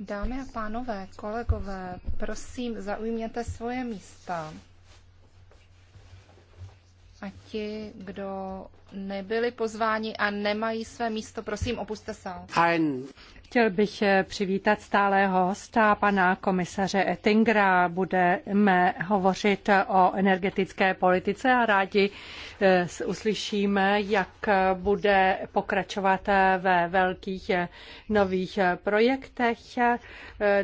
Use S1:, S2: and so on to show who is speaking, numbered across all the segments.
S1: Dámy a pánové, kolegové, prosím, zaujměte svoje místa. A ti, kdo nebyli pozváni a nemají své místo, prosím, opuste sál.
S2: Chtěl bych eh, přivítat stálého hosta, pana komisaře Ettingera. Budeme hovořit eh, o energetické politice a rádi eh, uslyšíme, jak bude pokračovat ve velkých nových projektech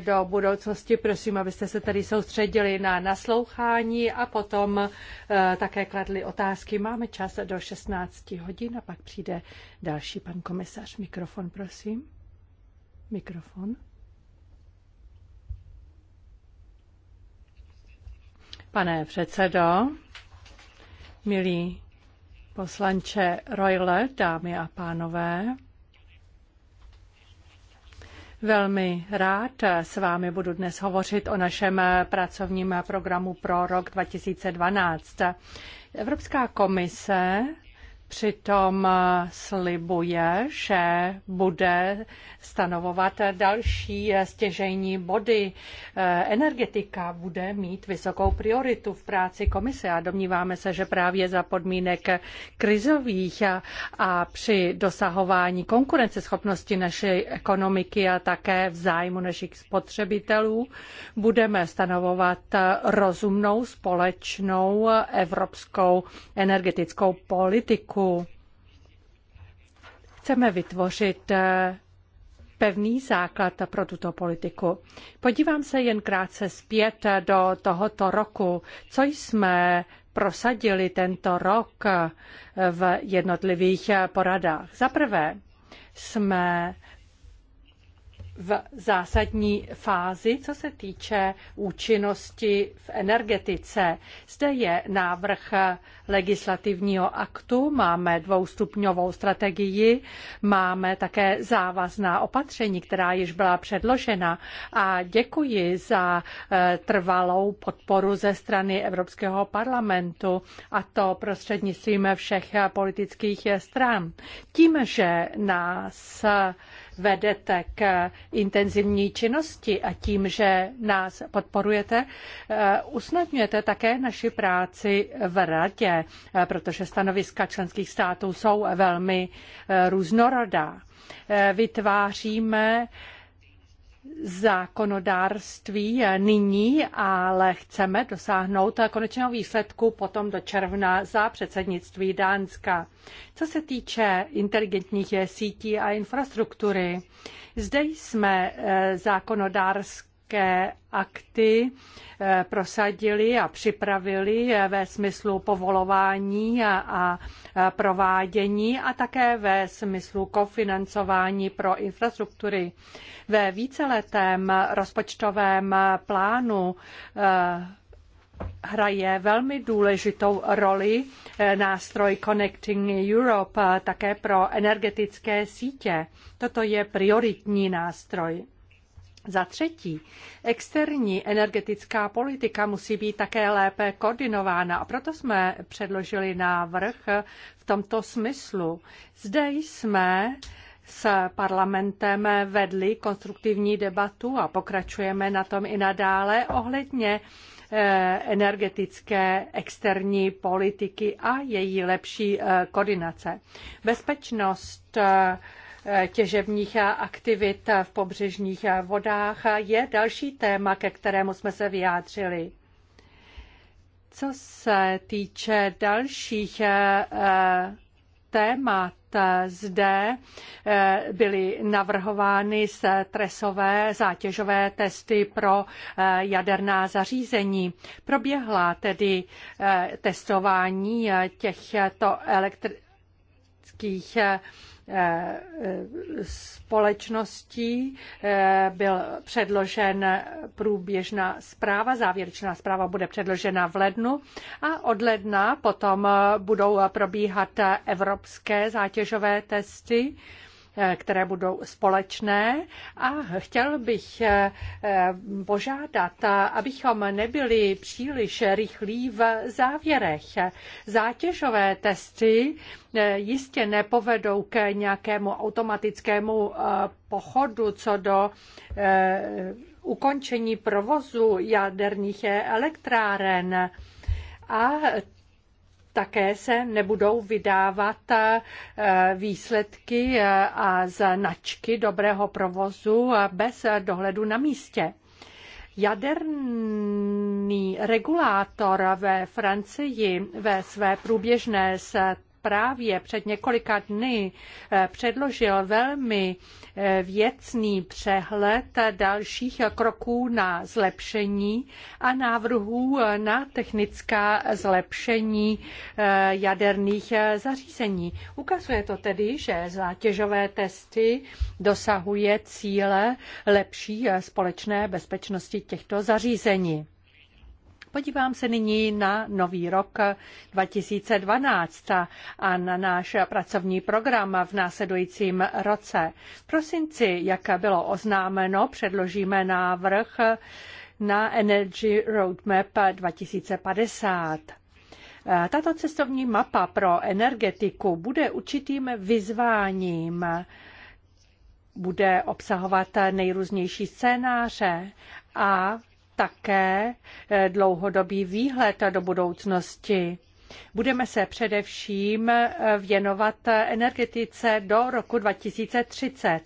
S2: do budoucnosti. Prosím, abyste se tedy soustředili na naslouchání a potom také kladli otázky. Máme čas do 16 hodin a pak přijde další pan komisař. Mikrofon, prosím. Mikrofon. Pane předsedo, milí poslanče Royle, dámy a pánové, Velmi rád s vámi budu dnes hovořit o našem pracovním programu pro rok 2012. Evropská komise Přitom eh, slibuje, že bude stanovovat další eh, stěžejní body. Eh, energetika bude mít vysokou prioritu v práci komise a domníváme se, že právě za podmínek krizových a při dosahování konkurenceschopnosti naší ekonomiky a také v zájmu našich spotřebitelů budeme stanovovat rozumnou společnou evropskou energetickou politiku trhu. Chceme vytvořit eh, pevný základ pro tuto politiku. Podívám se jen krátce zpět eh, do tohoto roku, co jsme prosadili tento rok eh, v jednotlivých poradách. Za prvé jsme v zásadní fázi, co se týče účinnosti v energetice. Zde je návrh legislativního aktu, máme dvoustupňovou strategii, máme také závazná opatření, která již byla předložena a děkuji za eh, trvalou podporu ze strany Evropského parlamentu a to prostřednictvím všech politických stran. Tím, že nás vedete k intenzivní činnosti a tím, že nás podporujete, eh, usnadňujete také naši práci v radě, eh, protože stanoviska členských států jsou velmi eh, různorodá. Vytváříme zákonodárství nyní, ale chceme dosáhnout konečného výsledku potom do června za předsednictví Dánska. Co se týče inteligentních sítí a infrastruktury, zde jsme eh, zákonodárské akty eh, prosadili a připravili eh, ve smyslu povolování a provádění a také ve smyslu kofinancování pro infrastruktury. Ve víceletém rozpočtovém plánu eh, hraje velmi důležitou roli eh, nástroj Connecting Europe eh, také pro energetické sítě. Toto je prioritní nástroj. Za třetí, externí energetická politika musí být také lépe koordinována a proto jsme předložili návrh v tomto smyslu. Zde jsme s parlamentem vedli konstruktivní debatu a pokračujeme na tom i nadále ohledně eh, energetické externí politiky a její lepší eh, koordinace. Bezpečnost eh, těžebních aktivit v pobřežních vodách je další téma, ke kterému jsme se vyjádřili. Co se týče dalších témat, zde eh, byly navrhovány stresové zátěžové testy pro eh, jaderná zařízení. Proběhla tedy eh, testování těchto elektrických leteckých eh, eh, společností eh, byl předložen průběžná zpráva, závěrečná zpráva bude předložena v lednu a od ledna potom budou probíhat evropské zátěžové testy které budou společné a chtěl bych eh, požádat, abychom nebyli příliš rychlí v závěrech. Zátěžové testy eh, jistě nepovedou k nějakému automatickému eh, pochodu co do ukončení provozu jaderných elektráren a také se nebudou vydávat eh, výsledky eh, a značky dobrého provozu eh, bez dohledu na místě. Jaderný regulátor ve Francii ve své průběžné právě před několika dny eh, předložil velmi eh, věcný přehled dalších kroků na zlepšení a návrhů na technická zlepšení eh, jaderných zařízení. Ukazuje to tedy, že zátěžové testy dosahuje cíle lepší společné bezpečnosti těchto zařízení. Podívám se nyní na nový rok 2012 a na náš pracovní program v následujícím roce. V prosinci, jak bylo oznámeno, předložíme návrh na Energy Roadmap 2050. Tato cestovní mapa pro energetiku bude určitým vyzváním bude obsahovat nejrůznější scénáře a také eh, dlouhodobý výhled do budoucnosti. Budeme se především eh, věnovat energetice do roku 2030.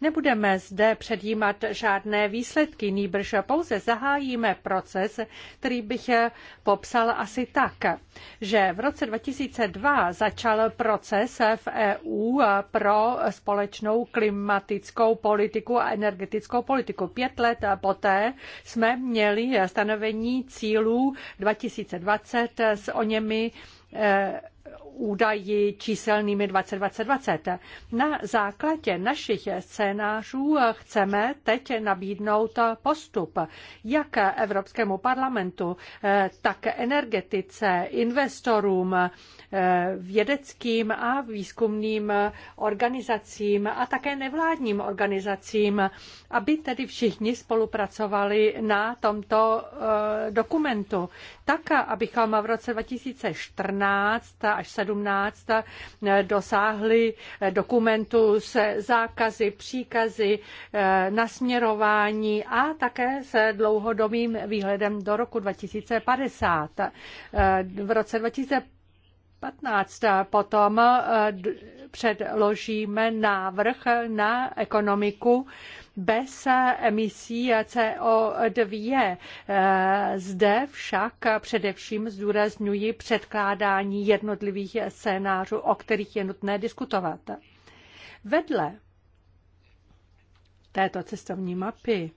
S2: Nebudeme zde předjímat žádné výsledky, nýbrž pouze zahájíme proces, který bych eh, popsal asi tak, že v roce 2002 začal proces v EU eh, pro společnou klimatickou politiku a energetickou politiku. Pět let poté jsme měli stanovení cílů 2020 s o my eh, údaji číselnými 2020. Na základě našich scénářů chceme teď nabídnout postup jak Evropskému parlamentu, tak energetice, investorům, vědeckým a výzkumným organizacím a také nevládním organizacím, aby tedy všichni spolupracovali na tomto eh, dokumentu. Tak, abychom v roce 2014 až 2017 dosáhly dokumentu se zákazy, příkazy, eh, nasměrování a také se dlouhodobým výhledem do roku 2050. Eh, v roce 2015 potom eh, předložíme návrh na ekonomiku bez emisí CO2. Zde však především zdůrazňuji předkládání jednotlivých scénářů, o kterých je nutné diskutovat. Vedle této cestovní mapy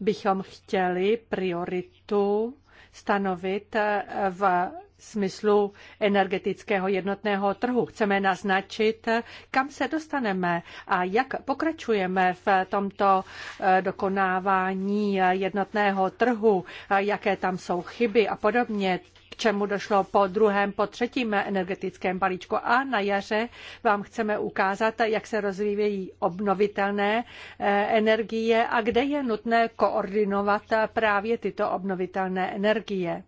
S2: bychom chtěli prioritu stanovit eh, v smyslu energetického jednotného trhu. Chceme naznačit, eh, kam se dostaneme a jak pokračujeme v tomto eh, dokonávání jednotného trhu, jaké tam jsou chyby a podobně čemu došlo po druhém, po třetím energetickém balíčku. A na jaře vám chceme ukázat, jak se rozvíjejí obnovitelné eh, energie a kde je nutné koordinovat právě tyto obnovitelné energie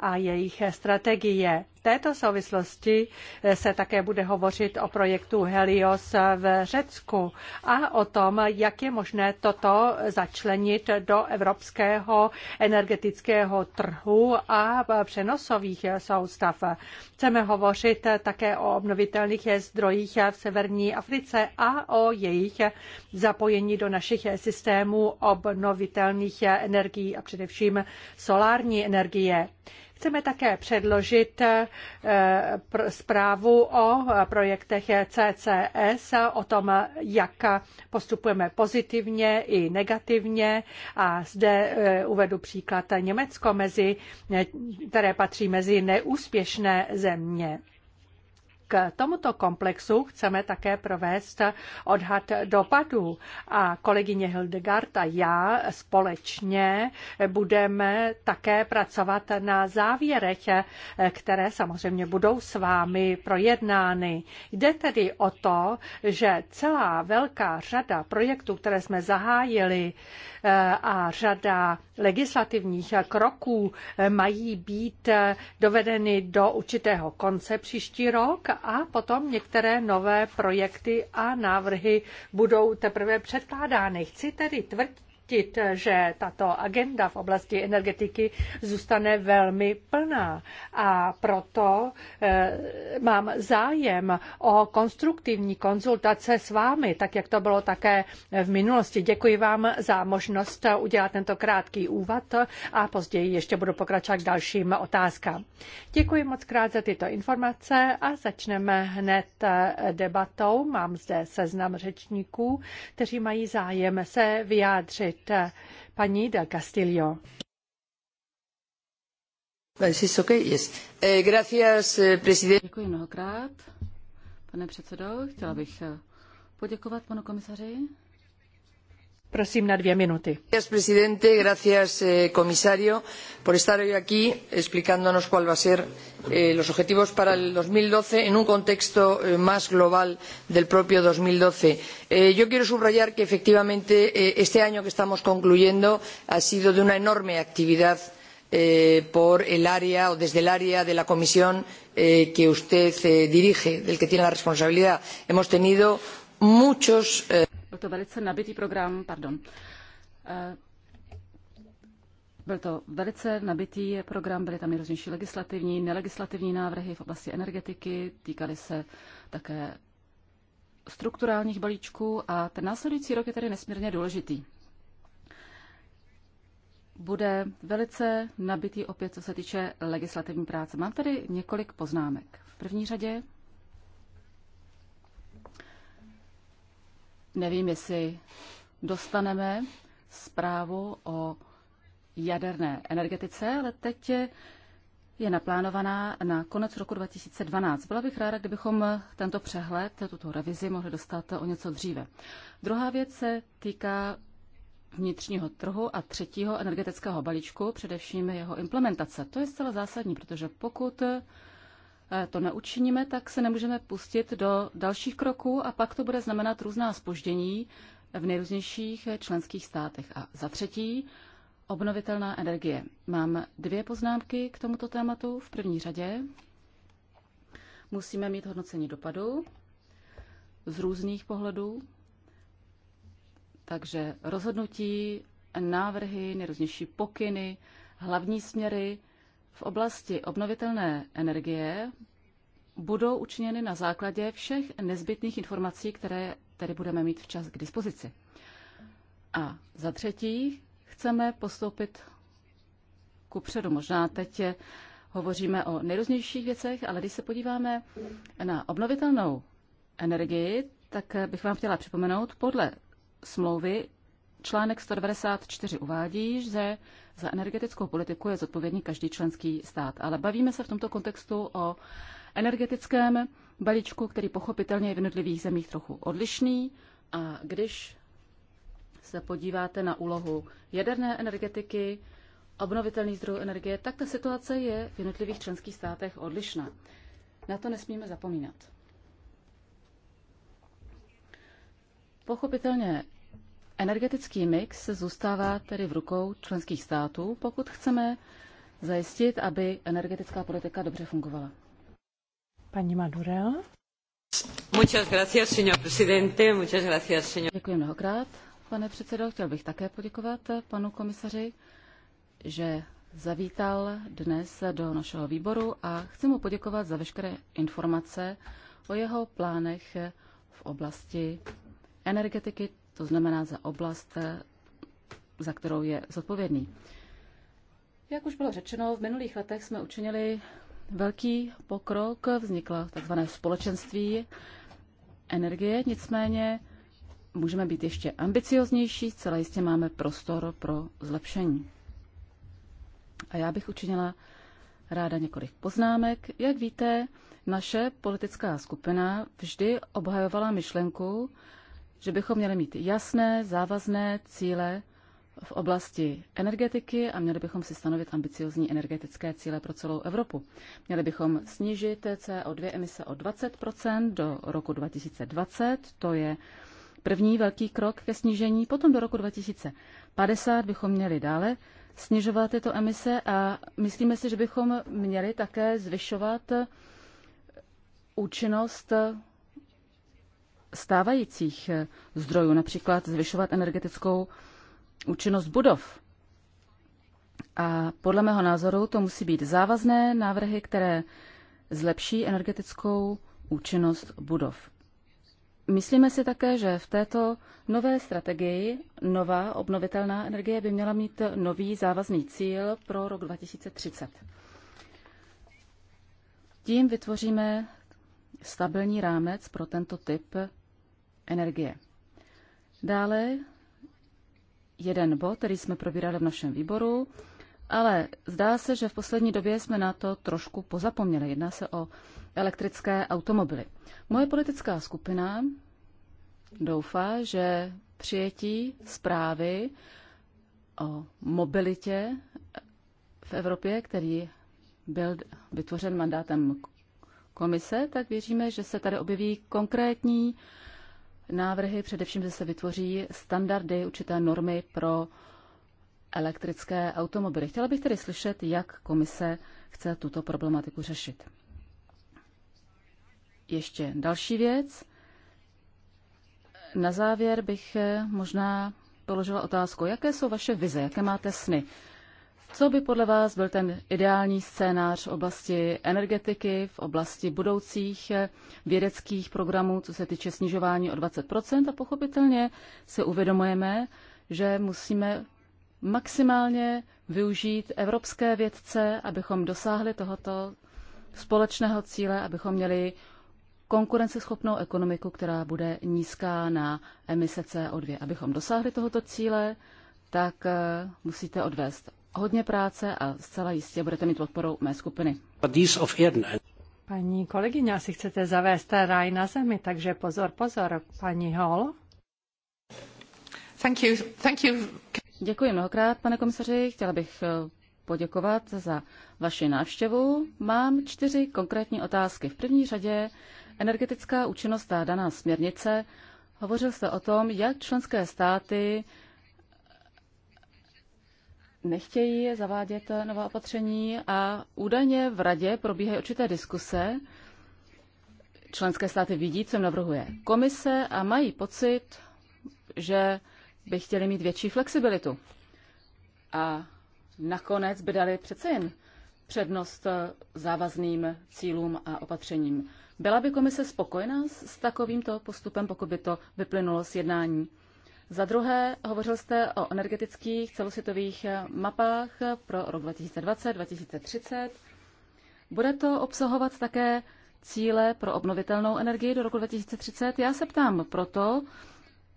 S2: a jejich strategie. V této souvislosti eh, se také bude hovořit o projektu Helios v Řecku a o tom, jak je možné toto začlenit do evropského energetického trhu a přenosových soustav. Chceme hovořit také o obnovitelných zdrojích v severní Africe a o jejich zapojení do našich systémů obnovitelných energií a především solární energie. Chceme také předložit eh, zprávu o projektech CCS, o tom, jak postupujeme pozitivně i negativně. A zde eh, uvedu příklad Německo, mezi, eh, které patří mezi neúspěšné země. K tomuto komplexu chceme také provést odhad dopadů a kolegyně Hildegard a já společně budeme také pracovat na závěrech, které samozřejmě budou s vámi projednány. Jde tedy o to, že celá velká řada projektů, které jsme zahájili, a řada legislativních kroků mají být dovedeny do určitého konce příští rok a potom některé nové projekty a návrhy budou teprve předkládány. Chci tedy tvrdit, zajistit, že tato agenda v oblasti energetiky zůstane velmi plná. A proto eh, mám zájem o konstruktivní konzultace s vámi, tak jak to bylo také v minulosti. Děkuji vám za možnost udělat tento krátký úvod a později ještě budu pokračovat k dalším otázkám. Děkuji moc krát za tyto informace a začneme hned eh, debatou. Mám zde seznam řečníků, kteří mají zájem se vyjádřit hovořit eh, paní da Castillo. Eh,
S3: eh, Děkuji mnohokrát. Pane předsedo, chtěla bych poděkovat panu komisaři
S2: señor presidente. Gracias, señor eh, comisario, por estar hoy aquí explicándonos cuáles van a ser eh, los objetivos para el doce en un contexto eh, más global del propio dos mil doce yo quiero subrayar que efectivamente este año que estamos concluyendo ha sido de una enorme
S1: actividad por el área o desde el área de la Comisión que usted dirige, del que tiene la responsabilidad. Hemos tenido muchos.
S3: Byl to velice nabitý program, pardon. Eh, byl to velice nabitý program, byly tam nejrůznější legislativní, nelegislativní návrhy v oblasti energetiky, týkaly se také strukturálních balíčků a ten následující rok je tedy nesmírně důležitý. Bude velice nabitý opět, co se týče legislativní práce. Mám tady několik poznámek. V první řadě Nevím, jestli dostaneme zprávu o jaderné energetice, ale teď je, je naplánovaná na konec roku 2012. Byla bych ráda, kdybychom tento přehled, tuto revizi mohli dostat o něco dříve. Druhá věc se týká vnitřního trhu a třetího energetického balíčku, především jeho implementace. To je zcela zásadní, protože pokud Eh, to neučiníme, tak se nemůžeme pustit do dalších kroků a pak to bude znamenat různá spoždění v nejrůznějších členských státech. A za třetí, obnovitelná energie. Mám dvě poznámky k tomuto tématu. V první řadě musíme mít hodnocení dopadu z různých pohledů, takže rozhodnutí, návrhy, nejrůznější pokyny, hlavní směry, v oblasti obnovitelné energie budou učiněny na základě všech nezbytných informací, které tedy budeme mít včas k dispozici. A za třetí, chceme postoupit ku předu. Možná teď hovoříme o nejrůznějších věcech, ale když se podíváme na obnovitelnou energii, tak bych vám chtěla připomenout, podle smlouvy Článek 194 uvádí, že za energetickou politiku je zodpovědný každý členský stát. Ale bavíme se v tomto kontextu o energetickém balíčku, který pochopitelně je v jednotlivých zemích trochu odlišný. A když se podíváte na úlohu jaderné energetiky, obnovitelných zdrojů energie, tak ta situace je v jednotlivých členských státech odlišná. Na to nesmíme zapomínat. Pochopitelně Energetický mix zůstává tedy v rukou členských států, pokud chceme zajistit, aby energetická politika dobře fungovala.
S2: Paní Madurel.
S3: Děkuji mnohokrát, pane předsedo. Chtěl bych také poděkovat panu komisaři, že zavítal dnes do našeho výboru a chci mu poděkovat za veškeré informace o jeho plánech v oblasti energetiky, to znamená za oblast, eh, za kterou je zodpovědný. Jak už bylo řečeno, v minulých letech jsme učinili velký pokrok, vzniklo tzv. společenství energie, nicméně můžeme být ještě ambicioznější, zcela jistě máme prostor pro zlepšení. A já bych učinila ráda několik poznámek. Jak víte, naše politická skupina vždy obhajovala myšlenku, že bychom měli mít jasné, závazné cíle v oblasti energetiky a měli bychom si stanovit ambiciozní energetické cíle pro celou Evropu. Měli bychom snížit CO2 emise o 20 do roku 2020, to je první velký krok ke snížení. Potom do roku 2050 bychom měli dále snižovat tyto emise a myslíme si, že bychom měli také zvyšovat účinnost stávajících eh, zdrojů, například zvyšovat energetickou účinnost budov. A podle mého názoru to musí být závazné návrhy, které zlepší energetickou účinnost budov. Myslíme si také, že v této nové strategii nová obnovitelná energie by měla mít nový závazný cíl pro rok 2030. Tím vytvoříme stabilní rámec pro tento typ energie. Dále jeden bod, který jsme probírali v našem výboru, ale zdá se, že v poslední době jsme na to trošku pozapomněli. Jedná se o elektrické automobily. Moje politická skupina doufá, že přijetí zprávy o mobilitě v Evropě, který byl vytvořen mandátem komise, tak věříme, že se tady objeví konkrétní návrhy, především, že se vytvoří standardy, určité normy pro elektrické automobily. Chtěla bych tedy slyšet, jak komise chce tuto problematiku řešit. Ještě další věc. Na závěr bych možná položila otázku, jaké jsou vaše vize, jaké máte sny. Co by podle vás byl ten ideální scénář v oblasti energetiky, v oblasti budoucích eh, vědeckých programů, co se týče snižování o 20 A pochopitelně se uvědomujeme, že musíme maximálně využít evropské vědce, abychom dosáhli tohoto společného cíle, abychom měli konkurenceschopnou ekonomiku, která bude nízká na emise CO2. Abychom dosáhli tohoto cíle, tak eh, musíte odvést hodně
S2: práce a zcela jistě budete mít podporu mé skupiny. Paní kolegyně, asi chcete zavést ráj na zemi, takže pozor, pozor, paní Hall. Thank you. Thank you. Děkuji mnohokrát, pane komisaři. Chtěla bych eh,
S3: poděkovat za vaši návštěvu. Mám čtyři konkrétní otázky. V první řadě energetická účinnost a daná směrnice. Hovořil jste o tom, jak členské státy nechtějí zavádět nová opatření a údajně v radě probíhají určité diskuse. Členské státy vidí, co navrhuje komise a mají pocit, že by chtěli mít větší flexibilitu. A nakonec by dali přece jen přednost závazným cílům a opatřením. Byla by komise spokojená s takovýmto postupem, pokud by to vyplynulo z jednání za druhé, hovořil jste o energetických celosvětových mapách pro rok 2020-2030. Bude to obsahovat také cíle pro obnovitelnou energii do roku 2030? Já se ptám proto,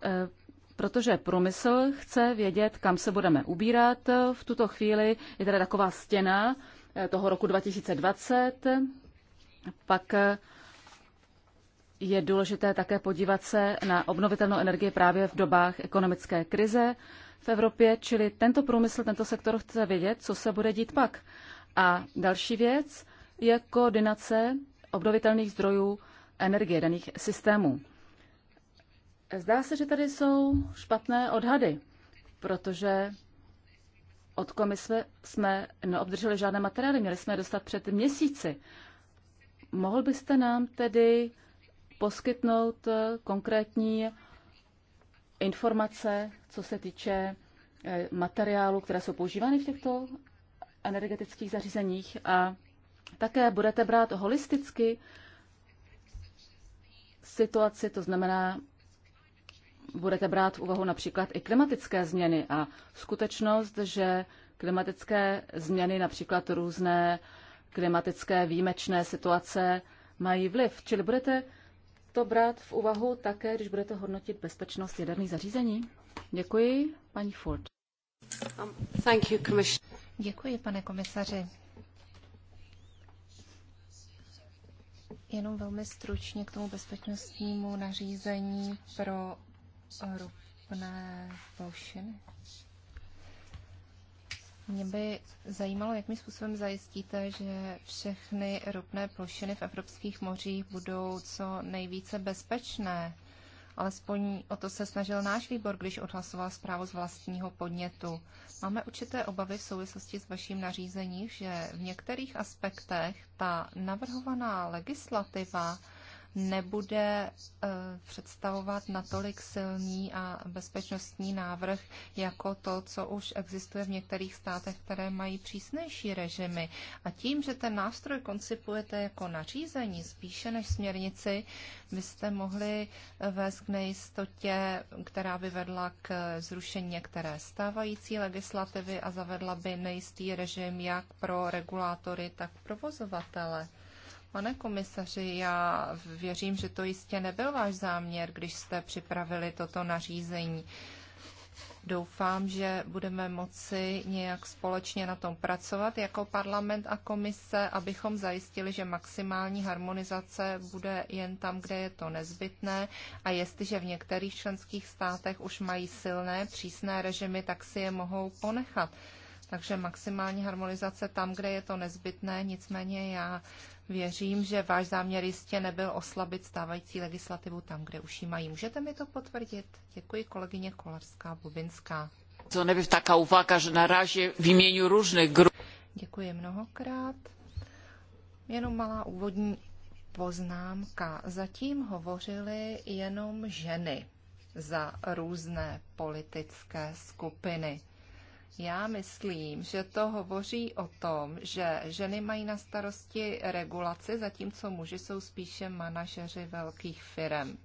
S3: eh, protože průmysl chce vědět, kam se budeme ubírat. V tuto chvíli je tady taková stěna eh, toho roku 2020, pak eh, je důležité také podívat se na obnovitelnou energii právě v dobách ekonomické krize v Evropě, čili tento průmysl, tento sektor chce vědět, co se bude dít pak. A další věc je koordinace obnovitelných zdrojů energie daných systémů. Zdá se, že tady jsou špatné odhady, protože od komise jsme neobdrželi žádné materiály, měli jsme je dostat před měsíci. Mohl byste nám tedy poskytnout eh, konkrétní informace, co se týče eh, materiálu, které jsou používány v těchto energetických zařízeních a také budete brát holisticky situaci, to znamená, budete brát v úvahu například i klimatické změny a skutečnost, že klimatické změny, například různé klimatické výjimečné situace mají vliv. Čili budete to brát v úvahu také, když budete hodnotit bezpečnost jaderných
S1: zařízení? Děkuji, paní Ford. Um, thank you, Děkuji, pane komisaři. Jenom velmi stručně k tomu bezpečnostnímu nařízení pro ropné plošiny. Mě by zajímalo, jakým způsobem zajistíte, že všechny ropné plošiny v evropských mořích budou co nejvíce bezpečné. Alespoň o to se snažil náš výbor, když odhlasoval zprávu z vlastního podnětu. Máme určité obavy v souvislosti s vaším nařízením, že v některých aspektech ta navrhovaná legislativa nebude eh, představovat natolik silný a bezpečnostní návrh jako to, co už existuje v některých státech, které mají přísnější režimy. A tím, že ten nástroj koncipujete jako nařízení spíše než směrnici, byste mohli eh, vést k nejistotě, která by vedla k eh, zrušení některé stávající legislativy a zavedla by nejistý režim jak pro regulátory, tak provozovatele. Pane komisaři, já věřím, že to jistě nebyl váš záměr, když jste připravili toto nařízení. Doufám, že budeme moci nějak společně na tom pracovat jako parlament a komise, abychom zajistili, že maximální harmonizace bude jen tam, kde je to nezbytné a jestliže v některých členských státech už mají silné, přísné režimy, tak si je mohou ponechat. Takže maximální harmonizace tam, kde je to nezbytné, nicméně já věřím, že váš záměr jistě nebyl oslabit stávající legislativu tam, kde už ji mají. Můžete mi to potvrdit? Děkuji kolegyně Kolarská Bubinská.
S3: To nebyl taká uvaga, že naráží v jménu různých
S1: grup. Děkuji mnohokrát. Jenom malá úvodní poznámka. Zatím hovořily jenom ženy za různé politické skupiny. Já myslím, že to hovoří o tom, že ženy mají na starosti regulaci, zatímco muži jsou spíše manažeři velkých firm.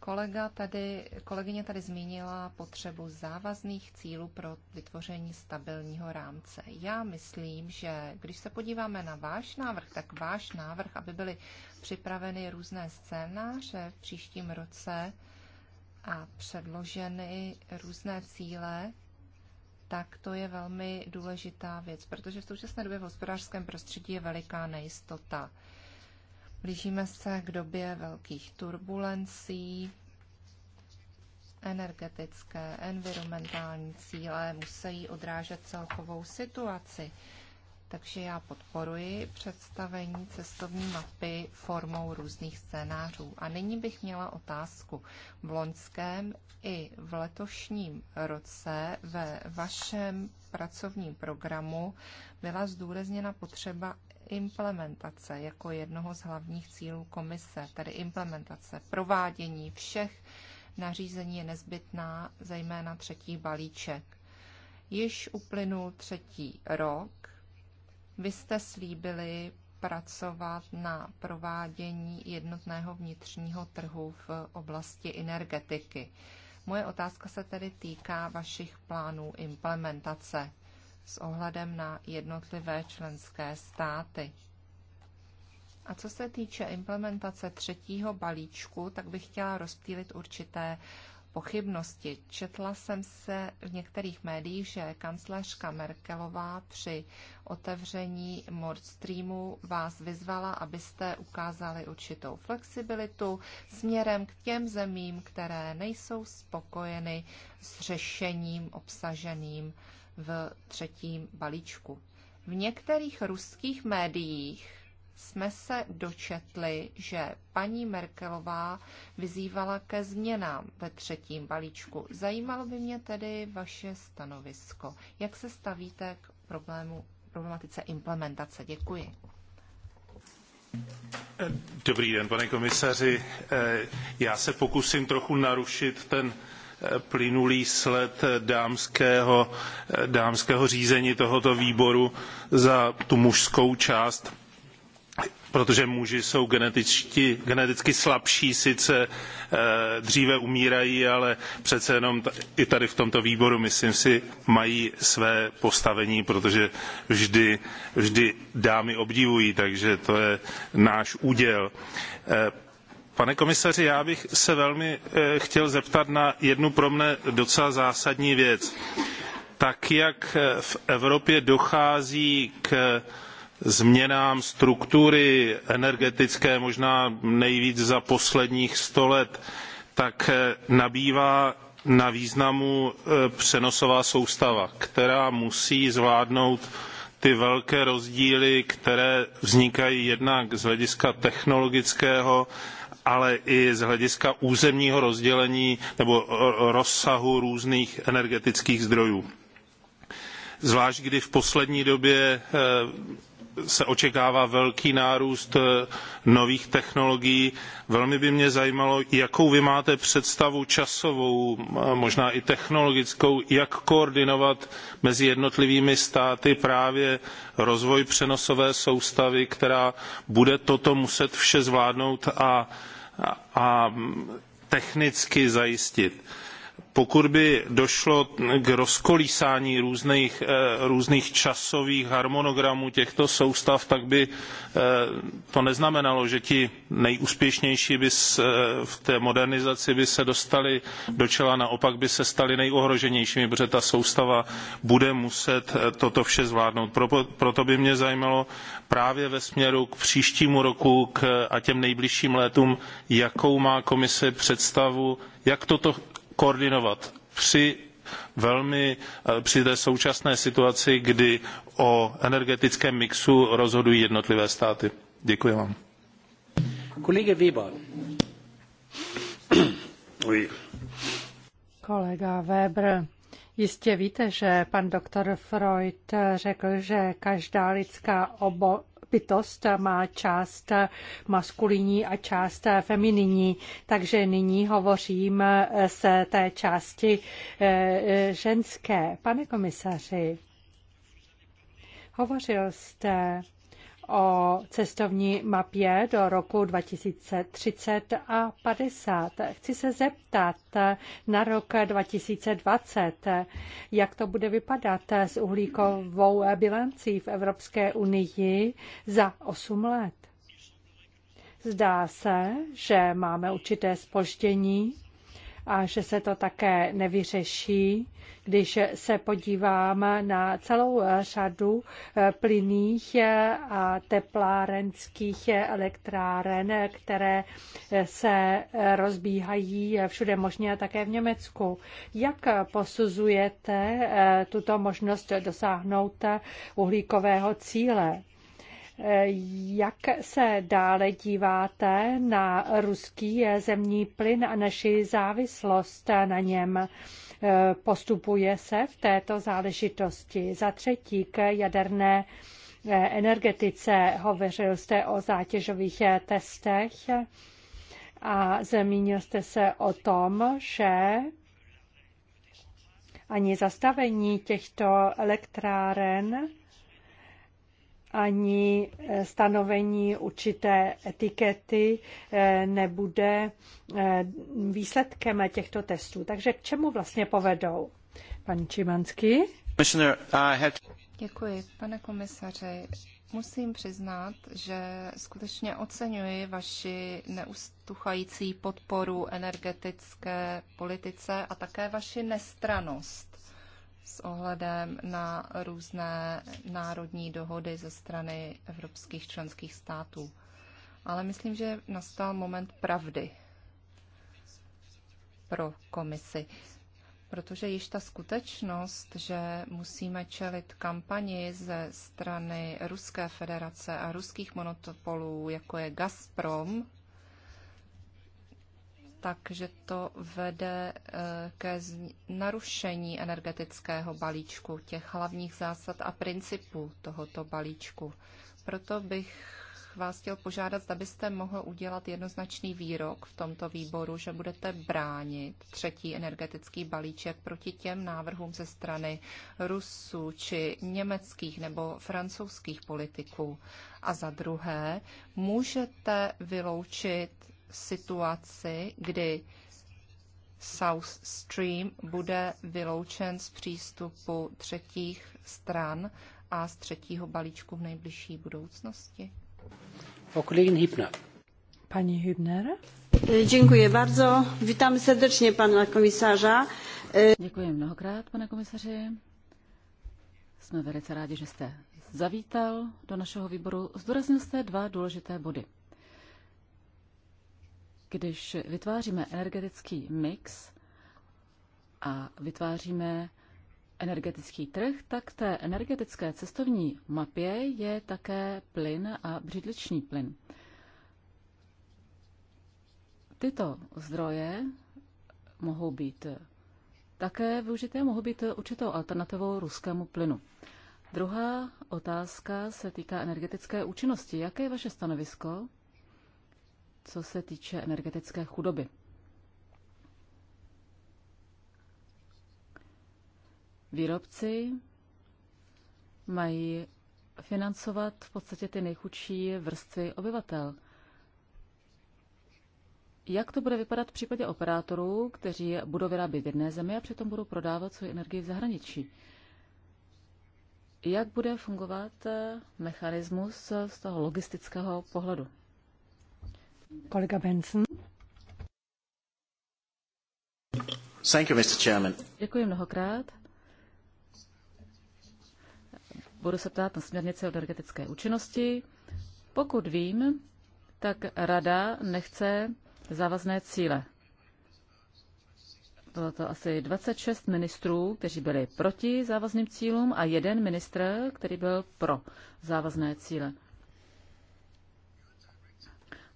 S1: Kolega tady, kolegyně tady zmínila potřebu závazných cílů pro vytvoření stabilního rámce. Já myslím, že když se podíváme na váš návrh, tak váš návrh, aby byly připraveny různé scénáře v příštím roce, a předloženy různé cíle, tak to je velmi důležitá věc, protože v současné době v hospodářském prostředí je veliká nejistota. Blížíme se k době velkých turbulencí, energetické, environmentální cíle musí odrážet celkovou situaci takže já podporuji představení cestovní mapy formou různých scénářů. A nyní bych měla otázku. V loňském i v letošním roce ve vašem pracovním programu byla zdůrazněna potřeba implementace jako jednoho z hlavních cílů komise, tedy implementace, provádění všech nařízení je nezbytná, zejména třetí balíček. Již uplynul třetí rok vy jste slíbili pracovat na provádění jednotného vnitřního trhu v oblasti energetiky. Moje otázka se tedy týká vašich plánů implementace s ohledem na jednotlivé členské státy. A co se týče implementace třetího balíčku, tak bych chtěla rozptýlit určité pochybnosti. Četla jsem se v některých médiích, že kancléřka Merkelová při otevření Nord Streamu vás vyzvala, abyste ukázali určitou flexibilitu směrem k těm zemím, které nejsou spokojeny s řešením obsaženým v třetím balíčku. V některých ruských médiích jsme se dočetli, že paní Merkelová vyzývala ke změnám ve třetím balíčku. Zajímalo by mě tedy vaše stanovisko. Jak se stavíte k problému, problematice implementace? Děkuji.
S4: Dobrý den, pane komisaři. Eh, já se pokusím trochu narušit ten eh, plynulý sled dámského, eh, dámského řízení tohoto výboru za tu mužskou část protože muži jsou geneticky, geneticky slabší, sice e, dříve umírají, ale přece jenom i tady v tomto výboru, myslím si, mají své postavení, protože vždy, vždy dámy obdivují, takže to je náš úděl. E, Pane komisaři, já bych se velmi e, chtěl zeptat na jednu pro mne docela zásadní věc. Tak, jak v Evropě dochází k změnám struktury energetické možná nejvíc za posledních sto let, tak eh, nabývá na významu eh, přenosová soustava, která musí zvládnout ty velké rozdíly, které vznikají jednak z hlediska technologického, ale i z hlediska územního rozdělení nebo eh, rozsahu různých energetických zdrojů. Zvlášť kdy v poslední době se očekává velký nárůst eh, nových technologií. Velmi by mě zajímalo, jakou vy máte představu časovou, eh, možná i technologickou, jak koordinovat mezi jednotlivými státy právě rozvoj přenosové soustavy, která bude toto muset vše zvládnout a, a technicky zajistit. Uh, pokud by došlo k rozkolísání různých, eh, různých časových harmonogramů těchto soustav, tak by eh, to neznamenalo, že ti nejúspěšnější by eh, v té modernizaci by se dostali do čela, naopak by se stali nejohroženějšími, protože ta soustava bude muset toto vše zvládnout. Proto by mě zajímalo právě ve směru k příštímu roku k, a těm nejbližším létům, jakou má komise představu, jak toto koordinovat při velmi eh, při té současné situaci, kdy o energetickém mixu rozhodují jednotlivé státy. Děkuji vám. Kolega Weber.
S2: Kolega Weber, jistě víte, že pan doktor Freud řekl, že každá lidská obo- bytost má část maskulinní a část femininní, takže nyní hovořím se té části eh, ženské. Pane komisaři, hovořil jste o cestovní mapě do roku 2030 a 50. Chci se zeptat na rok 2020, jak to bude vypadat s uhlíkovou bilancí v Evropské unii za 8 let. Zdá se, že máme určité spoždění a že se to také nevyřeší, když se podívám na celou řadu eh, plynných eh, a teplárenských elektráren, které eh, se rozbíhají všude možně a také v Německu. Jak posuzujete tuto možnost dosáhnout uhlíkového cíle? Jak se dále díváte na ruský zemní plyn a naši závislost na něm? Postupuje se v této záležitosti. Za třetí k jaderné energetice. Hovořil jste o zátěžových testech a zmínil jste se o tom, že ani zastavení těchto elektráren ani eh, stanovení určité etikety eh, nebude eh, výsledkem těchto testů. Takže k čemu vlastně povedou? Pan Čimanský?
S1: Děkuji, pane komisaři. Musím přiznat, že skutečně oceňuji vaši neustuchající podporu energetické politice a také vaši nestranost s ohledem na různé národní dohody ze strany evropských členských států. Ale myslím, že nastal moment pravdy pro komisi. Protože již ta skutečnost, že musíme čelit kampani ze strany Ruské federace a ruských monopolů, jako je Gazprom, takže to vede eh, ke narušení energetického balíčku, těch hlavních zásad a principů tohoto balíčku. Proto bych vás chtěl požádat, zda byste mohl udělat jednoznačný výrok v tomto výboru, že budete bránit třetí energetický balíček proti těm návrhům ze strany Rusů či německých nebo francouzských politiků. A za druhé, můžete vyloučit situaci, kdy South Stream bude vyloučen z přístupu třetích stran a z třetího balíčku v nejbližší budoucnosti?
S2: Pani Hübner. Děkuji bardzo. Vítám
S3: srdečně pana komisaře. Děkuji mnohokrát, pane komisaři. Jsme velice rádi, že jste zavítal do našeho výboru. Zdůraznil jste dva důležité body. Když vytváříme energetický mix a vytváříme energetický trh, tak té energetické cestovní mapě je také plyn a břidliční plyn. Tyto zdroje mohou být také využité, mohou být určitou alternativou ruskému plynu. Druhá otázka se týká energetické účinnosti. Jaké je vaše stanovisko co se týče energetické chudoby. Výrobci mají financovat v podstatě ty nejchudší vrstvy obyvatel. Jak to bude vypadat v případě operátorů, kteří budou vyrábět v jedné zemi a přitom budou prodávat svou energii v zahraničí? Jak bude fungovat mechanismus z toho logistického pohledu?
S2: Kolega Benson.
S1: Thank you, Mr. Chairman.
S3: Děkuji mnohokrát. Budu se ptát na směrnici o energetické účinnosti. Pokud vím, tak Rada nechce závazné cíle. Bylo to asi 26 ministrů, kteří byli proti závazným cílům a jeden ministr, který byl pro závazné cíle.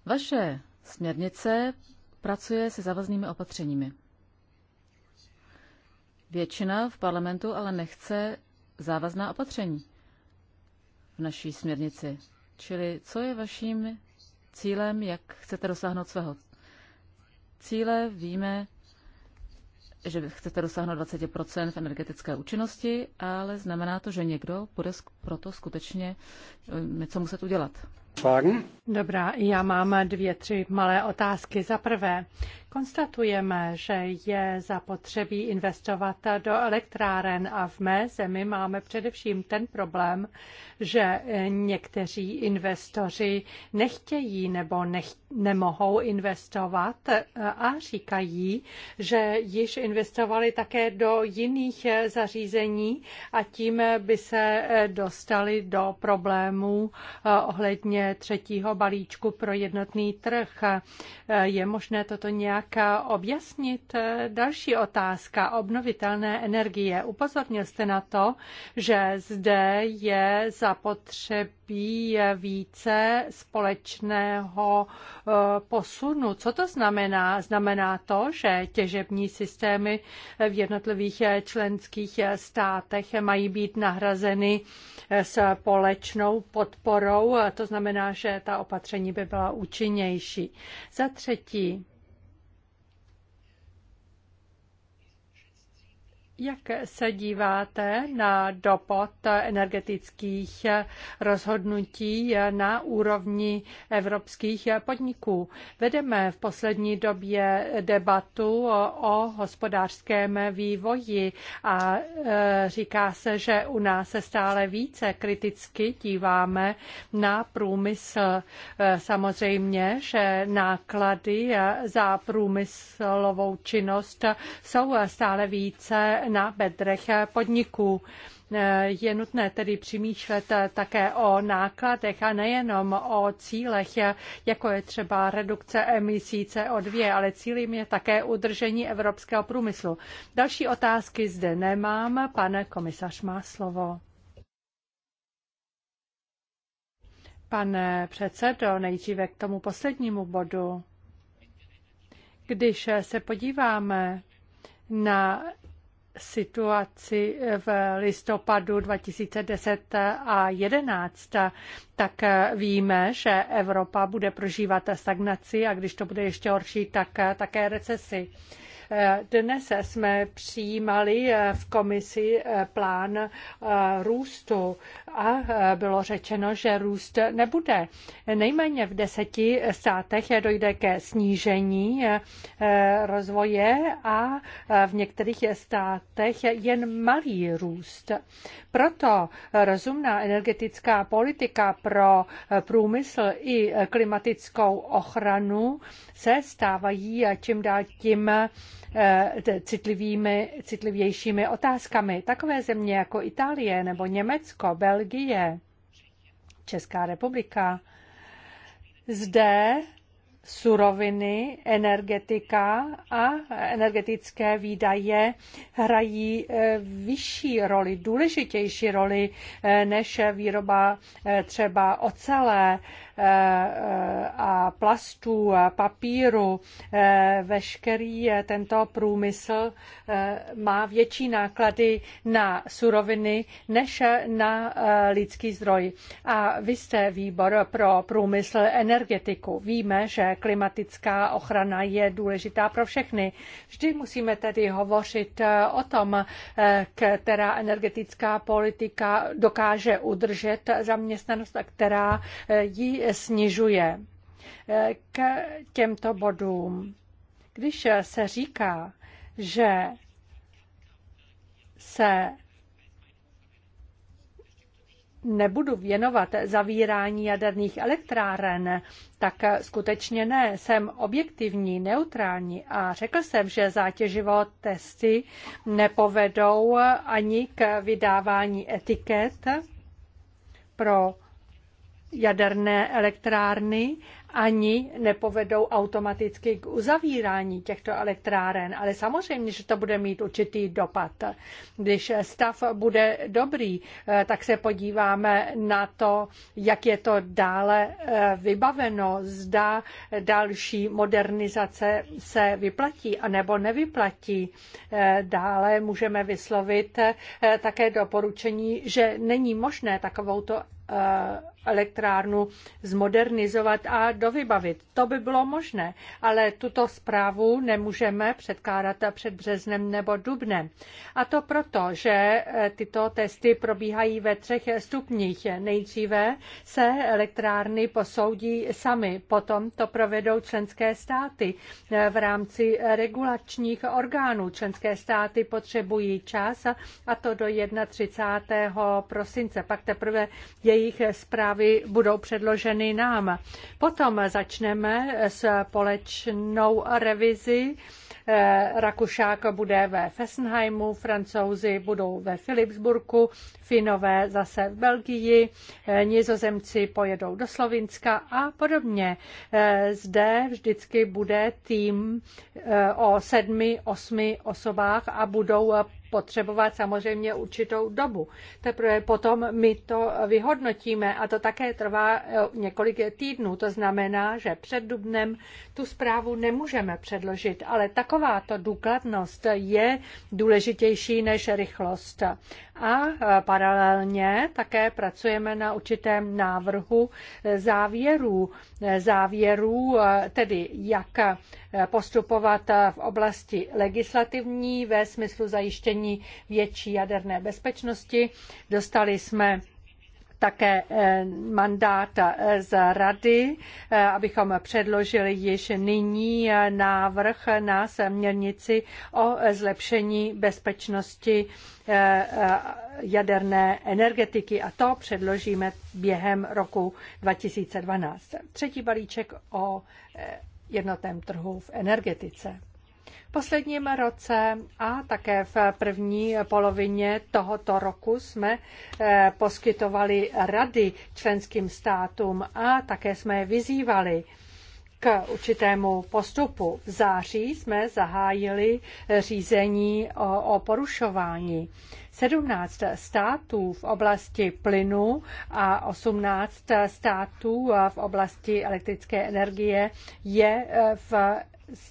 S3: Vaše směrnice pracuje se zavaznými opatřeními. Většina v parlamentu ale nechce závazná opatření v naší směrnici. Čili co je vaším cílem, jak chcete dosáhnout svého cíle? Víme, že chcete dosáhnout 20% v energetické účinnosti, ale znamená
S2: to, že někdo bude proto skutečně eh, něco muset udělat. Fragen? Dobrá, já mám dvě, tři malé otázky. Za prvé, Konstatujeme, že je zapotřebí investovat do elektráren a v mé zemi máme především ten problém, že někteří investoři nechtějí nebo nech, nemohou investovat a říkají, že již investovali také do jiných zařízení a tím by se dostali do problémů eh, ohledně třetího balíčku pro jednotný trh. Eh, je možné toto nějak však objasnit eh, další otázka obnovitelné energie. Upozornil jste na to, že zde je zapotřebí více společného eh, posunu. Co to znamená? Znamená to, že těžební systémy eh, v jednotlivých členských státech mají být nahrazeny společnou podporou. To znamená, že ta opatření by byla účinnější. Za třetí, Jak se díváte na dopad energetických rozhodnutí na úrovni evropských podniků? Vedeme v poslední době debatu o hospodářském vývoji a e, říká se, že u nás se stále více kriticky díváme na průmysl. E, samozřejmě, že náklady za průmyslovou činnost jsou stále více na bedrech podniků. Je nutné tedy přemýšlet také o nákladech a nejenom o cílech, jako je třeba redukce emisí CO2, ale cílem je také udržení evropského průmyslu. Další otázky zde nemám. Pane komisař má slovo. Pane předsedo, nejdříve k tomu poslednímu bodu. Když se podíváme na situaci v listopadu 2010 a 2011, tak víme, že Evropa bude prožívat stagnaci a když to bude ještě horší, tak také recesi. Dnes jsme přijímali v komisi plán růstu a bylo řečeno, že růst nebude. Nejméně v deseti státech dojde ke snížení rozvoje a v některých státech jen malý růst. Proto rozumná energetická politika pro průmysl i klimatickou ochranu se stávají čím dál tím Eh, citlivými, citlivějšími otázkami. Takové země jako Itálie nebo Německo, Belgie, Česká republika, zde suroviny, energetika a energetické výdaje hrají e, vyšší roli, důležitější roli e, než výroba e, třeba ocelé a plastů, papíru. Veškerý tento průmysl má větší náklady na suroviny než na lidský zdroj. A vy jste výbor pro průmysl energetiku. Víme, že klimatická ochrana je důležitá pro všechny. Vždy musíme tedy hovořit eh, o tom, eh, která energetická politika dokáže udržet zaměstnanost a která eh, ji snižuje. K těmto bodům. Když se říká, že se nebudu věnovat zavírání jaderných elektráren, tak skutečně ne. Jsem objektivní, neutrální a řekl jsem, že zátěživo testy nepovedou ani k vydávání etiket pro jaderné elektrárny ani nepovedou automaticky k uzavírání těchto elektráren, ale samozřejmě, že to bude mít určitý dopad. Když stav bude dobrý, eh, tak se podíváme na to, jak je to dále eh, vybaveno, zda další modernizace se vyplatí a nebo nevyplatí. Eh, dále můžeme vyslovit také doporučení, že není možné takovouto elektrárnu zmodernizovat a dovybavit. To by bylo možné, ale tuto zprávu nemůžeme předkládat před březnem nebo dubnem. A to proto, že eh, tyto testy probíhají ve třech stupních. Nejdříve se elektrárny posoudí sami, potom to provedou členské státy eh, v rámci regulačních orgánů. Členské státy potřebují čas a to do 31. prosince. Pak teprve jejich zpráva zprávy budou předloženy nám. Potom začneme s polečnou revizi eh, Rakušák bude ve Fessenheimu, Francouzi budou ve Philipsburgu, Finové zase v Belgii, eh, Nizozemci pojedou do Slovinska a podobně. Eh, Zde vždycky bude tým o sedmi, osmi osobách a budou potřebovat samozřejmě určitou dobu. Teprve potom my to vyhodnotíme a to také trvá e, několik týdnů. To znamená, že před dubnem tu zprávu nemůžeme předložit, ale takováto důkladnost je důležitější než rychlost. A e, paralelně také pracujeme na určitém návrhu e, závěrů. Závěrů tedy jak postupovat v oblasti legislativní ve smyslu zajištění zajištění větší jaderné bezpečnosti. Dostali jsme také eh, mandát eh, z Rady, eh, abychom předložili již nyní návrh na směrnici o zlepšení bezpečnosti jaderné energetiky a to předložíme během roku 2012. Třetí balíček o jednotném trhu v energetice. V posledním roce a také v první polovině tohoto roku jsme eh, poskytovali rady členským státům a také jsme je vyzývali k určitému postupu. V září jsme zahájili eh, řízení o, o porušování. 17 států v oblasti plynu a 18 států eh, v oblasti elektrické energie je v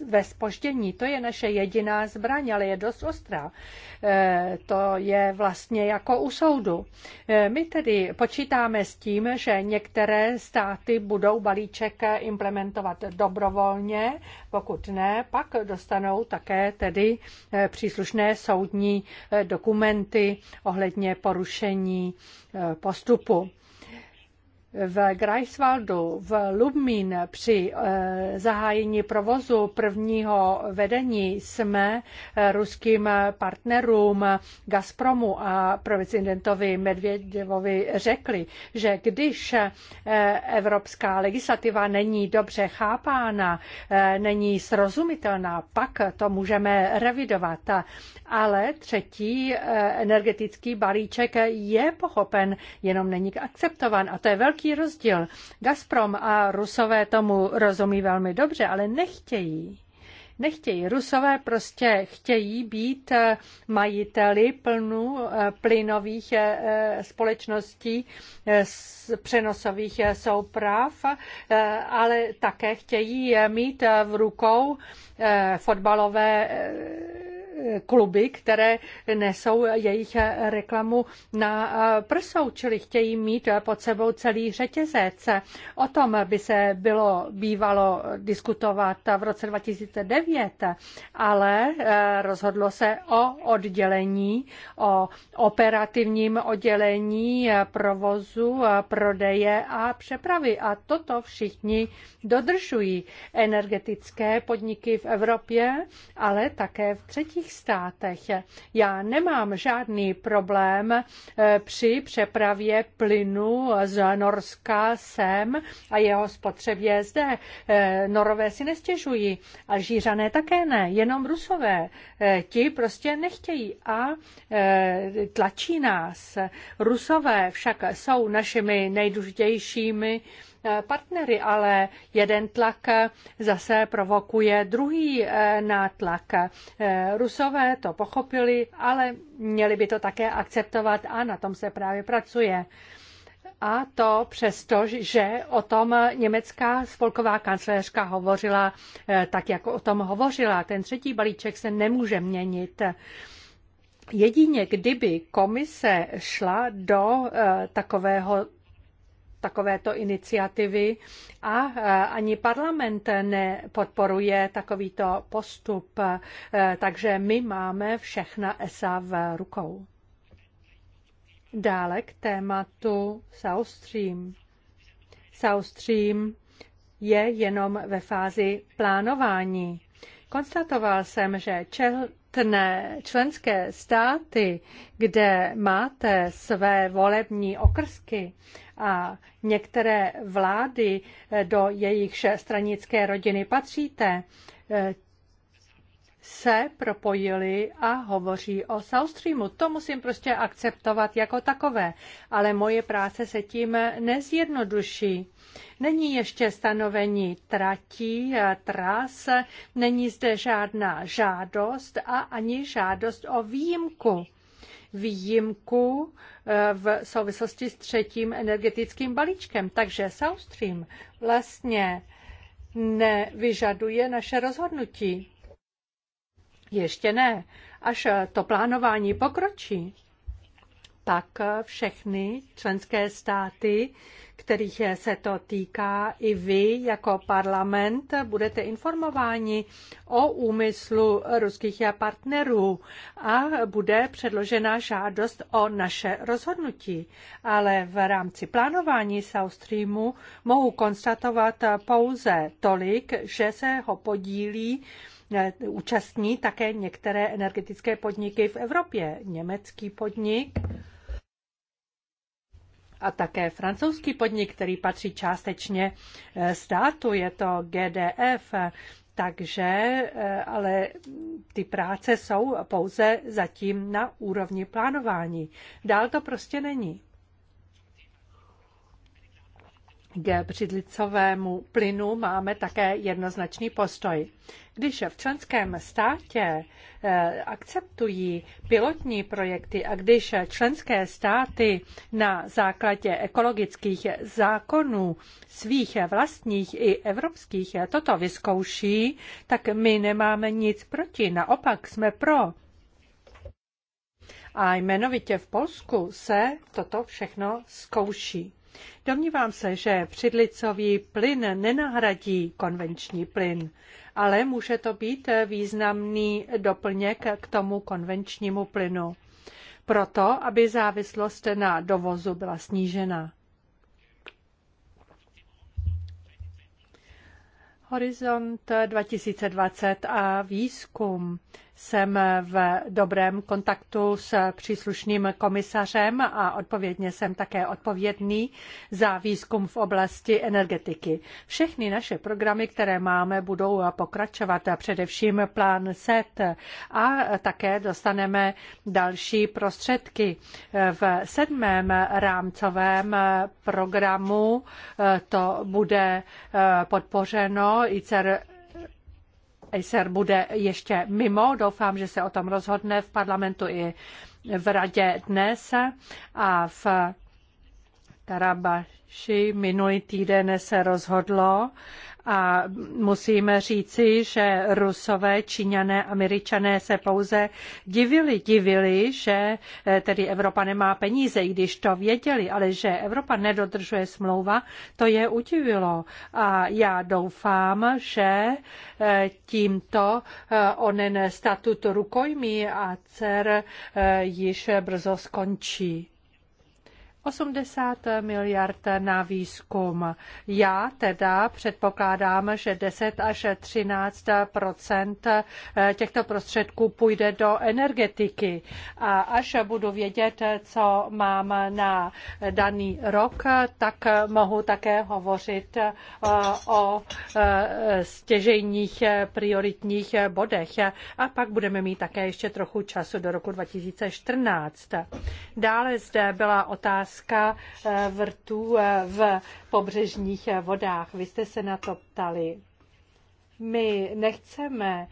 S2: ve spoždění. To je naše jediná zbraň, ale je dost ostrá. Eh, to je vlastně jako u soudu. Eh, my tedy počítáme s tím, že některé státy budou balíček implementovat dobrovolně, pokud ne, pak dostanou také tedy eh, příslušné soudní dokumenty ohledně porušení postupu v Greifswaldu, v Lubmín při eh, zahájení provozu prvního vedení jsme eh, ruským partnerům Gazpromu a prezidentovi Medvěděvovi řekli, že když eh, evropská legislativa není dobře chápána, není srozumitelná, pak to můžeme revidovat. Ale třetí energetický balíček je pochopen, jenom není akceptován a to je velký velký rozdíl. Gazprom a Rusové tomu rozumí velmi dobře, ale nechtějí nechtějí. Rusové prostě chtějí být eh, majiteli plnu eh, plynových eh, společností přenosových souprav, ale také chtějí mít v rukou fotbalové kluby, které nesou jejich reklamu na prsou, čili chtějí mít pod sebou celý řetězec. O tom by se bylo bývalo diskutovat v roce 2009, ale eh, rozhodlo se o oddělení, o operativním oddělení eh, provozu, eh, prodeje a přepravy. A toto všichni dodržují energetické podniky v Evropě, ale také v třetích Spojených státech. Já nemám žádný problém eh, při přepravě plynu z Norska sem a jeho spotřebě zde. Eh, Norové si nestěžují, a Žířané také ne, jenom Rusové. Eh, Ti prostě nechtějí a tlačí nás. Rusové však jsou našimi nejdůležitějšími Eh, partnery, ale jeden tlak eh, zase provokuje druhý eh, nátlak. Rusové to pochopili, ale měli by to také akceptovat a na tom se právě pracuje a to přesto, že o tom německá spolková kancléřka hovořila tak, jako o tom hovořila. Ten třetí balíček se nemůže měnit. Jedině kdyby komise šla do takového takovéto iniciativy a e, ani parlament nepodporuje takovýto postup, e, takže my máme všechna ESA v rukou. Dále k tématu South Stream. South Stream je jenom ve fázi plánování. Konstatoval jsem, že četné členské státy, kde máte své volební okrsky a některé vlády, do jejichž stranické rodiny patříte, se propojili a hovoří o South Streamu. To musím prostě akceptovat jako takové, ale moje práce se tím nezjednoduší. Není ještě stanovení tratí, tras, není zde žádná žádost a ani žádost o výjimku výjimku eh, v souvislosti s třetím energetickým balíčkem. Takže South Stream vlastně nevyžaduje naše rozhodnutí. Ještě ne. Až to plánování pokročí, pak všechny členské státy, kterých se to týká, i vy jako parlament budete informováni o úmyslu ruských partnerů a bude předložena žádost o naše rozhodnutí. Ale v rámci plánování South Streamu mohu konstatovat pouze tolik, že se ho podílí E, účastní také některé energetické podniky v Evropě. Německý podnik a také francouzský podnik, který patří částečně e, státu, je to GDF. Takže e, ale ty práce jsou pouze zatím na úrovni plánování. Dál to prostě není k břidlicovému plynu máme také jednoznačný postoj. Když v členském státě eh, akceptují pilotní projekty a když členské státy na základě ekologických zákonů svých vlastních i evropských toto vyzkouší, tak my nemáme nic proti, naopak jsme pro. A jmenovitě v Polsku se toto všechno zkouší. Domnívám se, že přidlicový plyn nenahradí konvenční plyn, ale může to být významný doplněk k tomu konvenčnímu plynu. Proto, aby závislost na dovozu byla snížena. Horizont 2020 a výzkum. Jsem v dobrém kontaktu s příslušným komisařem a odpovědně jsem také odpovědný za výzkum v oblasti energetiky. Všechny naše programy, které máme, budou pokračovat, především plán SET a také dostaneme další prostředky. V sedmém rámcovém programu eh, to bude eh, podpořeno ICER Acer bude ještě mimo. Doufám, že se o tom rozhodne v parlamentu i v radě dnes a v Karabaši minulý týden se rozhodlo a musíme říci, že Rusové, Číňané, Američané se pouze divili, divili, že eh, tedy Evropa nemá peníze, i když to věděli, ale že Evropa nedodržuje smlouva, to je udivilo. A já doufám, že eh, tímto eh, onen statut rukojmí a dcer již brzo skončí. 80 miliard na výzkum. Já teda předpokládám, že 10 až 13 eh, těchto prostředků půjde do energetiky. A až budu vědět, co mám na daný rok, tak mohu také hovořit eh, o eh, stěžejních prioritních bodech. A pak budeme mít také ještě trochu času do roku 2014. Dále zde byla otázka, otázka eh, vrtů eh, v pobřežních eh, vodách. Vy jste se na to ptali. My nechceme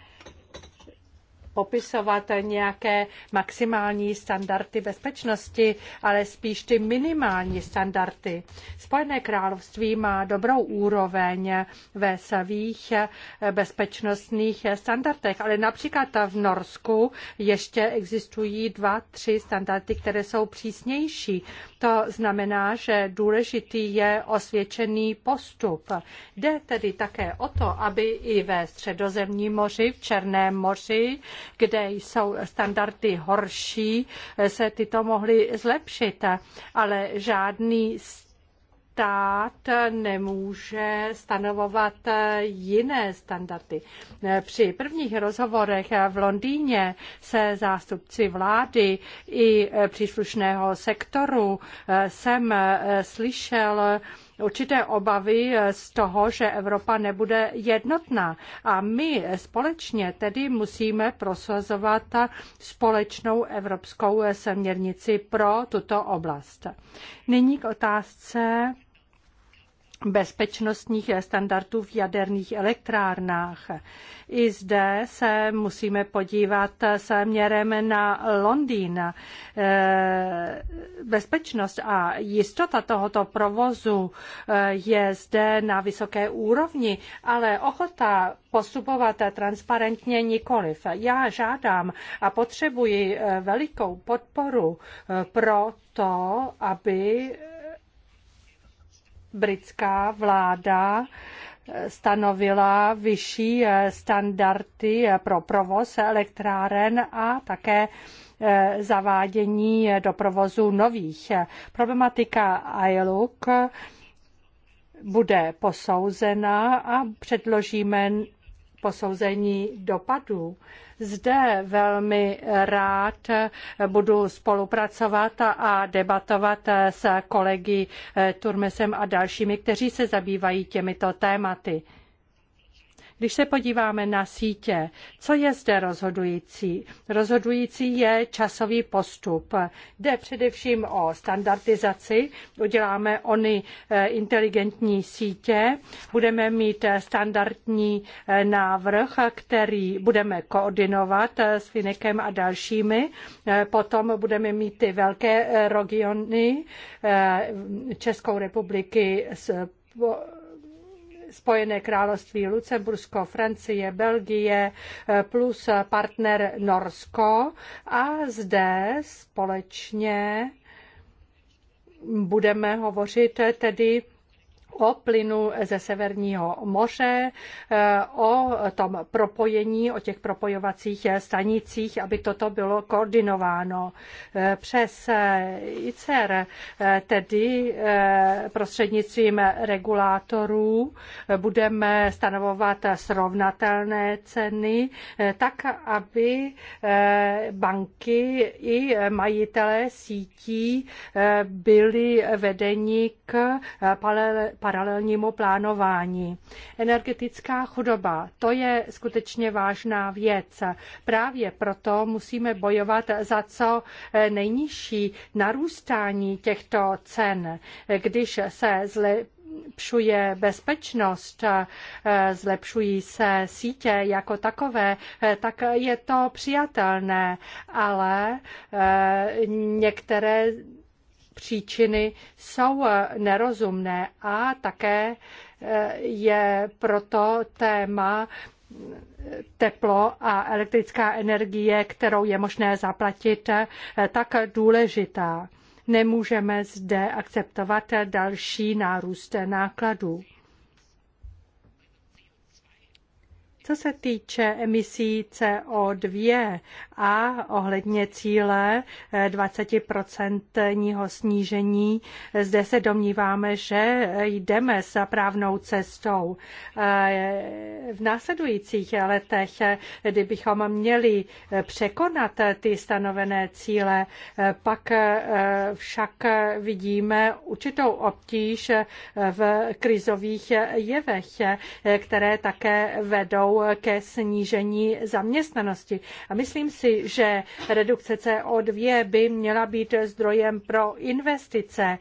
S2: popisovat nějaké maximální standardy bezpečnosti, ale spíš ty minimální standardy. Spojené království má dobrou úroveň ve svých bezpečnostních standardech, ale například v Norsku ještě existují dva, tři standardy, které jsou přísnější. To znamená, že důležitý je osvědčený postup. Jde tedy také o to, aby i ve středozemním moři, v Černém moři, kde jsou standardy horší, se tyto mohly zlepšit, ale žádný z stát nemůže stanovovat jiné standardy. Při prvních rozhovorech v Londýně se zástupci vlády i příslušného sektoru jsem slyšel určité obavy z toho, že Evropa nebude jednotná. A my společně tedy musíme prosazovat společnou evropskou směrnici pro tuto oblast. Nyní k otázce bezpečnostních standardů v jaderných elektrárnách. I zde se musíme podívat směrem na Londýn. Eh, bezpečnost a jistota tohoto provozu eh, je zde na vysoké úrovni, ale ochota postupovat transparentně nikoliv. Já žádám a potřebuji eh, velikou podporu pro to, aby britská vláda eh, stanovila vyšší eh, standardy eh, pro provoz elektráren a také zavádění do provozu nových. Problematika ILUC bude posouzena a předložíme posouzení dopadů. Zde velmi rád budu spolupracovat a debatovat s kolegy Turmesem a dalšími, kteří se zabývají těmito tématy. Když se podíváme na sítě, co je zde rozhodující? Rozhodující je časový postup. Jde především o standardizaci. Uděláme ony eh, inteligentní sítě. Budeme mít eh, standardní eh, návrh, který budeme koordinovat s Finekem a dalšími. Potom budeme mít ty velké regiony Českou republiky s Spojené království, Lucembursko, Francie, Belgie eh, plus partner Norsko a zde společně budeme hovořit tedy o plynu ze Severního moře, eh, o tom propojení, o těch propojovacích stanicích, aby toto bylo koordinováno eh, přes eh, ICER, tedy prostřednictvím regulátorů budeme stanovovat srovnatelné ceny, tak aby banky i majitelé sítí byli vedeni k paralelnímu plánování. Energetická chudoba, to je skutečně vážná věc. Právě proto musíme bojovat za co eh, nejnižší narůstání těchto cen. Když se zle, zlepšuje bezpečnost, eh, zlepšují se sítě jako takové, eh, tak je to přijatelné, ale některé příčiny jsou eh, nerozumné a také eh, je proto téma eh, teplo a elektrická energie, kterou je možné zaplatit, tak důležitá. Nemůžeme zde akceptovat další nárůst nákladů. Co se týče emisí CO2 a ohledně cíle 20% eh, snížení, zde se domníváme, že jdeme za právnou cestou. Eh, v následujících letech, eh, kdybychom měli překonat ty stanovené cíle, pak však vidíme určitou obtíž v krizových jevech, které také vedou ke snížení zaměstnanosti. A myslím si, že redukce CO2 by měla být zdrojem pro investice.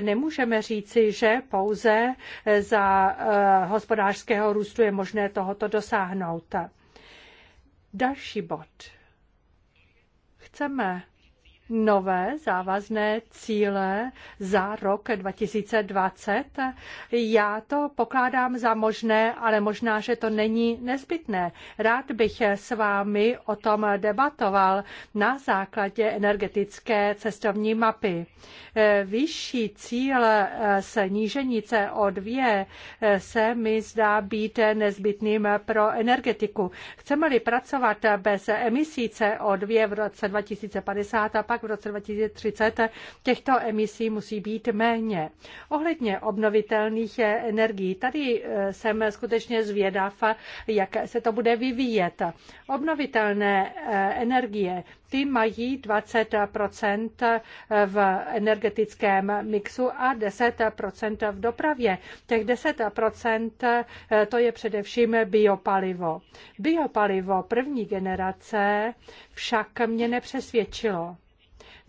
S2: Nemůžeme říci, že pouze za eh, hospodářského růstu je možné tohoto dosáhnout. Další bod. Chceme nové závazné cíle za rok 2020. Já to pokládám za možné, ale možná, že to není nezbytné. Rád bych s vámi o tom debatoval na základě energetické cestovní mapy. Vyšší cíl eh, snížení CO2 eh, se mi zdá být nezbytným pro energetiku. Chceme-li pracovat bez emisí CO2 v roce 2050 a naopak v roce 2030 těchto emisí musí být méně. Ohledně obnovitelných energií, tady eh, jsem skutečně zvědav, jak se to bude vyvíjet. Obnovitelné eh, energie, ty mají 20 eh, v energetickém mixu a 10 v dopravě. Těch 10 to je především biopalivo. Biopalivo první generace však mě nepřesvědčilo.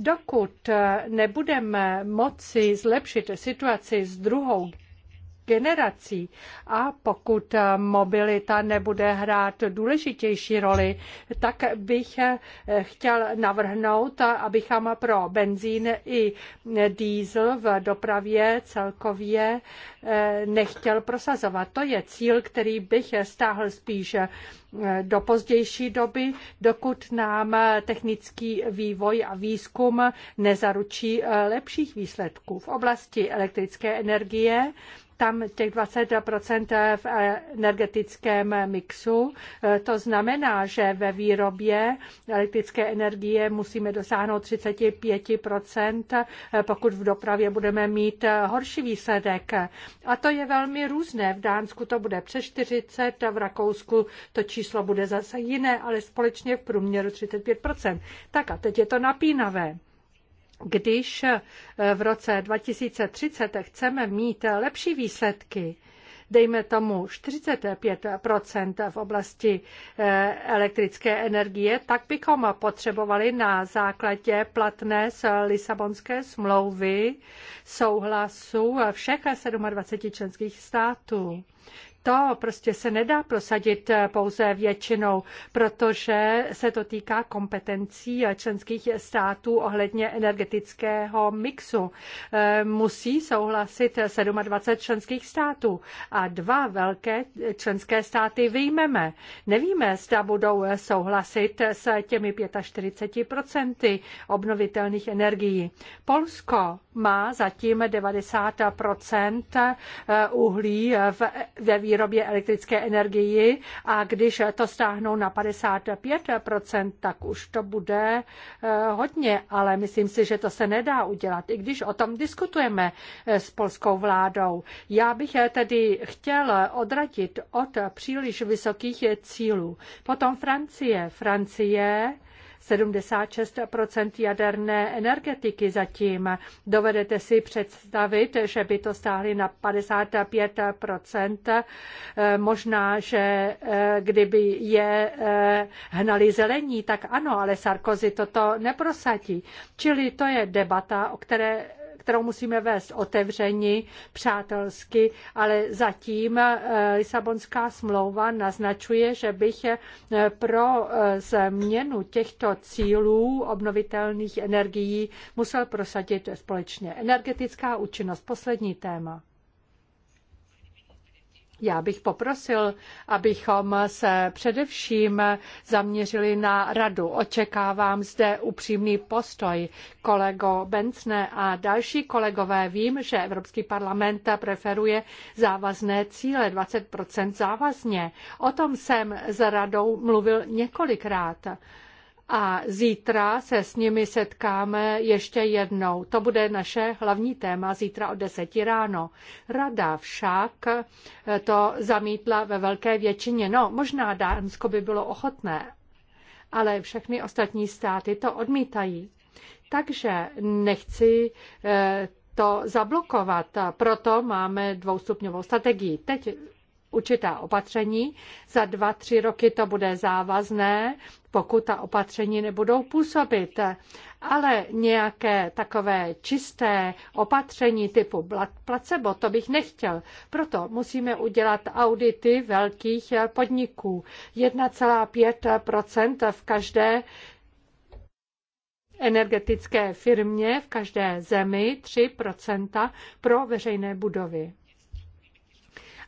S2: Dokud eh, nebudeme moci zlepšit situaci s druhou generací. A pokud mobilita nebude hrát důležitější roli, tak bych chtěl navrhnout, abychom pro benzín i diesel v dopravě celkově eh, nechtěl prosazovat. To je cíl, který bych stáhl spíše eh, do pozdější doby, dokud nám technický vývoj a výzkum nezaručí eh, lepších výsledků. V oblasti elektrické energie tam těch 20 v energetickém mixu. To znamená, že ve výrobě elektrické energie musíme dosáhnout 35 pokud v dopravě budeme mít horší výsledek. A to je velmi různé. V Dánsku to bude přes 40, v Rakousku to číslo bude zase jiné, ale společně v průměru 35 Tak a teď je to napínavé. Když eh, v roce 2030 chceme mít lepší výsledky, dejme tomu 45 v oblasti eh, elektrické energie, tak bychom potřebovali na základě platné z Lisabonské smlouvy souhlasu všech 27 členských států. To prostě se nedá prosadit eh, pouze většinou, protože se to týká kompetencí eh, členských států ohledně energetického mixu. Eh, musí souhlasit 27 členských států a dva velké členské státy vyjmeme. Nevíme, zda budou souhlasit s těmi 45 obnovitelných energií. Polsko má zatím 90 uhlí ve výrobě výrobě elektrické energii a když to stáhnou na 55%, tak už to bude eh, hodně, ale myslím si, že to se nedá udělat, i když o tom diskutujeme eh, s polskou vládou. Já bych eh, tedy chtěl odradit od příliš vysokých cílů. Potom Francie. Francie 76 jaderné energetiky zatím. Dovedete si představit, že by to stáhli na 55 eh, Možná, že eh, kdyby je eh, hnali zelení, tak ano, ale Sarkozy toto neprosadí. Čili to je debata, o které kterou musíme vést otevřeni, přátelsky, ale zatím eh, Lisabonská smlouva naznačuje, že bych eh, pro eh, změnu těchto cílů obnovitelných energií musel prosadit společně. Energetická účinnost, poslední téma. Já bych poprosil, abychom se především zaměřili na radu. Očekávám zde upřímný postoj kolego Bencne a další kolegové. Vím, že Evropský parlament preferuje závazné cíle 20 závazně. O tom jsem s radou mluvil několikrát a zítra se s nimi setkáme ještě jednou. To bude naše hlavní téma zítra od 10 ráno. Rada však eh, to zamítla ve velké většině. No, možná Dánsko by bylo ochotné, ale všechny ostatní státy to odmítají. Takže nechci eh, to zablokovat. Proto máme dvoustupňovou strategii. Teď určitá opatření. Za dva, tři roky to bude závazné pokud ta opatření nebudou působit. Ale nějaké takové čisté opatření typu placebo, to bych nechtěl. Proto musíme udělat audity velkých podniků. 1,5 v každé energetické firmě, v každé zemi 3 pro veřejné budovy.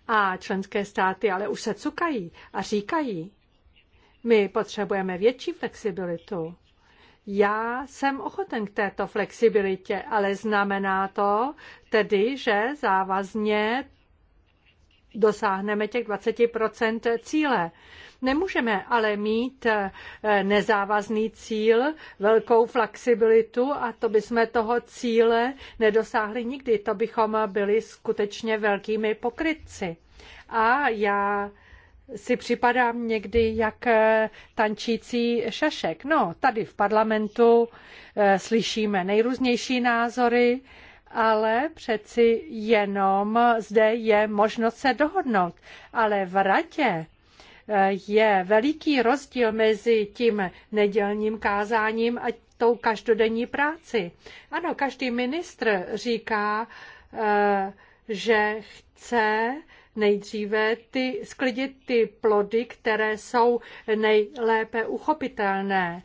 S2: A členské státy ale už se cukají a říkají, my potřebujeme větší flexibilitu. Já jsem ochoten k této flexibilitě, ale znamená to tedy, že závazně dosáhneme těch 20 cíle. Nemůžeme ale mít eh, nezávazný cíl, velkou flexibilitu a to bychom toho cíle nedosáhli nikdy. To bychom byli skutečně velkými pokrytci. A já si připadám někdy jak eh, tančící šašek. No, tady v parlamentu eh, slyšíme nejrůznější názory, ale přeci jenom zde je možnost se dohodnout. Ale v radě eh, je veliký rozdíl mezi tím nedělním kázáním a tou každodenní práci. Ano, každý ministr říká, že chce nejdříve ty, sklidit ty plody, které jsou nejlépe uchopitelné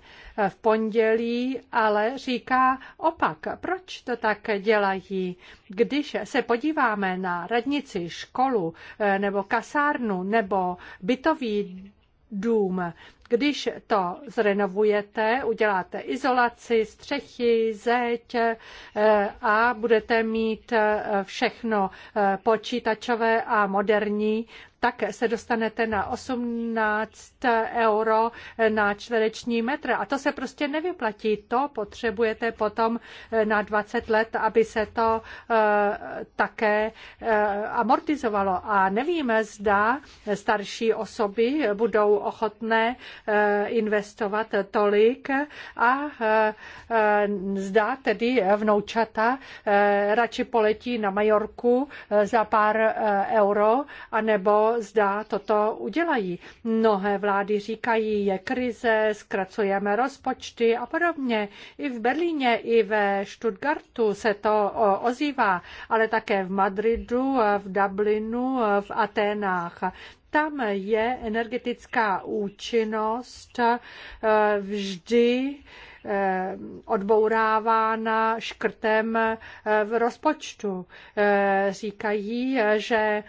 S2: v pondělí, ale říká opak. Proč to tak dělají? Když se podíváme na radnici, školu eh, nebo kasárnu nebo bytový dům. Když to zrenovujete, uděláte izolaci, střechy, zeď eh, a budete mít eh, všechno eh, počítačové a moderní, tak se dostanete na 18 euro na čtvereční metr. A to se prostě nevyplatí. To potřebujete potom eh, na 20 let, aby se to eh, také eh, amortizovalo. A nevíme, zda starší osoby budou ochotné investovat tolik a zda tedy vnoučata radši poletí na Majorku za pár euro, anebo zda toto udělají. Mnohé vlády říkají, je krize, zkracujeme rozpočty a podobně. I v Berlíně, i ve Stuttgartu se to ozývá, ale také v Madridu, v Dublinu, v Aténách tam je energetická účinnost eh, vždy eh, odbourávána škrtem eh, v rozpočtu. Říkají, že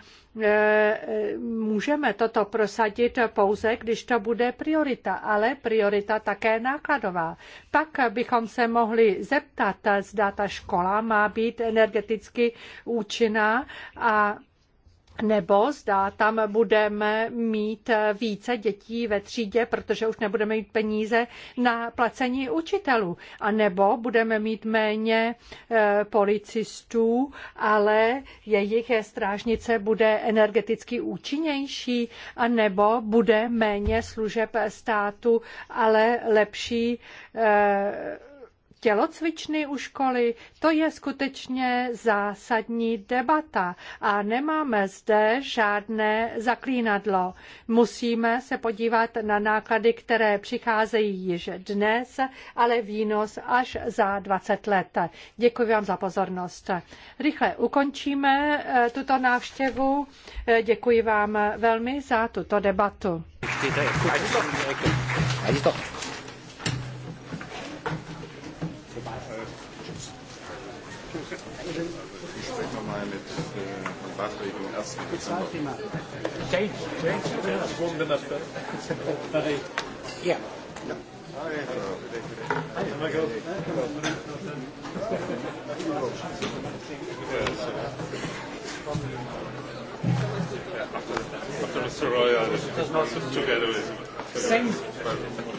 S2: můžeme toto prosadit pouze, když to bude priorita, ale priorita také nákladová. Pak bychom se mohli zeptat, zda ta škola má být energeticky účinná a nebo zda tam budeme mít více dětí ve třídě, protože už nebudeme mít peníze na placení učitelů, a nebo budeme mít méně eh, policistů, ale jejich strážnice bude energeticky účinnější, a nebo bude méně služeb státu, ale lepší eh, tělocvičny u školy, to je skutečně zásadní debata a nemáme zde žádné zaklínadlo. Musíme se podívat na náklady, které přicházejí již dnes, ale výnos až za 20 let. Děkuji vám za pozornost. Rychle ukončíme eh, tuto návštěvu. Eh, děkuji vám velmi za tuto debatu. Ať to. Ať to. Ratregung erst Dezember. Change,
S4: change, same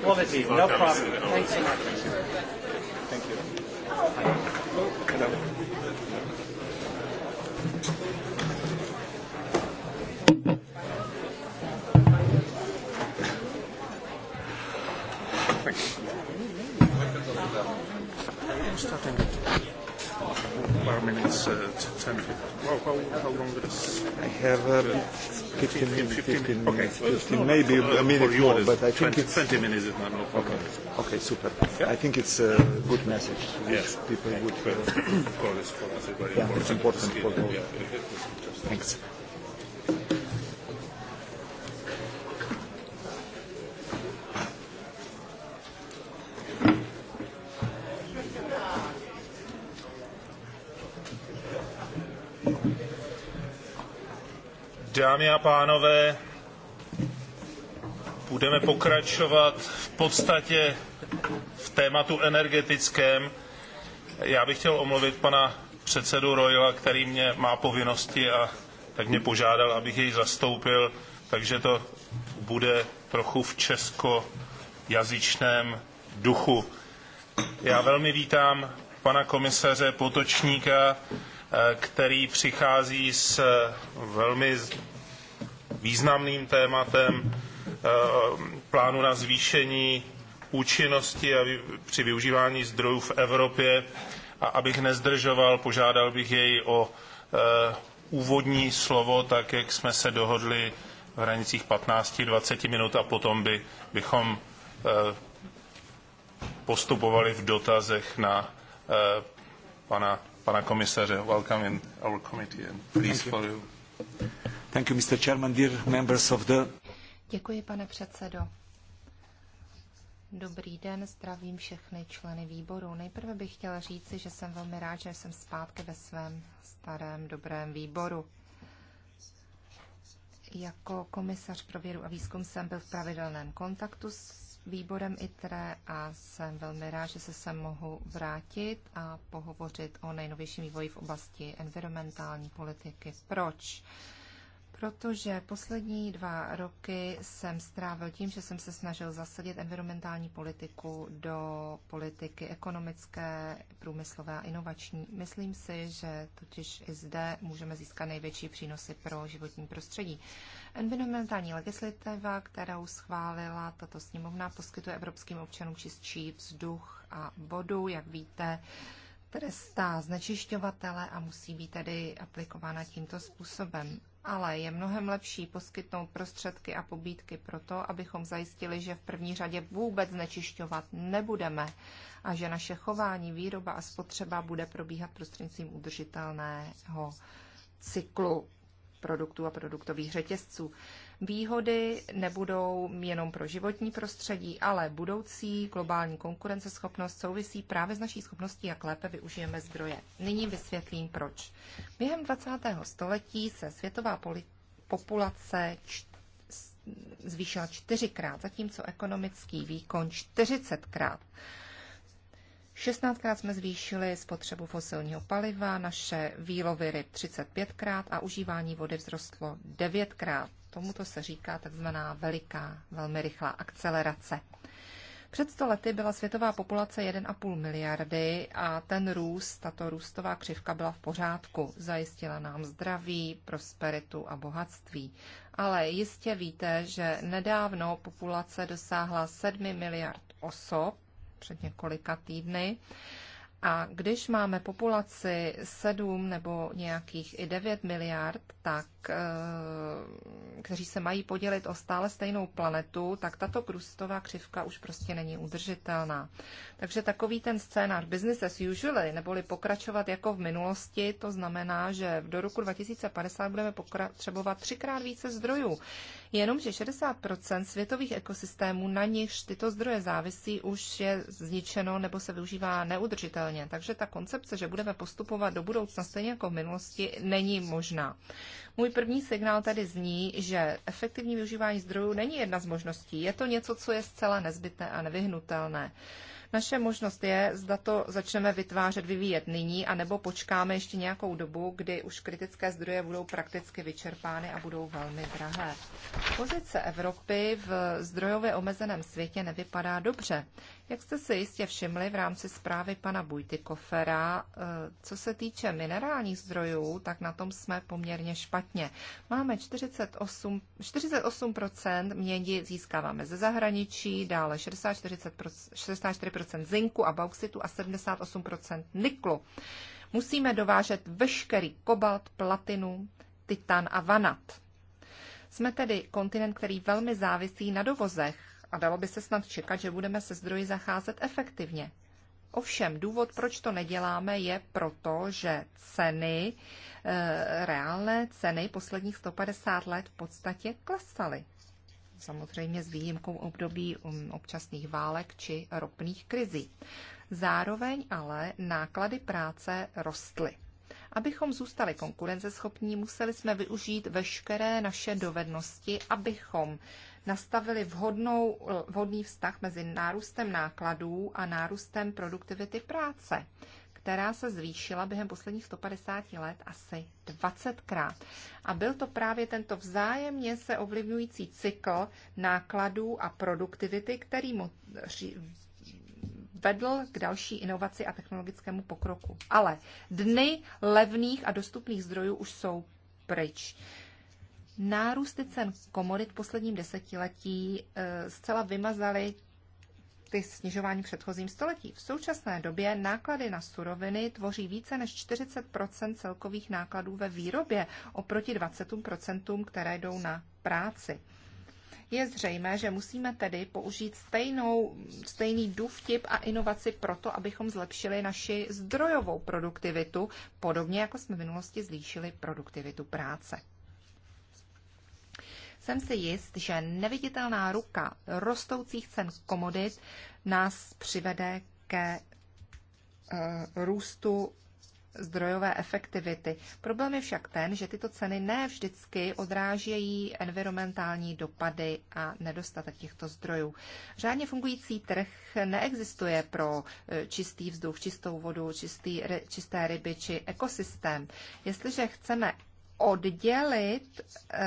S2: quality, no
S4: problem. Thanks so much. Thank you. Hello.
S2: Perfect. Starting at well, I mean,
S4: it's uh, 10, 15. Well, how, how long is I have uh, 15, 15, 15, 15 okay. 15, maybe uh, a minute more, but I think 20, it's... 20 minutes is not no problem. Okay, super. Yeah. I think it's a good message. Yes. People would... Uh, for us, for us, it's very yeah, important. It's important for all. Yeah. Thanks. Dámy a pánové, budeme pokračovat v podstatě v tématu energetickém. Já bych chtěl omluvit pana předsedu Royla, který mě má povinnosti a tak mě požádal, abych jej zastoupil, takže to bude trochu v českojazyčném duchu. Já velmi vítám pana komisaře Potočníka, Eh, který přichází s eh, velmi významným tématem eh, plánu na zvýšení účinnosti při využívání zdrojů v Evropě. A abych nezdržoval, požádal bych jej o úvodní slovo, tak jak jsme se dohodli v hranicích 15-20 minut a potom by, bychom postupovali v dotazech na pana pana komisaře. Welcome in our committee and please Thank for you. Thank you, Mr. Chairman, dear members of the...
S1: Děkuji, pane předsedo. Dobrý den, zdravím všechny členy výboru. Nejprve bych chtěla říci, že jsem velmi rád, že jsem zpátky ve svém starém dobrém výboru. Jako komisař pro vědu a výzkum jsem byl v pravidelném kontaktu s výborem ITRE a jsem velmi rád, že se sem mohu vrátit a pohovořit o nejnovějším vývoji v oblasti environmentální politiky. Proč? protože poslední dva roky jsem strávil tím, že jsem se snažil zasadit environmentální politiku do politiky ekonomické, průmyslové a inovační. Myslím si, že totiž i zde můžeme získat největší přínosy pro životní prostředí. Environmentální legislativa, kterou schválila tato sněmovna, poskytuje evropským občanům čistší vzduch a vodu, jak víte, trestá znečišťovatele a musí být tedy aplikována tímto způsobem ale je mnohem lepší poskytnout prostředky a pobídky pro to, abychom zajistili, že v první řadě vůbec znečišťovat nebudeme a že naše chování, výroba a spotřeba bude probíhat prostřednictvím udržitelného cyklu produktů a produktových řetězců. Výhody nebudou jenom pro životní prostředí, ale budoucí globální konkurenceschopnost souvisí právě s naší schopností, jak lépe využijeme zdroje. Nyní vysvětlím proč. Během 20. století se světová populace zvýšila čtyřikrát, zatímco ekonomický výkon 40krát. 16krát jsme zvýšili spotřebu fosilního paliva, naše výlovy ryb 35krát a užívání vody vzrostlo 9krát. Tomuto se říká takzvaná veliká, velmi rychlá akcelerace. Před sto lety byla světová populace 1,5 miliardy a ten růst, tato růstová křivka byla v pořádku. Zajistila nám zdraví, prosperitu a bohatství. Ale jistě víte, že nedávno populace dosáhla 7 miliard osob před několika týdny. A když máme populaci 7 nebo nějakých i 9 miliard, tak Eh, kteří se mají podělit o stále stejnou planetu, tak tato krustová křivka už prostě není udržitelná. Takže takový ten scénář business as usual, neboli pokračovat jako v minulosti, to znamená, že do roku 2050 budeme potřebovat třikrát více zdrojů. Jenomže 60% světových ekosystémů, na nichž tyto zdroje závisí, už je zničeno nebo se využívá neudržitelně. Takže ta koncepce, že budeme postupovat do budoucna stejně jako v minulosti, není možná. Můj první signál tedy zní, že efektivní využívání zdrojů není jedna z možností. Je to něco, co je zcela nezbytné a nevyhnutelné. Naše možnost je, zda to začneme vytvářet, vyvíjet nyní, anebo počkáme ještě nějakou dobu, kdy už kritické zdroje budou prakticky vyčerpány a budou velmi drahé. Pozice Evropy v zdrojově omezeném světě nevypadá dobře. Jak jste se jistě všimli v rámci zprávy pana Bujtykofera, eh, co se týče minerálních zdrojů, tak na tom jsme poměrně špatně. Máme 48, 48% mědi získáváme ze zahraničí, dále 64% zinku a bauxitu a 78% niklu. Musíme dovážet veškerý kobalt, platinu, titan a vanat. Jsme tedy kontinent, který velmi závisí na dovozech a dalo by se snad čekat, že budeme se zdroji zacházet efektivně. Ovšem, důvod, proč to neděláme, je proto, že ceny, e, reálné ceny posledních 150 let v podstatě klesaly. Samozřejmě s výjimkou období um, občasných válek či ropných krizí. Zároveň ale náklady práce rostly. Abychom zůstali konkurenceschopní, museli jsme využít veškeré naše dovednosti, abychom nastavili vhodnou, vhodný vztah mezi nárůstem nákladů a nárůstem produktivity práce, která se zvýšila během posledních 150 let asi 20krát. A byl to právě tento vzájemně se ovlivňující cykl nákladů a produktivity, který vedl k další inovaci a technologickému pokroku. Ale dny levných a dostupných zdrojů už jsou pryč. Nárůsty cen komodit v posledním desetiletí eh, zcela vymazaly ty snižování předchozím století. V současné době náklady na suroviny tvoří více než 40 celkových nákladů ve výrobě oproti 20 které jdou na práci. Je zřejmé, že musíme tedy použít stejnou, stejný důvtip a inovaci proto, abychom zlepšili naši zdrojovou produktivitu, podobně jako jsme v minulosti zvýšili produktivitu práce. Jsem si jist, že neviditelná ruka rostoucích cen komodit nás přivede ke eh, růstu zdrojové efektivity. Problém je však ten, že tyto ceny ne vždycky odrážejí environmentální dopady a nedostatek těchto zdrojů. Řádně fungující trh neexistuje pro eh, čistý vzduch, čistou vodu, čistý, čisté ryby či ekosystém. Jestliže chceme oddělit e,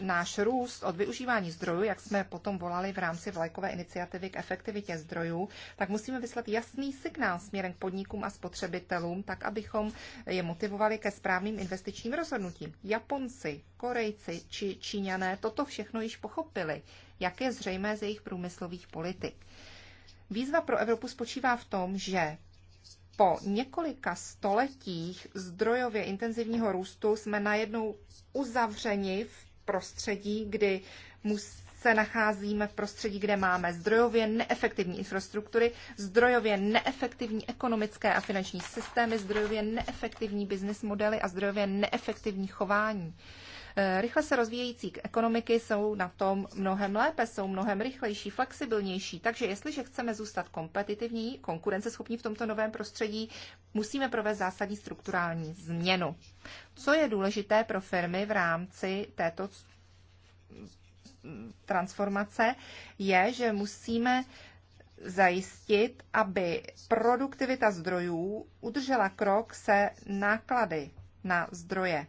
S1: náš růst od využívání zdrojů, jak jsme potom volali v rámci vlajkové iniciativy k efektivitě zdrojů, tak musíme vyslat jasný signál směrem k podnikům a spotřebitelům, tak abychom je motivovali ke správným investičním rozhodnutím. Japonci, Korejci či Číňané toto všechno již pochopili, jak je zřejmé z jejich průmyslových politik. Výzva pro Evropu spočívá v tom, že po několika stoletích zdrojově intenzivního růstu jsme najednou uzavřeni v prostředí, kdy se nacházíme v prostředí, kde máme zdrojově neefektivní infrastruktury, zdrojově neefektivní ekonomické a finanční systémy, zdrojově neefektivní business modely a zdrojově neefektivní chování. Eh, rychle se rozvíjející ekonomiky jsou na tom mnohem lépe, jsou mnohem rychlejší, flexibilnější. Takže jestliže chceme zůstat kompetitivní, konkurenceschopní v tomto novém prostředí, musíme provést zásadní strukturální změnu. Co je důležité pro firmy v rámci této transformace, je, že musíme zajistit, aby produktivita zdrojů udržela krok se náklady na zdroje.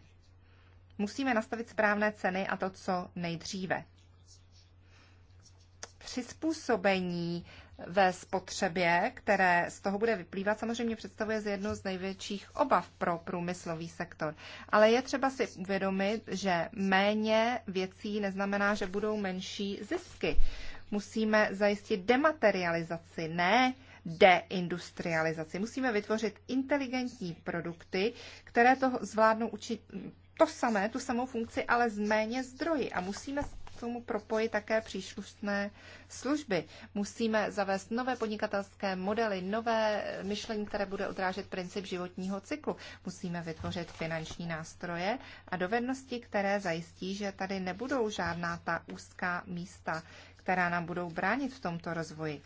S1: Musíme nastavit správné ceny a to, co nejdříve. Přizpůsobení ve spotřebě, které z toho bude vyplývat, samozřejmě představuje z jednu z největších obav pro průmyslový sektor. Ale je třeba si uvědomit, že méně věcí neznamená, že budou menší zisky. Musíme zajistit dematerializaci, ne deindustrializaci. Musíme vytvořit inteligentní produkty, které to zvládnou učit, to samé, tu samou funkci, ale z méně zdroji a musíme tomu propojit také příslušné služby. Musíme zavést nové podnikatelské modely, nové myšlení, které bude odrážet princip životního cyklu. Musíme vytvořit finanční nástroje a dovednosti, které zajistí, že tady nebudou žádná ta úzká místa, která nám budou bránit v tomto rozvoji.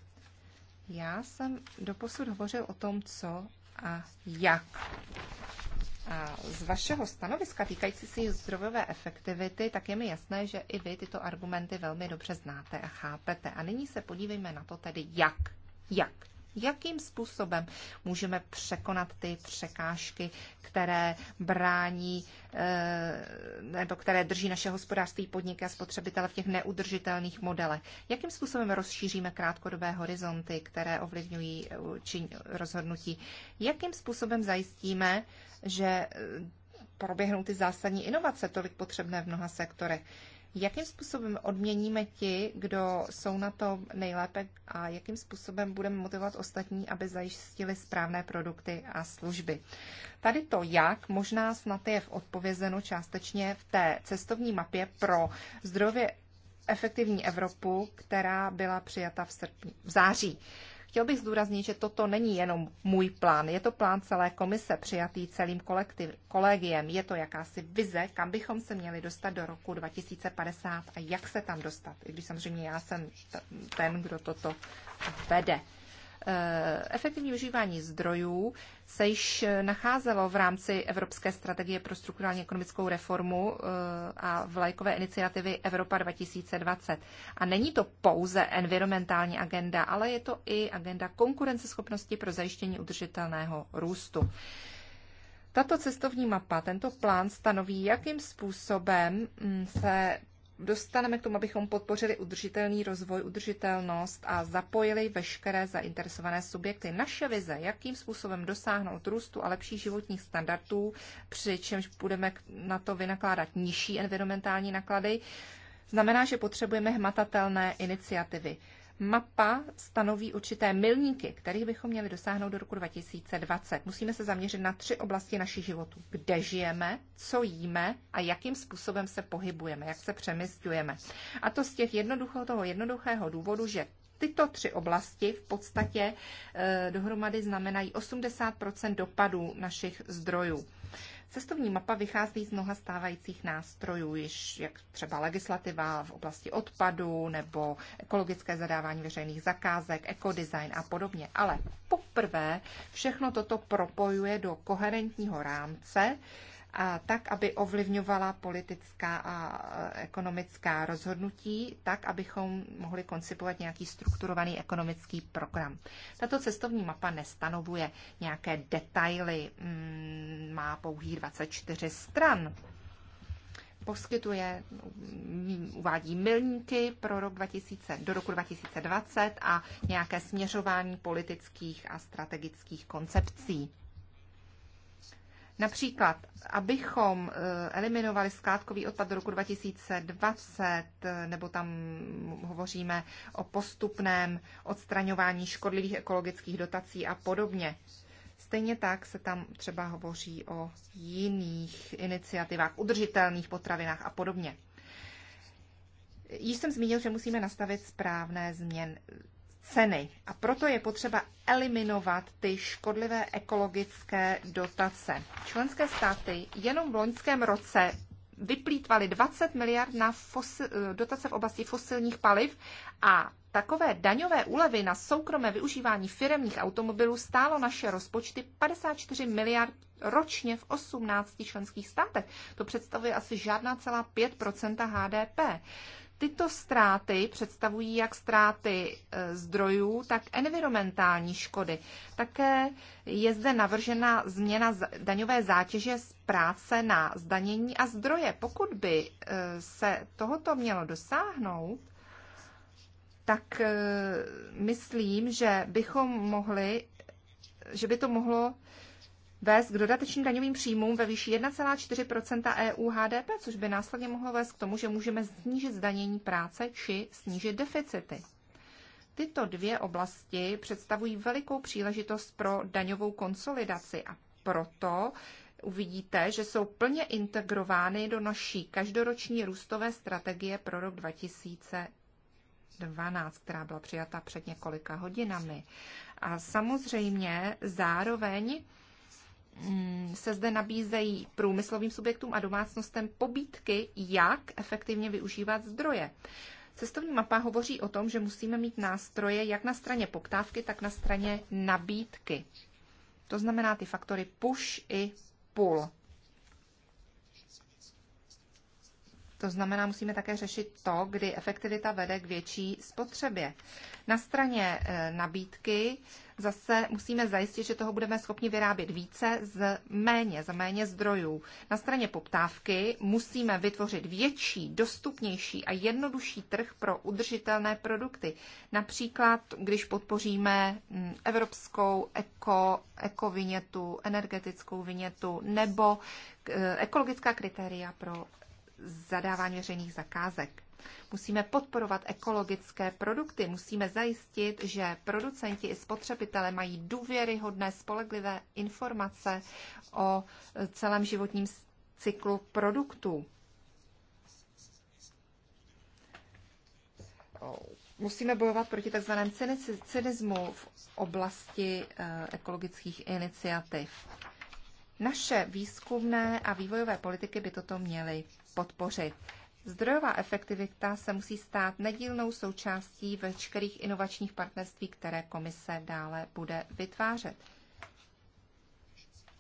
S1: Já jsem doposud hovořil o tom, co a jak. A z vašeho stanoviska týkající se zdrojové efektivity, tak je mi jasné, že i vy tyto argumenty velmi dobře znáte a chápete. A nyní se podívejme na to tedy jak. Jak jakým způsobem můžeme překonat ty překážky, které brání eh, nebo které drží naše hospodářství, podniky a spotřebitele v těch neudržitelných modelech. Jakým způsobem rozšíříme krátkodobé horizonty, které ovlivňují eh, rozhodnutí? Jakým způsobem zajistíme, že eh, proběhnou ty zásadní inovace, tolik potřebné v mnoha sektorech? jakým způsobem odměníme ti, kdo jsou na to nejlépe a jakým způsobem budeme motivovat ostatní, aby zajistili správné produkty a služby. Tady to jak možná snad je v odpovězeno částečně v té cestovní mapě pro zdrově efektivní Evropu, která byla přijata v, srpni, v září. Chtěl bych zdůraznit, že toto není jenom můj plán, je to plán celé komise přijatý celým kolektiv, kolegiem. Je to jakási vize, kam bychom se měli dostat do roku 2050 a jak se tam dostat, i když samozřejmě já jsem ten, kdo toto vede. Eh, efektivní využívání zdrojů se již nacházelo v rámci Evropské strategie pro strukturální ekonomickou reformu eh, a v lajkové iniciativy Evropa 2020. A není to pouze environmentální agenda, ale je to i agenda konkurenceschopnosti pro zajištění udržitelného růstu. Tato cestovní mapa, tento plán stanoví, jakým způsobem mm, se dostaneme k tomu, abychom podpořili udržitelný rozvoj, udržitelnost a zapojili veškeré zainteresované subjekty. Naše vize, jakým způsobem dosáhnout růstu a lepších životních standardů, přičemž budeme na to vynakládat nižší environmentální náklady, znamená, že potřebujeme hmatatelné iniciativy mapa stanoví určité milníky, kterých bychom měli dosáhnout do roku 2020. Musíme se zaměřit na tři oblasti našich životů. Kde žijeme, co jíme a jakým způsobem se pohybujeme, jak se přemysťujeme. A to z těch jednoduchého, toho jednoduchého důvodu, že tyto tři oblasti v podstatě eh, dohromady znamenají 80 dopadů našich zdrojů. Cestovní mapa vychází z mnoha stávajících nástrojů, již jak třeba legislativa v oblasti odpadu nebo ekologické zadávání veřejných zakázek, ekodesign a podobně. Ale poprvé všechno toto propojuje do koherentního rámce, a tak, aby ovlivňovala politická a eh, ekonomická rozhodnutí, tak, abychom mohli koncipovat nějaký strukturovaný ekonomický program. Tato cestovní mapa nestanovuje nějaké detaily, mm, má pouhých 24 stran poskytuje, mm, uvádí milníky pro rok 2000, do roku 2020 a nějaké směřování politických a strategických koncepcí. Například, abychom eh, eliminovali skládkový odpad do roku 2020, eh, nebo tam hovoříme o postupném odstraňování škodlivých ekologických dotací a podobně. Stejně tak se tam třeba hovoří o jiných iniciativách, udržitelných potravinách a podobně. Již jsem zmínil, že musíme nastavit správné změn, ceny. A proto je potřeba eliminovat ty škodlivé ekologické dotace. Členské státy jenom v loňském roce vyplýtvaly 20 miliard na fosil, dotace v oblasti fosilních paliv a takové daňové úlevy na soukromé využívání firemních automobilů stálo naše rozpočty 54 miliard ročně v 18 členských státech. To představuje asi žádná celá 5 HDP. Tyto ztráty představují jak ztráty e, zdrojů, tak environmentální škody. Také je zde navržena změna daňové zátěže z práce na zdanění a zdroje. Pokud by e, se tohoto mělo dosáhnout, tak e, myslím, že bychom mohli, že by to mohlo vést k dodatečným daňovým příjmům ve výši 1,4 EU HDP, což by následně mohlo vést k tomu, že můžeme snížit zdanění práce či snížit deficity. Tyto dvě oblasti představují velikou příležitost pro daňovou konsolidaci a proto uvidíte, že jsou plně integrovány do naší každoroční růstové strategie pro rok 2012, která byla přijata před několika hodinami. A samozřejmě zároveň Mm, se zde nabízejí průmyslovým subjektům a domácnostem pobídky, jak efektivně využívat zdroje. Cestovní mapa hovoří o tom, že musíme mít nástroje jak na straně poptávky, tak na straně nabídky. To znamená ty faktory push i pull. To znamená, musíme také řešit to, kdy efektivita vede k větší spotřebě. Na straně eh, nabídky zase musíme zajistit, že toho budeme schopni vyrábět více z méně, za méně zdrojů. Na straně poptávky musíme vytvořit větší, dostupnější a jednodušší trh pro udržitelné produkty. Například, když podpoříme hm, evropskou eko, ekovinětu, energetickou vinětu nebo eh, ekologická kritéria pro zadávání veřejných zakázek. Musíme podporovat ekologické produkty, musíme zajistit, že producenti i spotřebitele mají důvěryhodné, spolehlivé informace o celém životním cyklu produktů. musíme bojovat proti tzv. cynismu v oblasti eh, ekologických iniciativ. Naše výzkumné a vývojové politiky by toto měly podpořit. Zdrojová efektivita se musí stát nedílnou součástí veškerých inovačních partnerství, které komise dále bude vytvářet.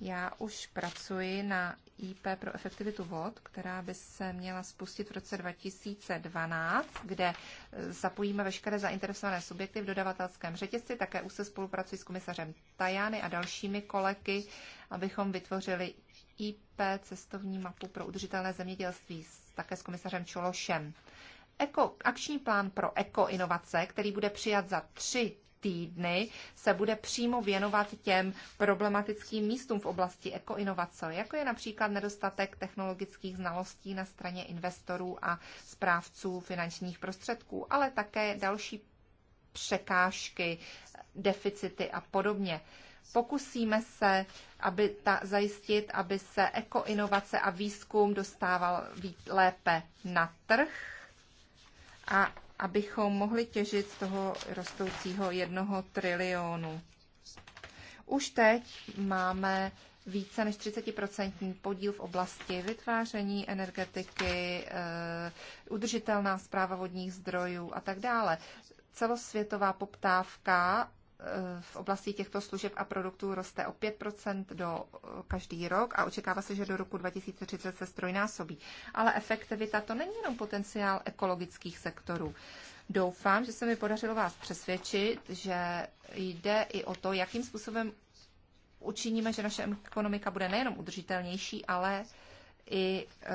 S1: Já už pracuji na IP pro efektivitu vod, která by se měla spustit v roce 2012, kde e, zapojíme veškeré zainteresované subjekty v dodavatelském řetězci. Také už se spolupracuji s komisařem Tajany a dalšími kolegy, abychom vytvořili IP cestovní mapu pro udržitelné zemědělství také s komisařem Čološem. Eko, akční plán pro ekoinovace, který bude přijat za tři týdny se bude přímo věnovat těm problematickým místům v oblasti ekoinovace, jako je například nedostatek technologických znalostí na straně investorů a správců finančních prostředků, ale také další překážky, deficity a podobně. Pokusíme se aby ta, zajistit, aby se ekoinovace a výzkum dostával lépe na trh a abychom mohli těžit z toho rostoucího jednoho trilionu. Už teď máme více než 30% podíl v oblasti vytváření energetiky, eh, udržitelná zpráva vodních zdrojů a tak dále. Celosvětová poptávka Eh, v oblasti těchto služeb a produktů roste o 5 do eh, každý rok a očekává se, že do roku 2030 se strojnásobí. Ale efektivita to není jenom potenciál ekologických sektorů. Doufám, že se mi podařilo vás přesvědčit, že jde i o to, jakým způsobem učiníme, že naše ekonomika bude nejenom udržitelnější, ale i e,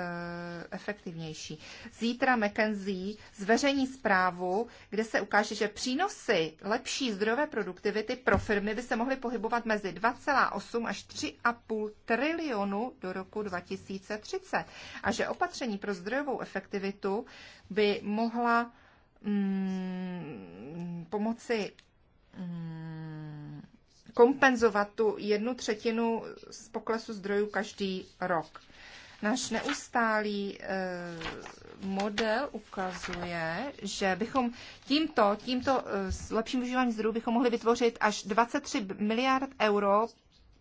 S1: efektivnější. Zítra McKenzie zveřejní zprávu, kde se ukáže, že přínosy lepší zdrojové produktivity pro firmy by se mohly pohybovat mezi 2,8 až 3,5 trilionu do roku 2030 a že opatření pro zdrojovou efektivitu by mohla mm, pomoci mm, kompenzovat tu jednu třetinu z poklesu zdrojů každý rok. Náš neustálý eh, model ukazuje, že bychom tímto, tímto eh, s lepším užíváním zdrojů bychom mohli vytvořit až 23 miliard euro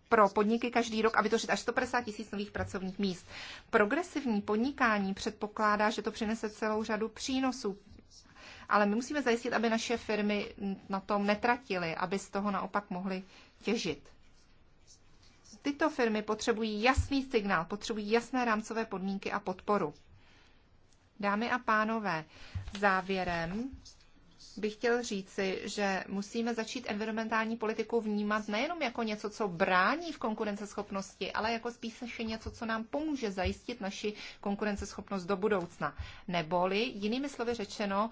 S1: pro podniky každý rok a vytvořit až 150 tisíc nových pracovních míst. Progresivní podnikání předpokládá, že to přinese celou řadu přínosů. Ale my musíme zajistit, aby naše firmy na tom netratily, aby z toho naopak mohly těžit. Tyto firmy potřebují jasný signál, potřebují jasné rámcové podmínky a podporu. Dámy a pánové, závěrem bych chtěl říci, že musíme začít environmentální politiku vnímat nejenom jako něco, co brání v konkurenceschopnosti, ale jako spíše něco, co nám pomůže zajistit naši konkurenceschopnost do budoucna. Neboli, jinými slovy řečeno,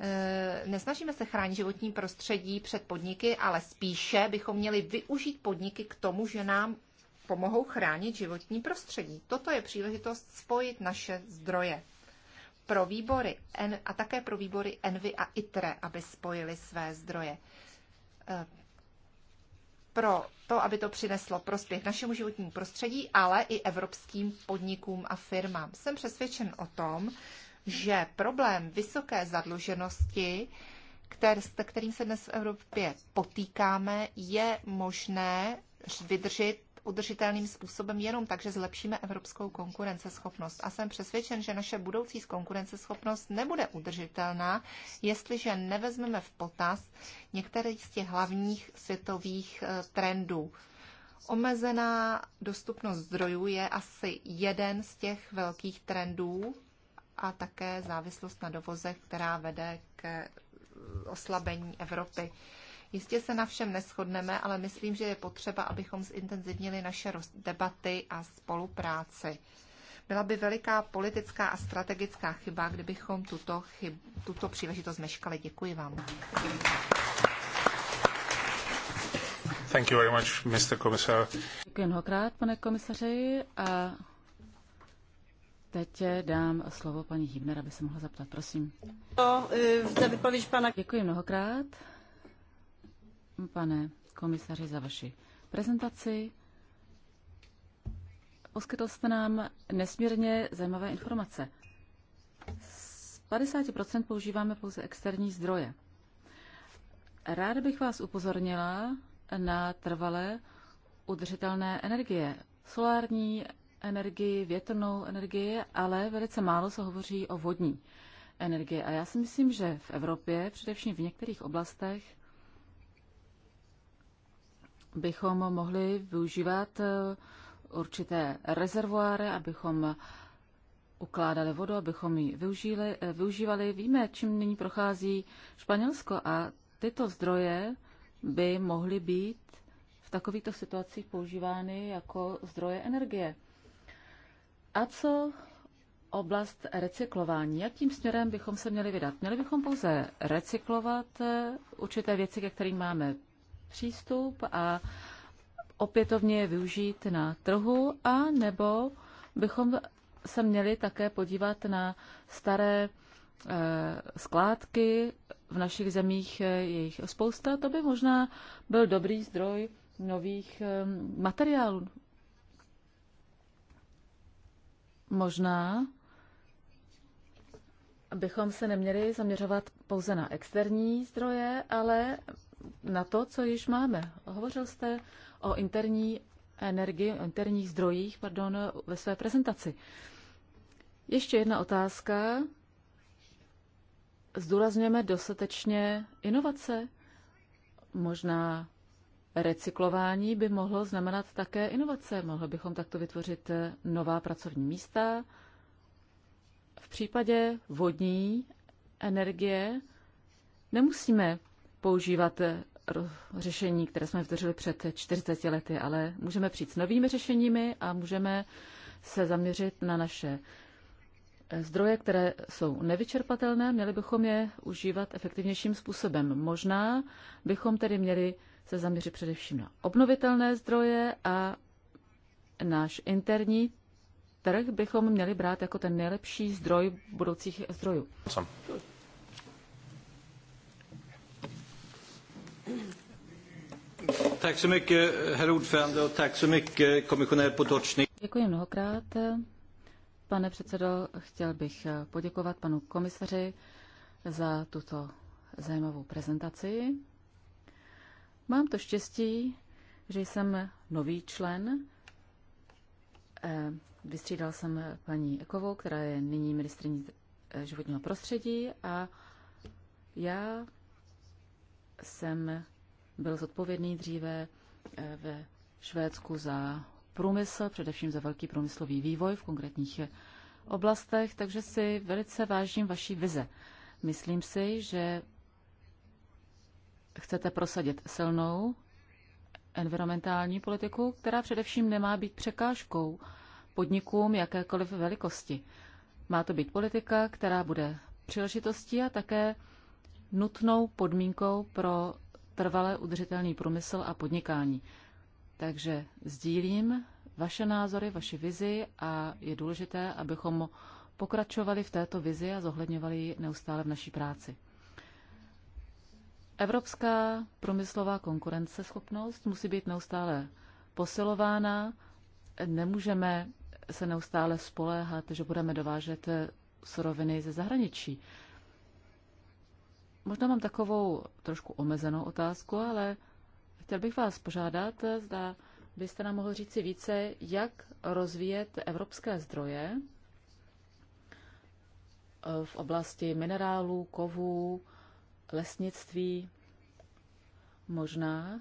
S1: Eh, nesnažíme se chránit životní prostředí před podniky, ale spíše bychom měli využít podniky k tomu, že nám pomohou chránit životní prostředí. Toto je příležitost spojit naše zdroje pro výbory a také pro výbory Envy a ITRE, aby spojili své zdroje. Eh, pro to, aby to přineslo prospěch našemu životnímu prostředí, ale i evropským podnikům a firmám. Jsem přesvědčen o tom, že problém vysoké zadluženosti, který, kterým se dnes v Evropě potýkáme, je možné vydržet udržitelným způsobem jenom tak, že zlepšíme evropskou konkurenceschopnost. A jsem přesvědčen, že naše budoucí konkurenceschopnost nebude udržitelná, jestliže nevezmeme v potaz některé z těch hlavních světových eh, trendů. Omezená dostupnost zdrojů je asi jeden z těch velkých trendů, a také závislost na dovozech, která vede k eh, oslabení Evropy. Jistě se na všem neschodneme, ale myslím, že je potřeba, abychom zintenzivnili naše debaty a spolupráci. Byla by veliká politická a strategická chyba, kdybychom tuto, chyb, tuto příležitost meškali. Děkuji vám.
S4: Thank you very much, Mr.
S1: Děkuji mnohokrát, pane komisaři.
S3: A... Teď dám slovo paní Hibner, aby se mohla zeptat. Prosím. No, eh, zde vypověď pana... Děkuji mnohokrát, pane komisaři, za vaši prezentaci. Poskytl jste nám nesmírně zajímavé informace. Z 50% používáme pouze externí zdroje. Ráda bych vás upozornila na trvalé udržitelné energie, solární energii, větrnou energii, ale velice málo se hovoří o vodní energii. A já si myslím, že v Evropě, především v některých oblastech, bychom mohli využívat eh, určité rezervoáry, abychom ukládali vodu, abychom ji využili, eh, využívali. Víme, čím nyní prochází Španělsko a tyto zdroje by mohly být v takovýchto situacích používány jako zdroje energie. A co oblast recyklování? Jakým směrem bychom se měli vydat? Měli bychom pouze recyklovat eh, určité věci, ke kterým máme přístup a opětovně je využít na trhu, a nebo bychom se měli také podívat na staré eh, skládky v našich zemích, eh, je jich spousta, to by možná byl dobrý zdroj nových materiálů, Možná bychom se neměli zaměřovat pouze na externí zdroje, ale na to, co již máme. Hovořil jste o interní energii, o interních zdrojích pardon, ve své prezentaci. Ještě jedna otázka. Zdůrazňujeme dostatečně inovace? Možná recyklování by mohlo znamenat také inovace. Mohli bychom takto vytvořit eh, nová pracovní místa. V případě vodní energie nemusíme používat eh, řešení, které jsme vytvořili před 40 lety, ale můžeme přijít s novými řešeními a můžeme se zaměřit na naše eh, zdroje, které jsou nevyčerpatelné, měli bychom je užívat efektivnějším způsobem. Možná bychom tedy měli se zaměřit především na obnovitelné zdroje a náš interní trh bychom měli brát jako ten nejlepší zdroj budoucích zdrojů.
S4: Sam.
S1: herr ordförande,
S3: Děkuji mnohokrát. Pane předsedo, chtěl bych poděkovat panu komisaři za tuto zajímavou prezentaci. Mám to štěstí, že jsem nový člen. Eh, vystřídal jsem paní Ekovou, která je nyní ministrní eh, životního prostředí a já jsem byl zodpovědný dříve eh, ve Švédsku za průmysl, především za velký průmyslový vývoj v konkrétních oblastech, takže si velice vážím vaší vize. Myslím si, že chcete prosadit silnou environmentální politiku, která především nemá být překážkou podnikům jakékoliv velikosti. Má to být politika, která bude příležitostí a také nutnou podmínkou pro trvalé udržitelný průmysl a podnikání. Takže sdílím vaše názory, vaši vizi a je důležité, abychom pokračovali v této vizi a zohledňovali ji neustále v naší práci. Evropská průmyslová konkurenceschopnost musí být neustále posilována. Nemůžeme se neustále spoléhat, že budeme dovážet suroviny ze zahraničí. Možná mám takovou trošku omezenou otázku, ale chtěl bych vás požádat, zda byste nám mohl říci více, jak rozvíjet evropské zdroje v oblasti minerálů, kovů, lesnictví možná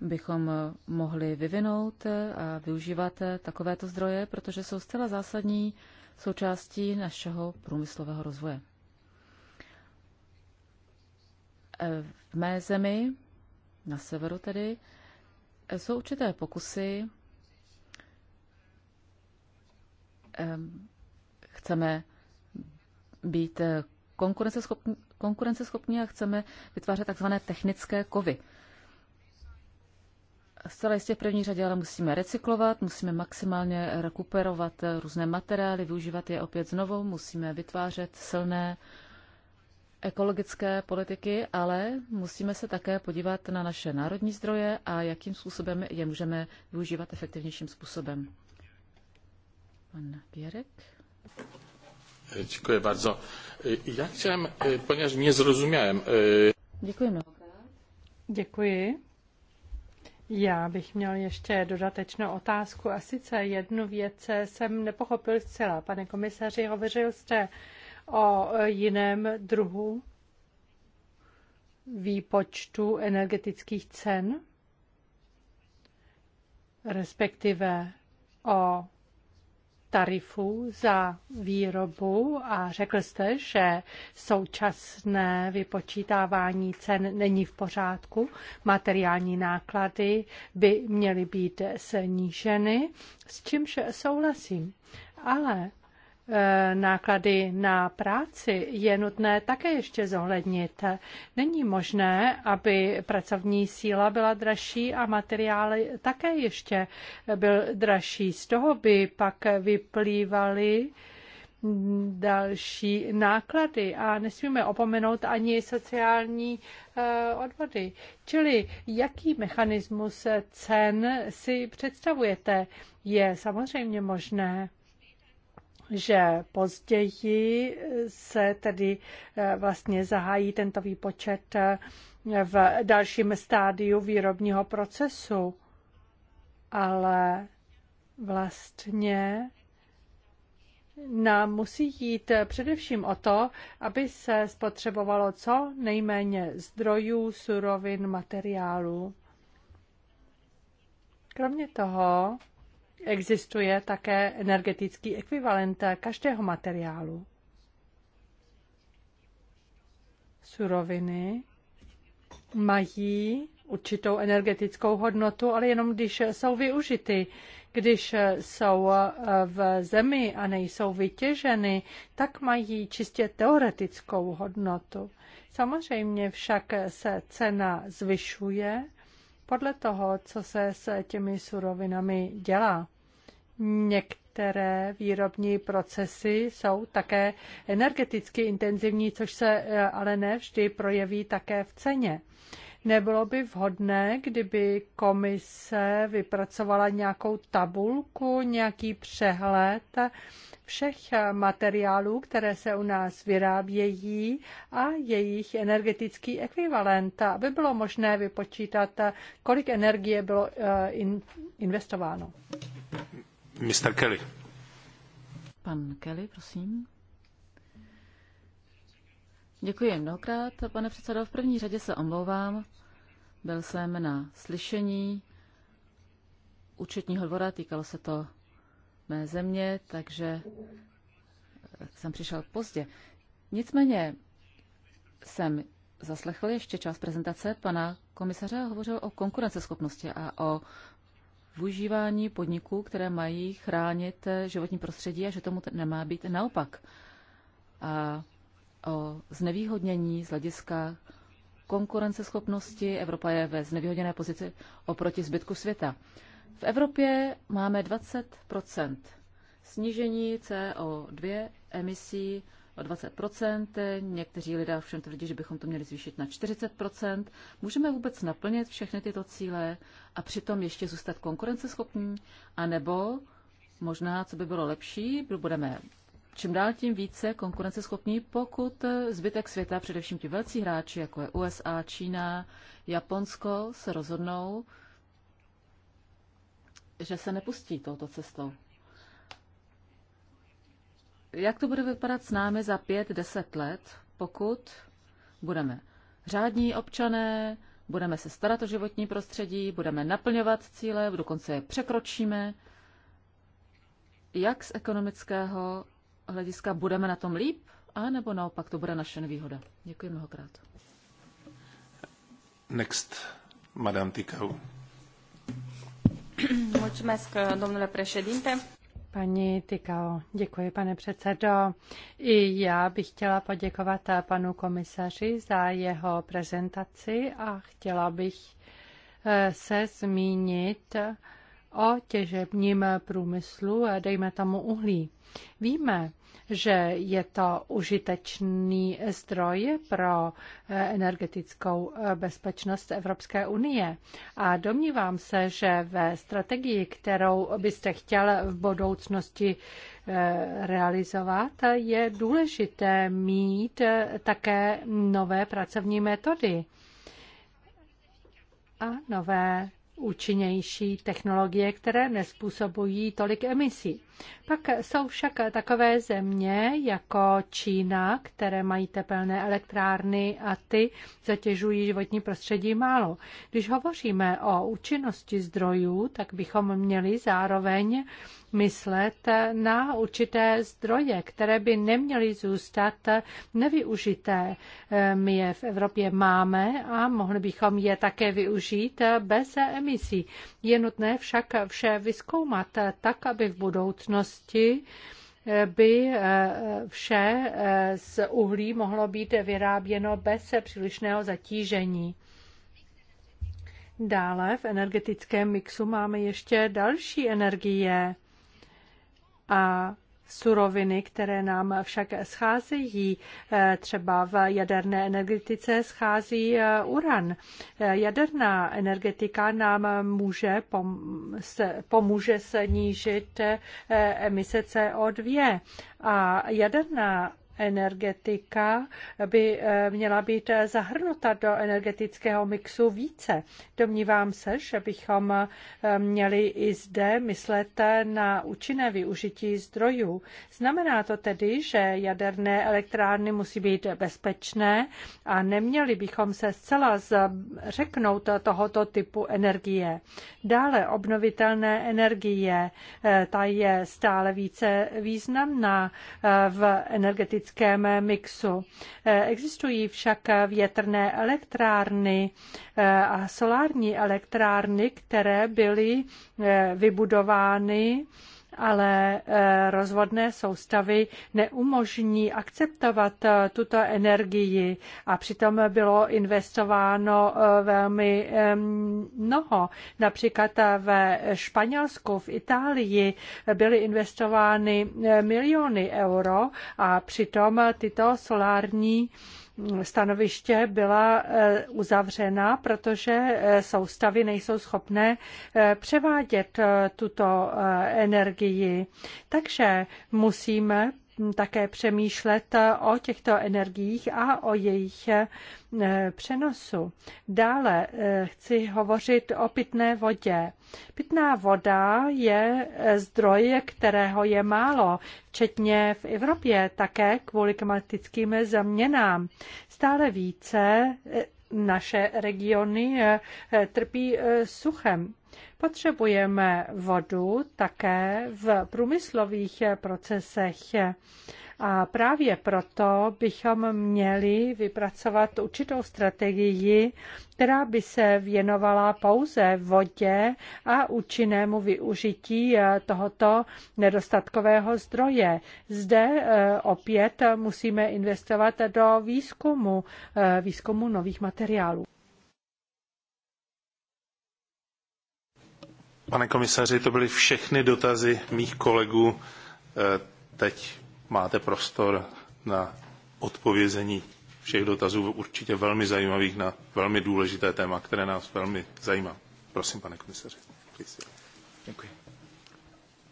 S3: bychom mohli vyvinout a využívat takovéto zdroje, protože jsou zcela zásadní součástí našeho průmyslového rozvoje. V mé zemi, na severu tedy, jsou určité pokusy. Ehm, chceme být eh, konkurenceschopní, konkurenceschopní a chceme vytvářet takzvané technické kovy. Zcela jistě v první řadě ale musíme recyklovat, musíme maximálně rekuperovat eh, různé materiály, využívat je opět znovu, musíme vytvářet silné ekologické politiky, ale musíme se také podívat na naše národní zdroje a jakým způsobem je můžeme využívat efektivnějším způsobem. Pan Běrek.
S4: Děkuji bardzo. Já chciałem, e, ponieważ nie zrozumiałem. E,
S2: Děkuji mnohokrát. Děkuji. Já bych měl ještě dodatečnou otázku a sice jednu věc jsem nepochopil zcela. Pane komisaři, hovořil jste o jiném druhu výpočtu energetických cen, respektive o tarifů za výrobu a řekl jste, že současné vypočítávání cen není v pořádku. Materiální náklady by měly být sníženy, s čímž souhlasím. Ale Eh, náklady na práci je nutné také ještě zohlednit. Není možné, aby pracovní síla byla dražší a materiály také ještě byl dražší. Z toho by pak vyplývaly další náklady a nesmíme opomenout ani sociální eh, odvody. Čili jaký mechanismus cen si představujete? Je samozřejmě možné že později se tedy eh, vlastně zahájí tento výpočet eh, v dalším stádiu výrobního procesu, ale vlastně nám musí jít především o to, aby se spotřebovalo co nejméně zdrojů, surovin, materiálů. Kromě toho Existuje také energetický ekvivalent každého materiálu. Suroviny mají určitou energetickou hodnotu, ale jenom když jsou využity. Když jsou eh, v zemi a nejsou vytěženy, tak mají čistě teoretickou hodnotu. Samozřejmě však se cena zvyšuje podle toho, co se s těmi surovinami dělá. Některé výrobní procesy jsou také energeticky intenzivní, což se eh, ale ne vždy projeví také v ceně. Nebylo by vhodné, kdyby komise vypracovala nějakou tabulku, nějaký přehled všech eh, materiálů, které se u nás vyrábějí a jejich energetický ekvivalent, aby bylo možné vypočítat, eh, kolik energie bylo eh, investováno.
S4: Mr. Kelly.
S2: Pan
S3: Kelly, prosím. Děkuji mnohokrát, pane předsedo. V první řadě se omlouvám. Byl jsem na slyšení účetního dvora, týkalo se to mé země, takže jsem přišel pozdě. Nicméně jsem zaslechl ještě část prezentace pana komisaře a hovořil o konkurenceschopnosti a o využívání podniků, které mají chránit životní prostředí a že tomu nemá být naopak. A o znevýhodnění z hlediska konkurenceschopnosti. Evropa je ve znevýhodněné pozici oproti zbytku světa. V Evropě máme 20 snížení CO2 emisí o 20 Někteří lidé všem tvrdí, že bychom to měli zvýšit na 40 Můžeme vůbec naplnit všechny tyto cíle a přitom ještě zůstat konkurenceschopní? A nebo možná, co by bylo lepší, budeme čím dál tím více konkurenceschopní, pokud zbytek světa, především ti velcí hráči, jako je USA, Čína, Japonsko, se rozhodnou, že se nepustí touto cestou. Jak to bude vypadat s námi za pět, deset let, pokud budeme řádní občané, budeme se starat o životní prostředí, budeme naplňovat cíle, dokonce je překročíme. Jak z ekonomického hlediska budeme na tom líp, a nebo naopak to bude naše nevýhoda? Děkuji mnohokrát.
S4: Next, Madame Tikau.
S2: Mulțumesc, domnule președinte. Paní Tykao, děkuji, pane předsedo. I já bych chtěla poděkovat panu komisaři za jeho prezentaci a chtěla bych eh, se zmínit o těžebním průmyslu, eh, dejme tomu uhlí. Víme, že je to užitečný zdroj pro eh, energetickou eh, bezpečnost Evropské unie. A domnívám se, že ve strategii, kterou byste chtěl v budoucnosti eh, realizovat, je důležité mít také nové pracovní metody a nové účinnější technologie, které nespůsobují tolik emisí. Pak jsou však takové země jako Čína, které mají tepelné elektrárny a ty zatěžují životní prostředí málo. Když hovoříme o účinnosti zdrojů, tak bychom měli zároveň myslet na určité zdroje, které by neměly zůstat nevyužité. My je v Evropě máme a mohli bychom je také využít bez emisí. Je nutné však vše vyskoumat tak, aby v budoucnu budoucnosti eh, by eh, vše eh, z uhlí mohlo být vyráběno bez přílišného zatížení. Dále v energetickém mixu máme ještě další energie a suroviny, které nám však scházejí. Eh, třeba v jaderné energetice schází eh, uran. Eh, jaderná energetika nám může pomůže snížit emise CO2 a jaderná energetika by eh, měla být eh, zahrnuta do energetického mixu více. Domnívám se, že bychom eh, měli i zde myslet na účinné využití zdrojů. Znamená to tedy, že jaderné elektrárny musí být bezpečné a neměli bychom se zcela řeknout tohoto typu energie. Dále obnovitelné energie, ta je stále více významná v energetické energetickém mixu. Eh, Existují však větrné elektrárny eh, a solární elektrárny, které byly eh, vybudovány ale eh, rozvodné soustavy neumožní akceptovat eh, tuto energii a přitom bylo investováno eh, velmi mnoho. Například ve Španělsku, v Itálii byly investovány miliony euro a přitom tyto solární stanoviště byla eh, uzavřena, protože eh, soustavy nejsou schopné eh, převádět tuto energii. Takže musíme také přemýšlet eh, o těchto energiích a o jejich eh, přenosu. Dále eh, chci hovořit o pitné vodě. Pitná voda je zdroj, kterého je málo, včetně v Evropě také kvůli klimatickým změnám. Stále více naše regiony trpí suchem. Potřebujeme vodu také v průmyslových procesech. A právě proto bychom měli vypracovat určitou strategii, která by se věnovala pouze vodě a účinnému využití tohoto nedostatkového zdroje. Zde eh, opět musíme investovat do výzkumu, eh, výzkumu nových materiálů.
S4: Pane komisaři, to byly všechny dotazy mých kolegů. E, teď máte prostor na odpovězení všech dotazů, určitě velmi zajímavých na velmi důležité téma, které nás velmi zajímá. Prosím, pane komisaři.
S1: Děkuji.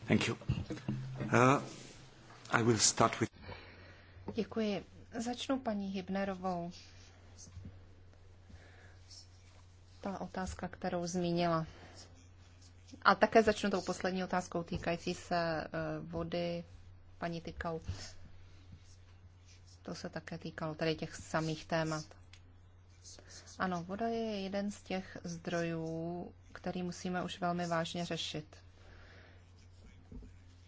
S1: Thank you. Uh, I will start with... Děkuji. Začnu paní Hybnerovou. Ta otázka, kterou zmínila. A také začnu tou poslední otázkou týkající se e, vody paní Tykau. To se také týkalo tady těch samých témat. Ano, voda je jeden z těch zdrojů, který musíme už velmi vážně řešit.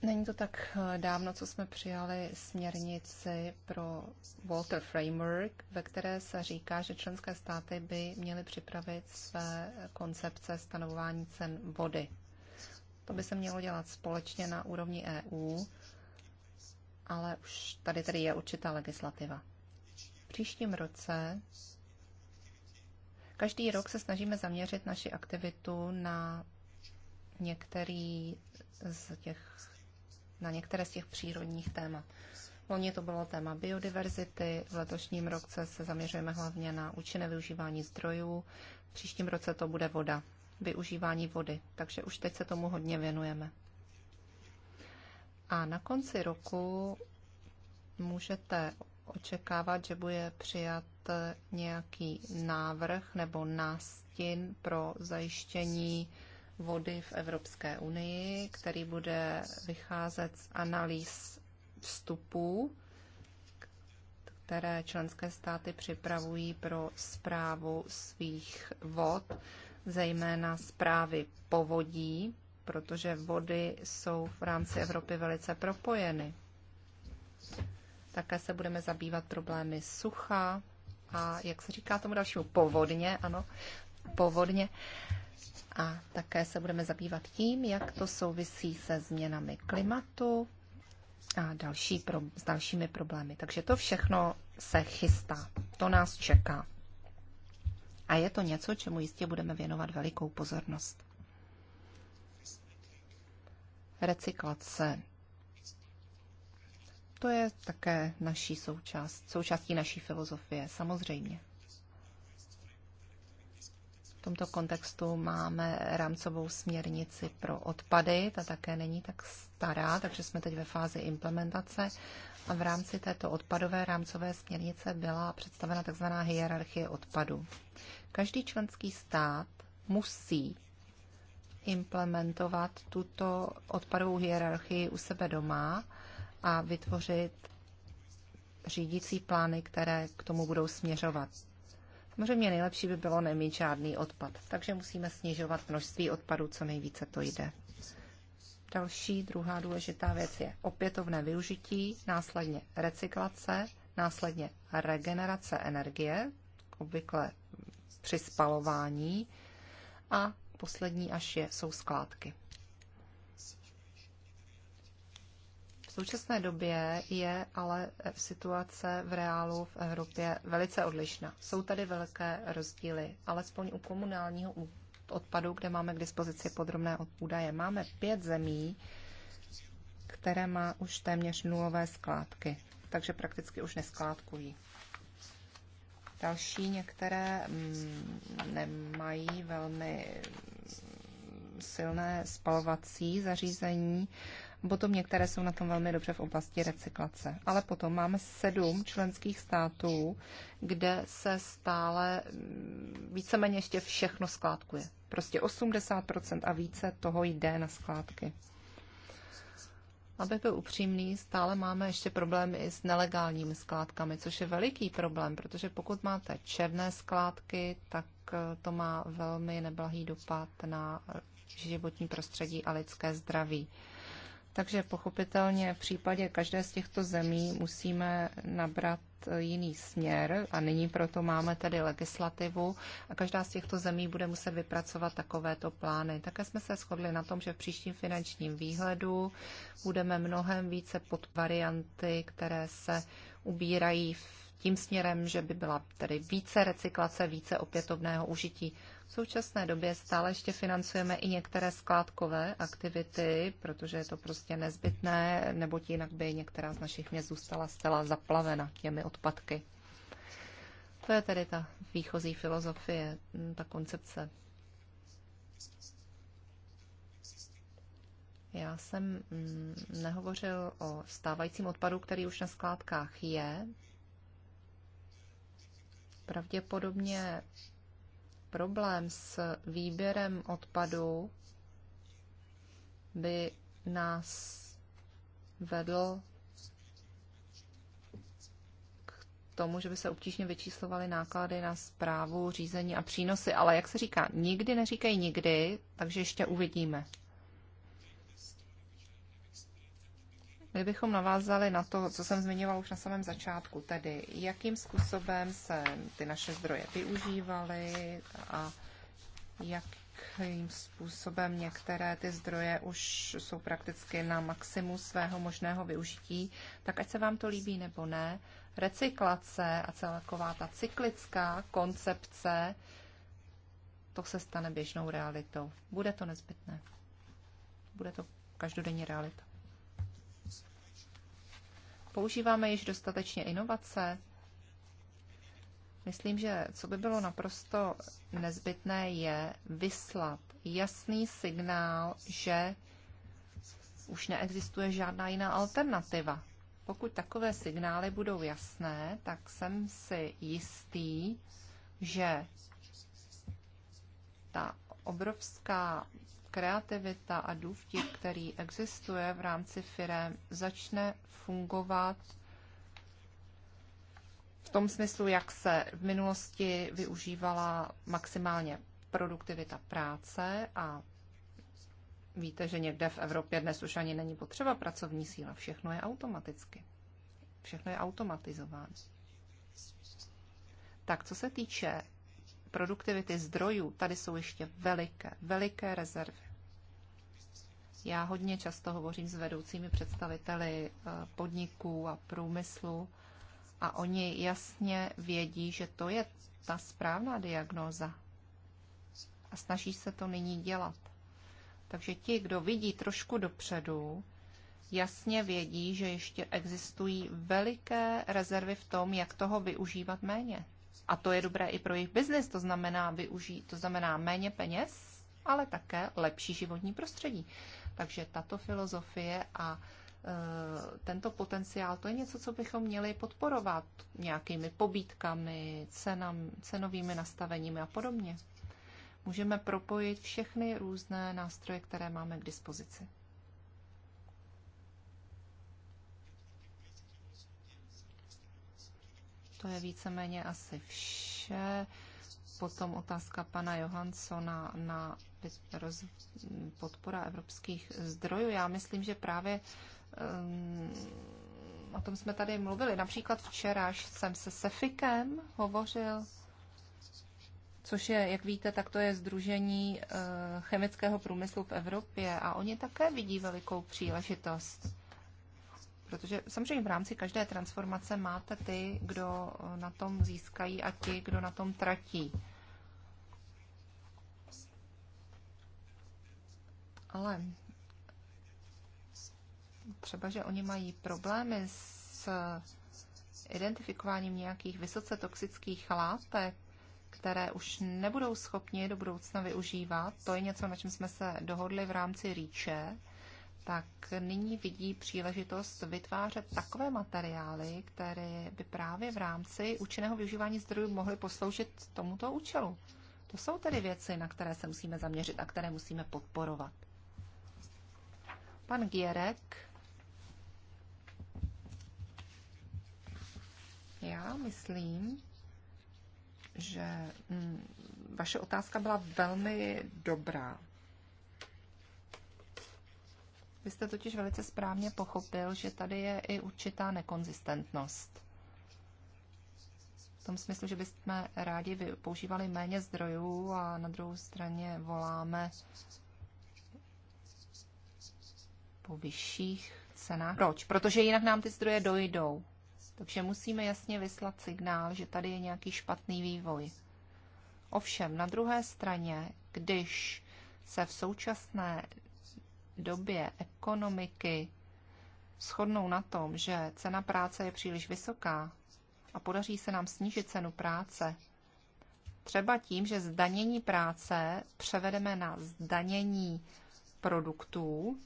S1: Není to tak e, dávno, co jsme přijali směrnici pro Water Framework, ve které se říká, že členské státy by měly připravit své koncepce stanovování cen vody. To by se mělo dělat společně na úrovni EU, ale už tady tedy je určitá legislativa. V příštím roce každý rok se snažíme zaměřit naši aktivitu na některý z těch, na některé z těch přírodních témat. Loni to bylo téma biodiverzity, v letošním roce se zaměřujeme hlavně na účinné využívání zdrojů, v příštím roce to bude voda využívání vody. Takže už teď se tomu hodně věnujeme. A na konci roku můžete očekávat, že bude přijat nějaký návrh nebo nástin pro zajištění vody v Evropské unii, který bude vycházet z analýz vstupů, které členské státy připravují pro zprávu svých vod zejména zprávy povodí, protože vody jsou v rámci Evropy velice propojeny. Také se budeme zabývat problémy sucha a, jak se říká tomu dalšímu, povodně, ano, povodně. A také se budeme zabývat tím, jak to souvisí se změnami klimatu a další pro, s dalšími problémy. Takže to všechno se chystá. To nás čeká. A je to něco, čemu jistě budeme věnovat velikou pozornost. Recyklace. To je také naší součást, součástí naší filozofie, samozřejmě. V tomto kontextu máme rámcovou směrnici pro odpady, ta také není tak stará, takže jsme teď ve fázi implementace. A v rámci této odpadové rámcové směrnice byla představena tzv. hierarchie odpadu. Každý členský stát musí implementovat tuto odpadovou hierarchii u sebe doma a vytvořit řídící plány, které k tomu budou směřovat. Samozřejmě nejlepší by bylo nemít žádný odpad, takže musíme snižovat množství odpadů, co nejvíce to jde. Další, druhá důležitá věc je opětovné využití, následně recyklace, následně regenerace energie, obvykle při spalování a poslední až je, jsou skládky. V současné době je ale situace v reálu v Evropě velice odlišná. Jsou tady velké rozdíly, alespoň u komunálního odpadu, kde máme k dispozici podrobné údaje. Máme pět zemí, které má už téměř nulové skládky, takže prakticky už neskládkují. Další některé mm, nemají velmi silné spalovací zařízení, potom některé jsou na tom velmi dobře v oblasti recyklace. Ale potom máme sedm členských států, kde se stále mm, víceméně ještě všechno skládkuje. Prostě 80% a více toho jde na skládky. Abych byl upřímný, stále máme ještě problémy i s nelegálními skládkami, což je veliký problém, protože pokud máte černé skládky, tak eh, to má velmi neblahý dopad na životní prostředí a lidské zdraví. Takže pochopitelně v případě každé z těchto zemí musíme nabrat jiný směr a nyní proto máme tady legislativu a každá z těchto zemí bude muset vypracovat takovéto plány. Také jsme se shodli na tom, že v příštím finančním výhledu budeme mnohem více pod varianty, které se ubírají v tím směrem, že by byla tedy více recyklace, více opětovného užití v současné době stále ještě financujeme i některé skládkové aktivity, protože je to prostě nezbytné, neboť jinak by některá z našich měst zůstala zcela zaplavena těmi odpadky. To je tedy ta výchozí filozofie, hm, ta koncepce. Já jsem hm, nehovořil o stávajícím odpadu, který už na skládkách je. Pravděpodobně problém s výběrem odpadů by nás vedl k tomu, že by se obtížně vyčíslovaly náklady na zprávu, řízení a přínosy. Ale jak se říká, nikdy neříkej nikdy, takže ještě uvidíme. Kdybychom navázali na to, co jsem zmiňovala už na samém začátku, tedy jakým způsobem se ty naše zdroje využívaly a jakým způsobem některé ty zdroje už jsou prakticky na maximu svého možného využití, tak ať se vám to líbí nebo ne, recyklace a celková ta cyklická koncepce, to se stane běžnou realitou. Bude to nezbytné. Bude to každodenní realita. Používáme již dostatečně inovace? Myslím, že co by bylo naprosto nezbytné, je vyslat jasný signál, že už neexistuje žádná jiná alternativa. Pokud takové signály budou jasné, tak jsem si jistý, že ta obrovská kreativita a důvtip, který existuje v rámci firem, začne fungovat v tom smyslu, jak se v minulosti využívala maximálně produktivita práce a víte, že někde v Evropě dnes už ani není potřeba pracovní síla, všechno je automaticky. Všechno je automatizováno. Tak co se týče produktivity zdrojů, tady jsou ještě veliké, veliké rezervy. Já hodně často hovořím s vedoucími představiteli eh, podniků a průmyslu a oni jasně vědí, že to je ta správná diagnóza. A snaží se to nyní dělat. Takže ti, kdo vidí trošku dopředu, jasně vědí, že ještě existují veliké rezervy v tom, jak toho využívat méně. A to je dobré i pro jejich biznis, to znamená, využít, to znamená méně peněz, ale také lepší životní prostředí. Takže tato filozofie a e, tento potenciál, to je něco, co bychom měli podporovat nějakými pobítkami, cenam, cenovými nastaveními a podobně. Můžeme propojit všechny různé nástroje, které máme k dispozici. To je víceméně asi vše. Potom otázka pana Johansona na roz, podpora evropských zdrojů. Já myslím, že právě um, o tom jsme tady mluvili. Například včera jsem se Sefikem hovořil, což je, jak víte, tak to je Združení uh, chemického průmyslu v Evropě a oni také vidí velikou příležitost. Protože samozřejmě v rámci každé transformace máte ty, kdo na tom získají a ti, kdo na tom tratí. ale třeba, že oni mají problémy s identifikováním nějakých vysoce toxických látek, které už nebudou schopni do budoucna využívat, to je něco, na čem jsme se dohodli v rámci REACHE, tak nyní vidí příležitost vytvářet takové materiály, které by právě v rámci účinného využívání zdrojů mohly posloužit tomuto účelu. To jsou tedy věci, na které se musíme zaměřit a které musíme podporovat. Pan Gierek. Já myslím, že mm, vaše otázka byla velmi dobrá. Vy jste totiž velice správně pochopil, že tady je i určitá nekonzistentnost. V tom smyslu, že bychom rádi používali méně zdrojů a na druhou straně voláme po vyšších cenách. Proč? Protože jinak nám ty zdroje dojdou. Takže musíme jasně vyslat signál, že tady je nějaký špatný vývoj. Ovšem, na druhé straně, když se v současné době ekonomiky shodnou na tom, že cena práce je příliš vysoká a podaří se nám snížit cenu práce, třeba tím, že zdanění práce převedeme na zdanění produktů,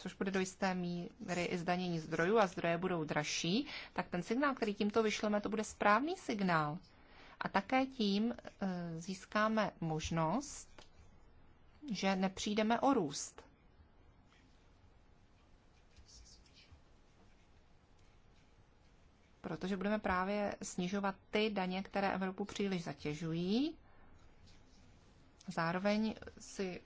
S1: což bude do jisté míry i zdanění zdrojů a zdroje budou dražší, tak ten signál, který tímto vyšleme, to bude správný signál. A také tím e, získáme možnost, že nepřijdeme o růst. Protože budeme právě snižovat ty daně, které Evropu příliš zatěžují. Zároveň si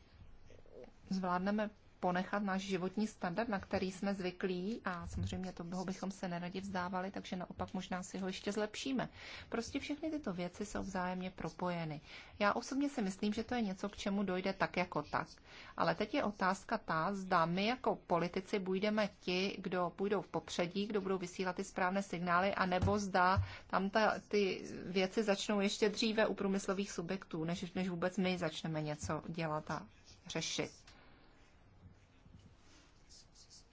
S1: zvládneme ponechat náš životní standard, na který jsme zvyklí a samozřejmě to toho bychom se neradě vzdávali, takže naopak možná si ho ještě zlepšíme. Prostě všechny tyto věci jsou vzájemně propojeny. Já osobně si myslím, že to je něco, k čemu dojde tak jako tak. Ale teď je otázka ta, zda my jako politici budeme ti, kdo půjdou v popředí, kdo budou vysílat ty správné signály, anebo zda tam ta, ty věci začnou ještě dříve u průmyslových subjektů, než, než vůbec my začneme něco dělat a řešit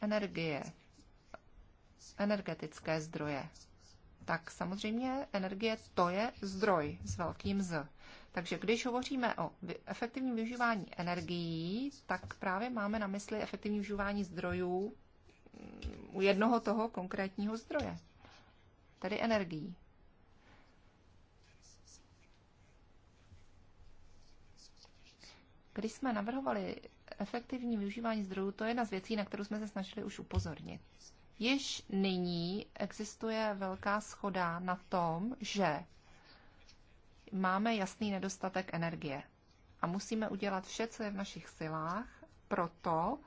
S1: energie, energetické zdroje. Tak samozřejmě energie to je zdroj s velkým Z. Takže když hovoříme o efektivním využívání energií, tak právě máme na mysli efektivní využívání zdrojů mm, u jednoho toho konkrétního zdroje, tedy energií. Když jsme navrhovali efektivní využívání zdrojů, to je jedna z věcí, na kterou jsme se snažili už upozornit. Již nyní existuje velká schoda na tom, že máme jasný nedostatek energie a musíme udělat vše, co je v našich silách, proto,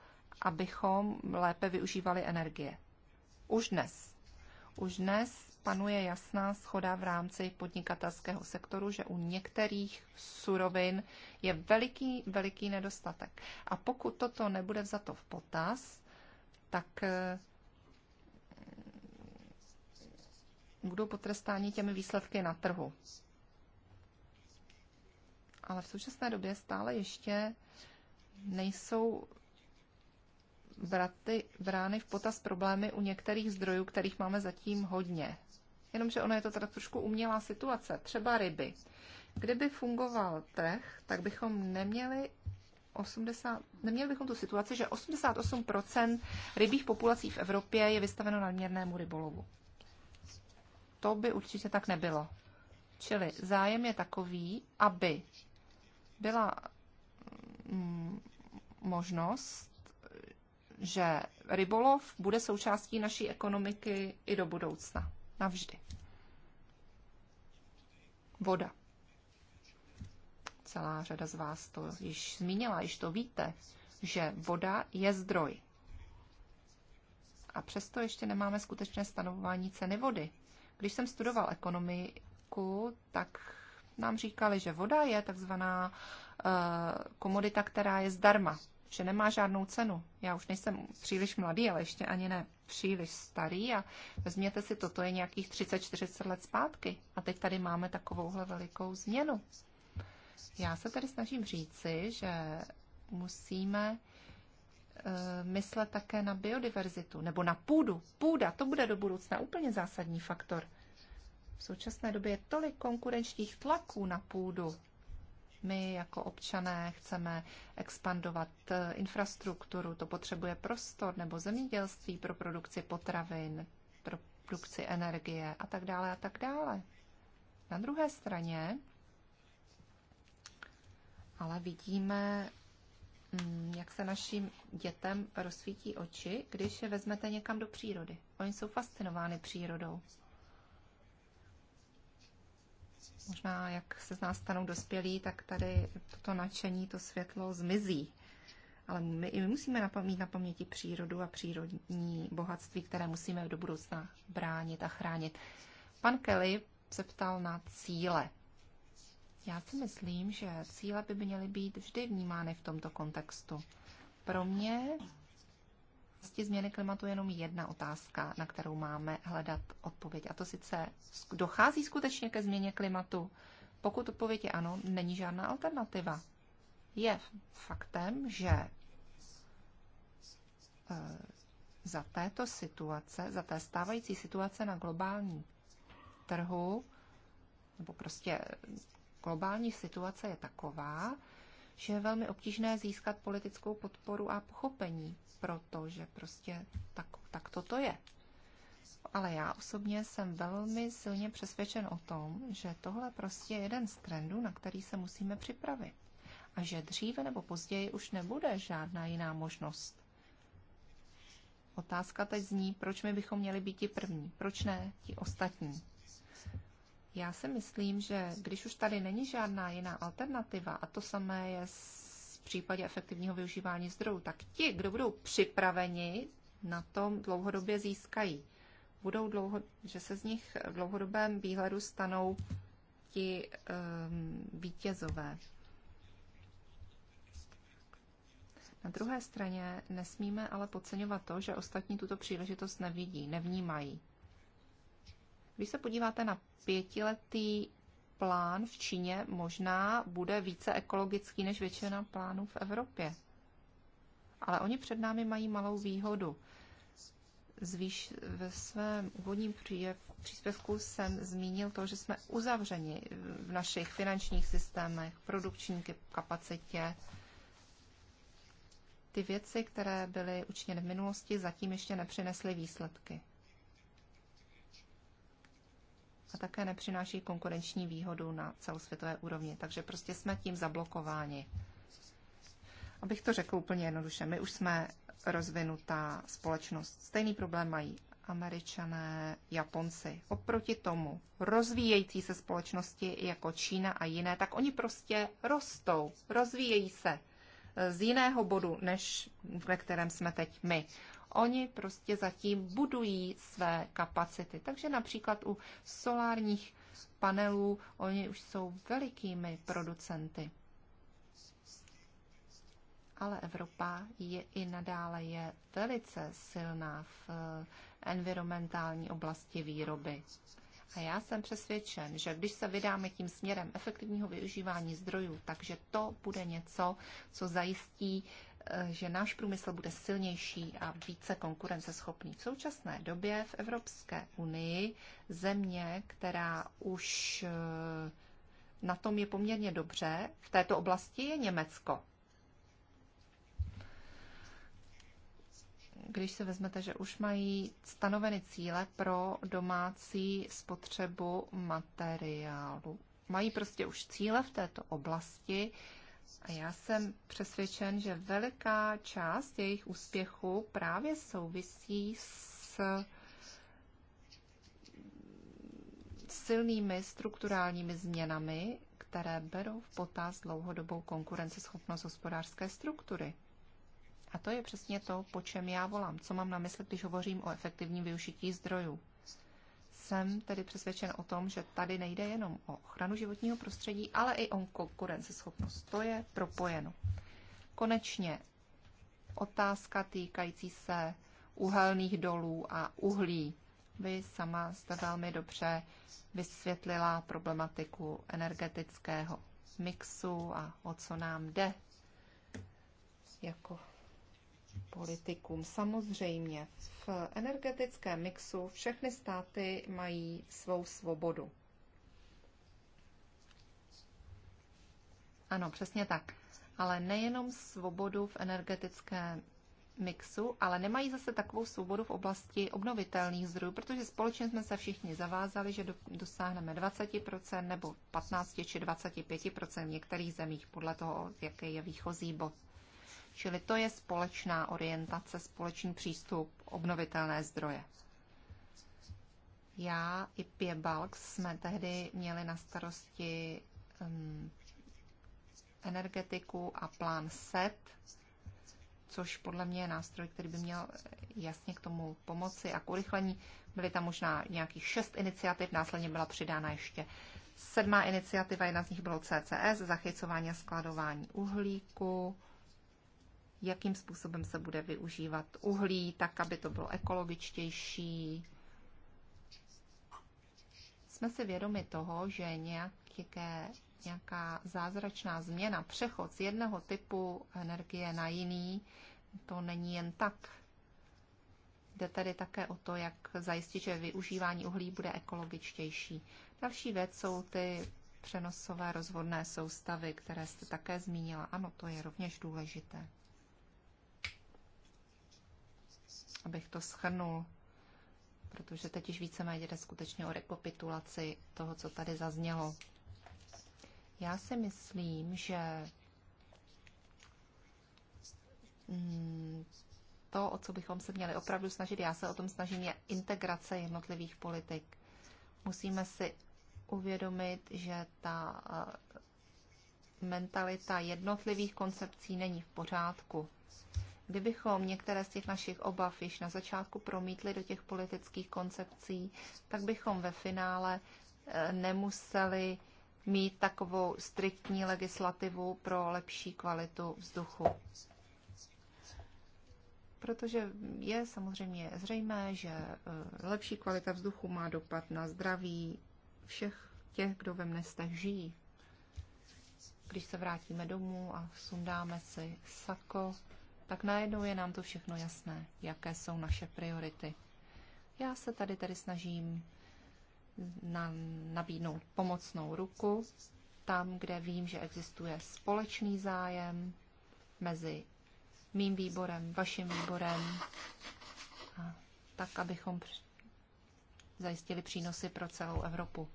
S1: abychom lépe využívali energie. Už dnes. Už dnes panuje jasná schoda v rámci podnikatelského sektoru, že u některých surovin je veliký, veliký nedostatek. A pokud toto nebude vzato v potaz, tak eh, budou potrestáni těmi výsledky na trhu. Ale v současné době stále ještě nejsou braty, brány v potaz problémy u některých zdrojů, kterých máme zatím hodně jenomže ono je to teda trošku umělá situace, třeba ryby. Kdyby fungoval trh, tak bychom neměli 80, neměli bychom tu situaci, že 88% rybích populací v Evropě je vystaveno nadměrnému rybolovu. To by určitě tak nebylo. Čili zájem je takový, aby byla mm, možnost, že rybolov bude součástí naší ekonomiky i do budoucna navždy. Voda. Celá řada z vás to již zmínila, již to víte, že voda je zdroj. A přesto ještě nemáme skutečné stanovování ceny vody. Když jsem studoval ekonomiku, tak nám říkali, že voda je takzvaná uh, komodita, která je zdarma, že nemá žádnou cenu. Já už nejsem příliš mladý, ale ještě ani ne příliš starý a vezměte si, toto je nějakých 30-40 let zpátky a teď tady máme takovouhle velikou změnu. Já se tady snažím říci, že musíme eh, myslet také na biodiverzitu nebo na půdu. Půda, to bude do budoucna úplně zásadní faktor. V současné době je tolik konkurenčních tlaků na půdu, my jako občané chceme expandovat eh, infrastrukturu, to potřebuje prostor nebo zemědělství pro produkci potravin, pro produkci energie a tak dále a tak dále. Na druhé straně ale vidíme, mm, jak se našim dětem rozsvítí oči, když je vezmete někam do přírody. Oni jsou fascinovány přírodou možná jak se z nás stanou dospělí, tak tady toto nadšení, to světlo zmizí. Ale my, my musíme mít na paměti přírodu a přírodní bohatství, které musíme do budoucna bránit a chránit. Pan Kelly se ptal na cíle. Já si myslím, že cíle by měly být vždy vnímány v tomto kontextu. Pro mě oblasti změny klimatu je jenom jedna otázka, na kterou máme hledat odpověď. A to sice dochází skutečně ke změně klimatu. Pokud odpověď je ano, není žádná alternativa. Je faktem, že e, za této situace, za té stávající situace na globální trhu, nebo prostě globální situace je taková, že je velmi obtížné získat politickou podporu a pochopení, protože prostě tak, tak toto je. Ale já osobně jsem velmi silně přesvědčen o tom, že tohle prostě je jeden z trendů, na který se musíme připravit. A že dříve nebo později už nebude žádná jiná možnost. Otázka teď zní, proč my bychom měli být ti první, proč ne ti ostatní. Já si myslím, že když už tady není žádná jiná alternativa, a to samé je v případě efektivního využívání zdrojů, tak ti, kdo budou připraveni, na tom dlouhodobě získají. Budou dlouho, že se z nich v dlouhodobém výhledu stanou ti um, vítězové. Na druhé straně nesmíme ale podceňovat to, že ostatní tuto příležitost nevidí, nevnímají. Když se podíváte na pětiletý plán v Číně, možná bude více ekologický než většina plánů v Evropě. Ale oni před námi mají malou výhodu. Zvíš, ve svém úvodním příspěvku jsem zmínil to, že jsme uzavřeni v našich finančních systémech, produkční kapacitě. Ty věci, které byly učiněny v minulosti, zatím ještě nepřinesly výsledky a také nepřináší konkurenční výhodu na celosvětové úrovni. Takže prostě jsme tím zablokováni. Abych to řekl úplně jednoduše, my už jsme rozvinutá společnost. Stejný problém mají američané, Japonci. Oproti tomu rozvíjející se společnosti jako Čína a jiné, tak oni prostě rostou, rozvíjejí se z jiného bodu, než ve kterém jsme teď my. Oni prostě zatím budují své kapacity. Takže například u solárních panelů oni už jsou velikými producenty. Ale Evropa je i nadále je velice silná v eh, environmentální oblasti výroby. A já jsem přesvědčen, že když se vydáme tím směrem efektivního využívání zdrojů, takže to bude něco, co zajistí že náš průmysl bude silnější a více konkurenceschopný. V současné době v Evropské unii země, která už eh, na tom je poměrně dobře, v této oblasti je Německo. Když se vezmete, že už mají stanoveny cíle pro domácí spotřebu materiálu. Mají prostě už cíle v této oblasti, a já jsem přesvědčen, že veliká část jejich úspěchu právě souvisí s silnými strukturálními změnami, které berou v potaz dlouhodobou konkurenceschopnost hospodářské struktury. A to je přesně to, po čem já volám, co mám na mysli, když hovořím o efektivním využití zdrojů jsem tedy přesvědčen o tom, že tady nejde jenom o ochranu životního prostředí, ale i o konkurenceschopnost. To je propojeno. Konečně otázka týkající se uhelných dolů a uhlí. Vy sama jste velmi dobře vysvětlila problematiku energetického mixu a o co nám jde jako politikům. Samozřejmě v energetickém mixu všechny státy mají svou svobodu. Ano, přesně tak. Ale nejenom svobodu v energetickém mixu, ale nemají zase takovou svobodu v oblasti obnovitelných zdrojů, protože společně jsme se všichni zavázali, že dosáhneme 20% nebo 15 či 25% v některých zemích, podle toho, jaký je výchozí bod. Čili to je společná orientace, společný přístup obnovitelné zdroje. Já i Pě Balks jsme tehdy měli na starosti um, energetiku a plán SET, což podle mě je nástroj, který by měl jasně k tomu pomoci a k urychlení. Byly tam možná nějakých šest iniciativ, následně byla přidána ještě sedmá iniciativa, jedna z nich bylo CCS, zachycování a skladování uhlíku jakým způsobem se bude využívat uhlí, tak aby to bylo ekologičtější. Jsme si vědomi toho, že nějaké, nějaká zázračná změna, přechod z jednoho typu energie na jiný, to není jen tak. Jde tedy také o to, jak zajistit, že využívání uhlí bude ekologičtější. Další věc jsou ty přenosové rozvodné soustavy, které jste také zmínila. Ano, to je rovněž důležité. abych to schrnul, protože teď už víceméně jde skutečně o rekapitulaci toho, co tady zaznělo. Já si myslím, že mm, to, o co bychom se měli opravdu snažit, já se o tom snažím, je integrace jednotlivých politik. Musíme si uvědomit, že ta mentalita jednotlivých koncepcí není v pořádku. Kdybychom některé z těch našich obav již na začátku promítli do těch politických koncepcí, tak bychom ve finále eh, nemuseli mít takovou striktní legislativu pro lepší kvalitu vzduchu. Protože je samozřejmě zřejmé, že eh, lepší kvalita vzduchu má dopad na zdraví všech těch, kdo ve městech žijí. Když se vrátíme domů a sundáme si sako, tak najednou je nám to všechno jasné, jaké jsou naše priority. Já se tady tedy snažím na, nabídnout pomocnou ruku tam, kde vím, že existuje společný zájem mezi mým výborem, vaším výborem, a tak, abychom zajistili přínosy pro celou Evropu.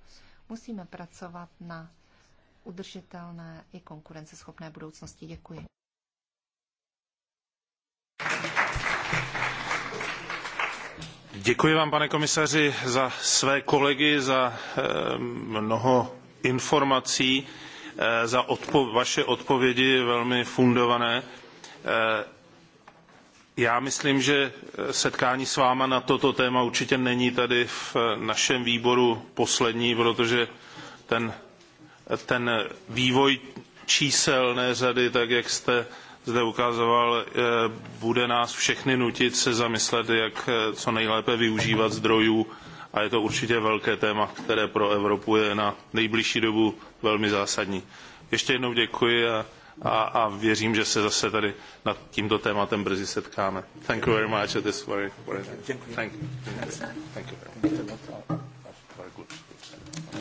S1: Musíme pracovat na udržitelné i konkurenceschopné budoucnosti. Děkuji.
S4: Děkuji vám, pane komisaři, za své kolegy, za eh, mnoho informací, eh, za odpo- vaše odpovědi velmi fundované. Eh, já myslím, že setkání s váma na toto téma určitě není tady v našem výboru poslední, protože ten, ten vývoj číselné řady, tak jak jste zde ukazoval, eh, bude nás všechny nutit se zamyslet, jak eh, co nejlépe využívat zdrojů a je to určitě velké téma, které pro Evropu je na nejbližší dobu velmi zásadní. Ještě jednou děkuji a, a, a věřím, že se zase tady nad tímto tématem brzy setkáme. Thank you very much. This very, very Thank you. Thank you. Thank you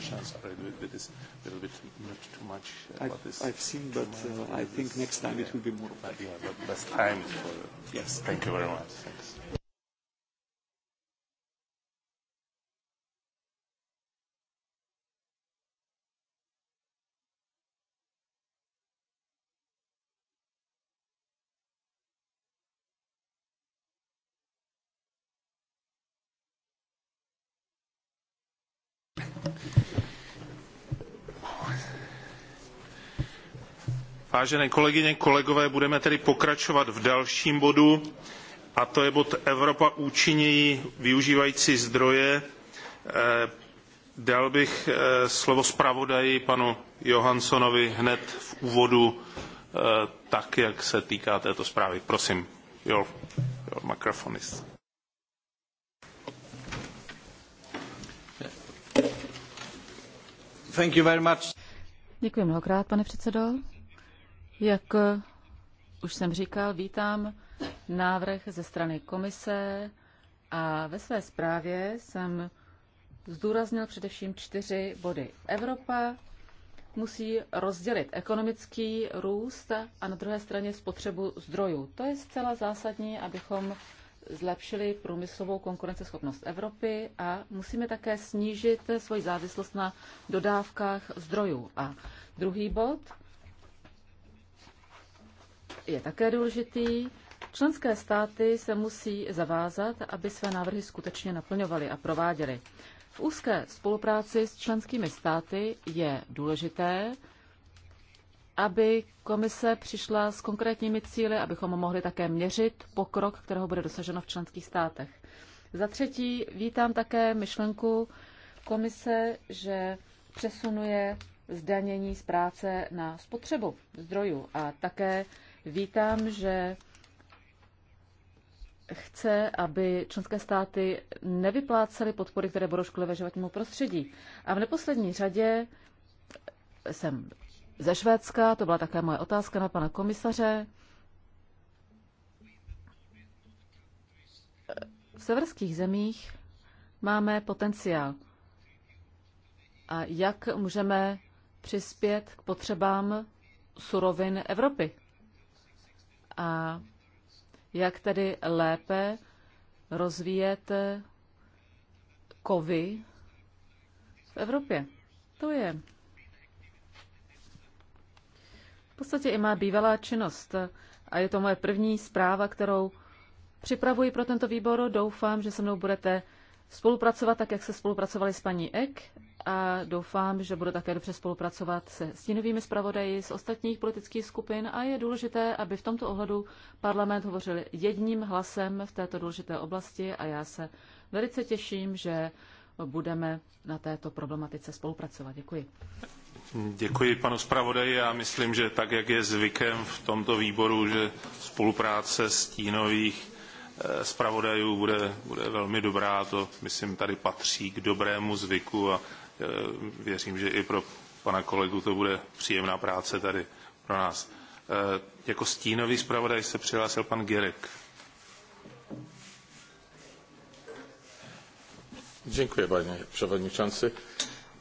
S4: discussions no Sorry, a little bit, is a little bit not too much about I've, this. I've seen, but uh, I think next time yeah. it will be more. But, yeah, but less time for. Yes. Thank you very much. Thanks. Vážené kolegyně, kolegové, budeme tedy pokračovat v dalším bodu, a to je bod Evropa účinněji využívající zdroje. Eh, dal bych eh, slovo zpravodaji panu Johanssonovi hned v úvodu, eh, tak jak se týká této zprávy. Prosím, your, your microphone is.
S1: Thank you very much.
S3: Děkuji mnohokrát, pane předsedo. Jak eh, už jsem říkal, vítám návrh ze strany komise a ve své zprávě jsem zdůraznil především čtyři body. Evropa musí rozdělit ekonomický růst a na druhé straně spotřebu zdrojů. To je zcela zásadní, abychom zlepšili průmyslovou konkurenceschopnost Evropy a musíme také snížit svoji závislost na dodávkách zdrojů. A druhý bod – je také důležitý. Členské státy se musí zavázat, aby své návrhy skutečně naplňovaly a prováděly. V úzké spolupráci s členskými státy je důležité, aby komise přišla s konkrétními cíly, abychom mohli také měřit pokrok, kterého bude dosaženo v členských státech. Za třetí vítám také myšlenku komise, že přesunuje zdanění z práce na spotřebu zdrojů a také Vítám, že chce, aby členské státy nevyplácely podpory, které budou ve životnímu prostředí. A v neposlední řadě jsem ze Švédska, to byla také moje otázka na pana komisaře. V severských zemích máme potenciál. A jak můžeme přispět k potřebám surovin Evropy? a jak tedy lépe rozvíjet kovy v Evropě. To je v podstatě i má bývalá činnost a je to moje první zpráva, kterou připravuji pro tento výbor. Doufám, že se mnou budete spolupracovat tak, jak se spolupracovali s paní Ek a doufám, že bude také dobře spolupracovat se stínovými zpravodaji z ostatních politických skupin a je důležité, aby v tomto ohledu parlament hovořil jedním hlasem v této důležité oblasti a já se velice těším, že budeme na této problematice spolupracovat. Děkuji.
S4: Děkuji panu zpravodaji. Já myslím, že tak, jak je zvykem v tomto výboru, že spolupráce stínových eh, zpravodajů bude, bude velmi dobrá. To, myslím, tady patří k dobrému zvyku a Eh, věřím, že i pro pana kolegu to bude příjemná práce tady pro nás. Eh, jako stínový zpravodaj se přihlásil pan Gerek. Děkuji, panie przewodniczący.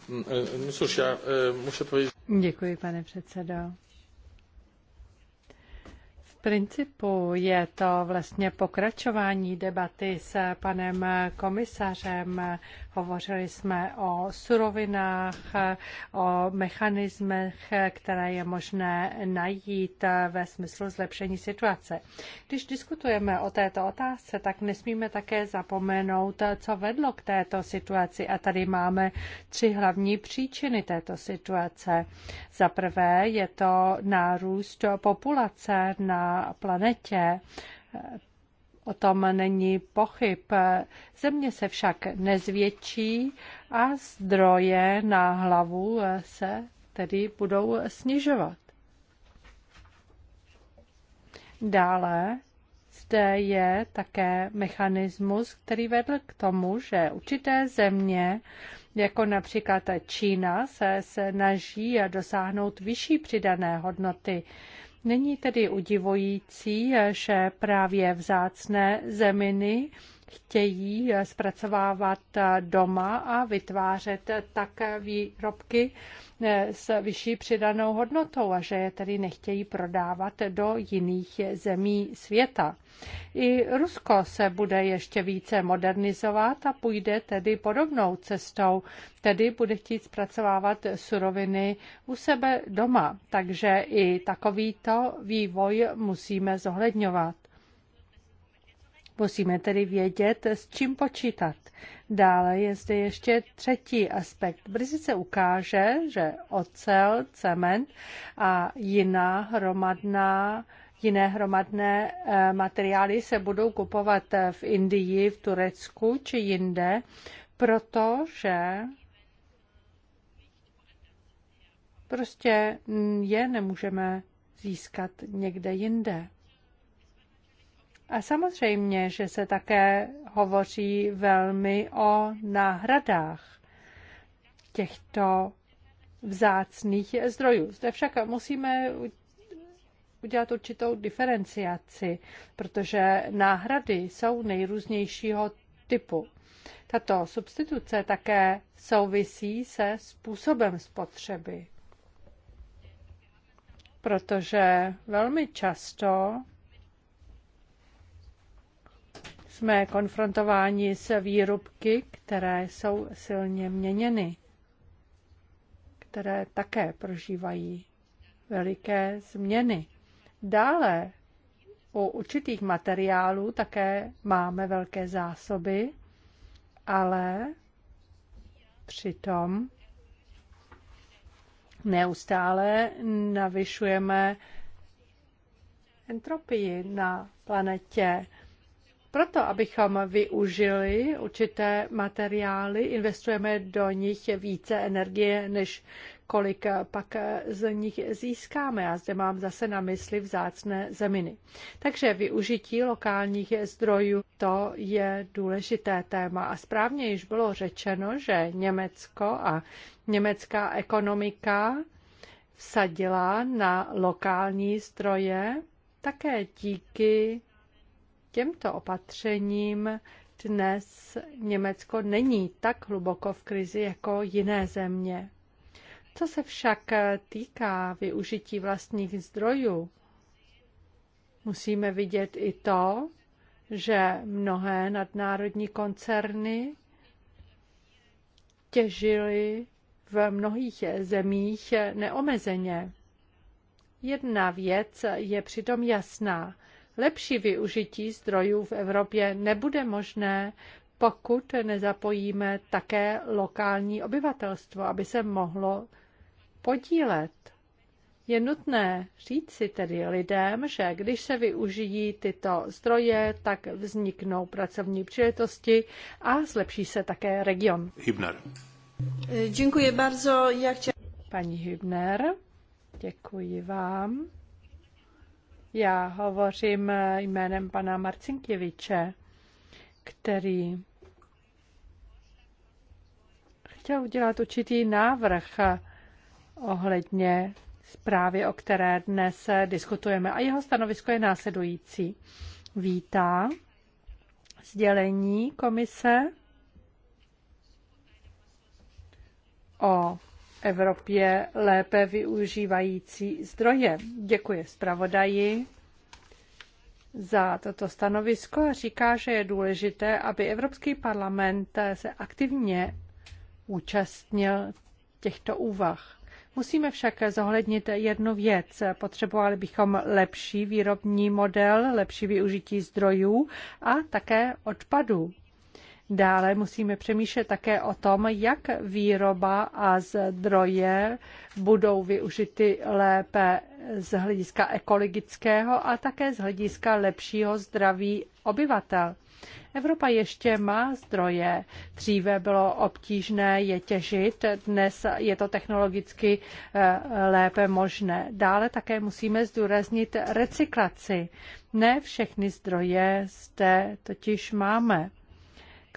S4: Mm, e, no cóż, ja e, muszę powiedzieć...
S2: Děkuji, pane předsedo principu je to vlastně pokračování debaty s panem komisařem. Hovořili jsme o surovinách, o mechanismech, které je možné najít ve smyslu zlepšení situace. Když diskutujeme o této otázce, tak nesmíme také zapomenout, co vedlo k této situaci. A tady máme tři hlavní příčiny této situace. Za prvé je to nárůst populace na planetě. O tom není pochyb. Země se však nezvětší a zdroje na hlavu se tedy budou snižovat. Dále zde je také mechanismus, který vedl k tomu, že určité země, jako například Čína, se snaží dosáhnout vyšší přidané hodnoty. Není tedy udivující, že právě vzácné zeminy chtějí zpracovávat doma a vytvářet tak výrobky eh, s vyšší přidanou hodnotou a že je tedy nechtějí prodávat do jiných zemí světa. I Rusko se bude ještě více modernizovat a půjde tedy podobnou cestou, tedy bude chtít zpracovávat suroviny u sebe doma, takže i takovýto vývoj musíme zohledňovat. Musíme tedy vědět, s čím počítat. Dále je zde ještě třetí aspekt. Brzy se ukáže, že ocel, cement a jiná hromadná jiné hromadné eh, materiály se budou kupovat eh, v Indii, v Turecku či jinde, protože prostě mm, je nemůžeme získat někde jinde. A samozřejmě, že se také hovoří velmi o náhradách těchto vzácných zdrojů. Zde však musíme udělat určitou diferenciaci, protože náhrady jsou nejrůznějšího typu. Tato substituce také souvisí se způsobem spotřeby, protože velmi často jsme konfrontováni s výrobky, které jsou silně měněny, které také prožívají veliké změny. Dále u určitých materiálů také máme velké zásoby, ale přitom neustále navyšujeme entropii na planetě proto, abychom využili určité materiály, investujeme do nich více energie, než kolik pak z nich získáme. Já zde mám zase na mysli vzácné zeminy. Takže využití lokálních zdrojů, to je důležité téma. A správně již bylo řečeno, že Německo a německá ekonomika vsadila na lokální zdroje také díky těmto opatřením dnes Německo není tak hluboko v krizi jako jiné země. Co se však týká využití vlastních zdrojů, musíme vidět i to, že mnohé nadnárodní koncerny těžily v mnohých zemích neomezeně. Jedna věc je přitom jasná. Lepší využití zdrojů v Evropě nebude možné, pokud nezapojíme také lokální obyvatelstvo, aby se mohlo podílet. Je nutné říct si tedy lidem, že když se využijí tyto zdroje, tak vzniknou pracovní příležitosti a zlepší se také region. Hübner. Děkuji bardzo. Já chtěl... Paní Hübner, děkuji vám. Já hovořím eh, jménem pana Marcinkěviče, který chtěl udělat určitý návrh eh, ohledně zprávy, o které dnes eh, diskutujeme. A jeho stanovisko je následující. Vítá sdělení komise o Evropě lépe využívající zdroje. Děkuji zpravodaji za toto stanovisko a říká, že je důležité, aby Evropský parlament se aktivně účastnil těchto úvah. Musíme však zohlednit jednu věc. Potřebovali bychom lepší výrobní model, lepší využití zdrojů a také odpadů. Dále musíme přemýšlet také o tom, jak výroba a zdroje budou využity lépe z hlediska ekologického a také z hlediska lepšího zdraví obyvatel. Evropa ještě má zdroje. Dříve bylo obtížné je těžit, dnes je to technologicky eh, lépe možné. Dále také musíme zdůraznit recyklaci. Ne všechny zdroje zde totiž máme.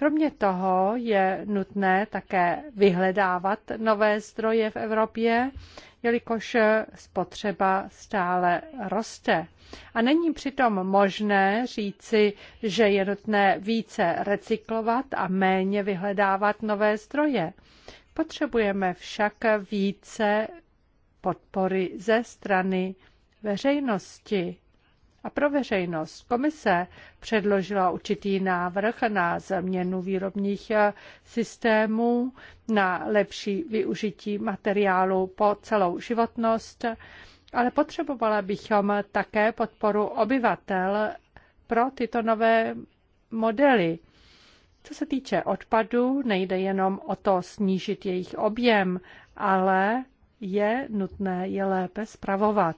S2: Kromě toho je nutné také vyhledávat nové zdroje v Evropě, jelikož spotřeba stále roste. A není přitom možné říci, že je nutné více recyklovat a méně vyhledávat nové zdroje. Potřebujeme však více podpory ze strany veřejnosti a pro veřejnost. Komise předložila určitý návrh na změnu výrobních eh, systémů, na lepší využití materiálu po celou životnost, ale potřebovala bychom také podporu obyvatel pro tyto nové modely. Co se týče odpadu, nejde jenom o to snížit jejich objem, ale je nutné je lépe spravovat.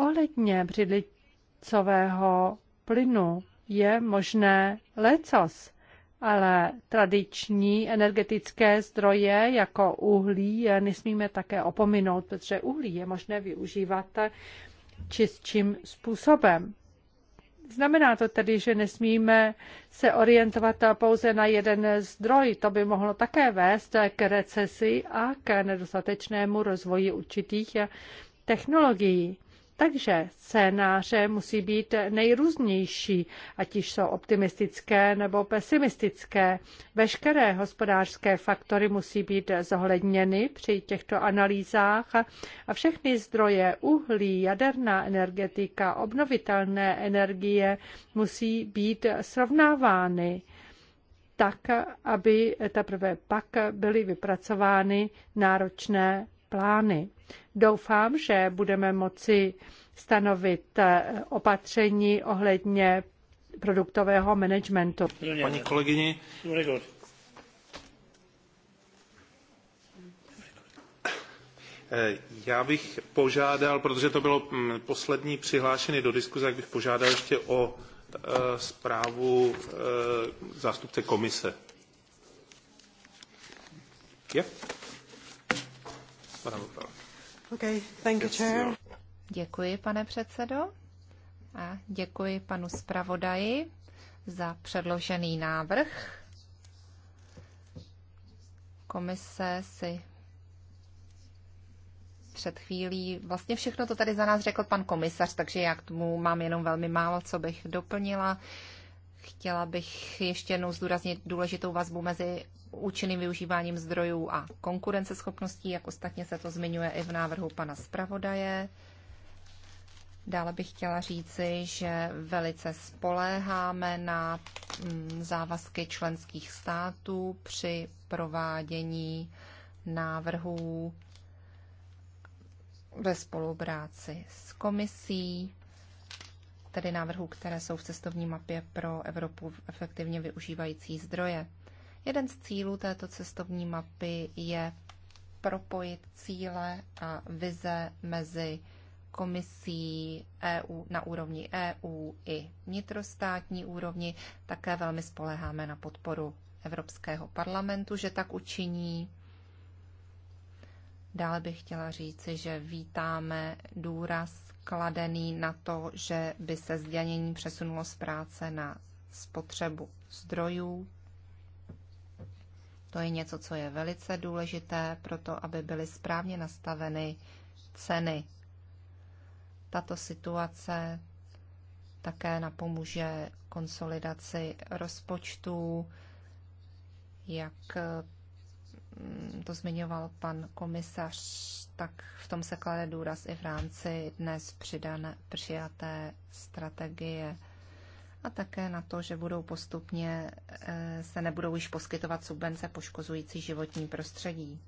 S2: Ohledně břidlicového plynu je možné lecos, ale tradiční energetické zdroje jako uhlí nesmíme také opominout, protože uhlí je možné využívat čistším způsobem. Znamená to tedy, že nesmíme se orientovat pouze na jeden zdroj. To by mohlo také vést k recesi a k nedostatečnému rozvoji určitých technologií. Takže scénáře musí být nejrůznější, ať již jsou optimistické nebo pesimistické. Veškeré hospodářské faktory musí být zohledněny při těchto analýzách a všechny zdroje uhlí, jaderná energetika, obnovitelné energie musí být srovnávány tak, aby teprve pak byly vypracovány náročné plány. Doufám, že budeme moci stanovit eh, opatření ohledně produktového managementu. Paní
S4: kolegyni. Eh, já bych požádal, protože to bylo mm, poslední přihlášený do diskuze, jak bych požádal ještě o eh, zprávu zástupce komise. Yeah.
S1: Okay, thank you, chair. Děkuji, pane předsedo. A děkuji panu zpravodaji za předložený návrh. Komise si před chvílí. Vlastně všechno to tady za nás řekl pan komisař, takže já k tomu mám jenom velmi málo, co bych doplnila. Chtěla bych ještě jednou zdůraznit důležitou vazbu mezi účinným využíváním zdrojů a konkurenceschopností, jak ostatně se to zmiňuje i v návrhu pana zpravodaje. Dále bych chtěla říci, že velice spoléháme na mm, závazky členských států při provádění návrhů ve spolupráci s komisí, tedy návrhů, které jsou v cestovní mapě pro Evropu efektivně využívající zdroje. Jeden z cílů této cestovní mapy je propojit cíle a vize mezi komisí EU na úrovni EU i vnitrostátní úrovni. Také velmi spoleháme na podporu Evropského parlamentu, že tak učiní. Dále bych chtěla říci, že vítáme důraz kladený na to, že by se zdanění přesunulo z práce na spotřebu zdrojů, to je něco, co je velice důležité pro to, aby byly správně nastaveny ceny. Tato situace také napomůže konsolidaci rozpočtů, jak mm, to zmiňoval pan komisař, tak v tom se klade důraz i v rámci dnes přidané, přijaté strategie a také na to, že budou postupně eh, se nebudou již poskytovat subvence poškozující životní prostředí.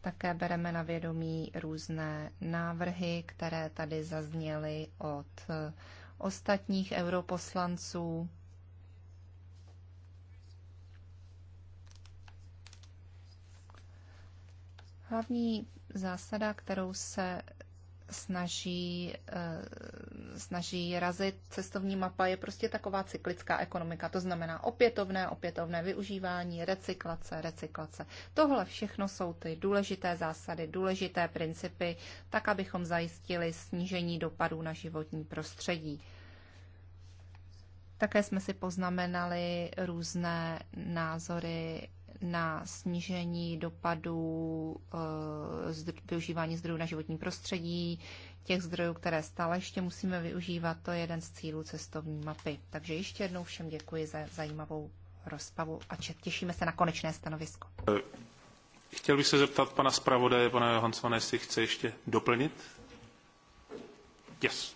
S1: Také bereme na vědomí různé návrhy, které tady zazněly od eh, ostatních europoslanců. Hlavní zásada, kterou se snaží, eh, snaží razit. Cestovní mapa je prostě taková cyklická ekonomika, to znamená opětovné, opětovné využívání, recyklace, recyklace. Tohle všechno jsou ty důležité zásady, důležité principy, tak abychom zajistili snížení dopadů na životní prostředí. Také jsme si poznamenali různé názory na snížení dopadů eh, využívání zdrojů na životní prostředí, těch zdrojů, které stále ještě musíme využívat, to je jeden z cílů cestovní mapy. Takže ještě jednou všem děkuji za zajímavou rozpavu a těšíme se na konečné stanovisko.
S4: Eh, chtěl bych se zeptat pana zpravodaje, pana Johansona, jestli chce ještě doplnit. Yes,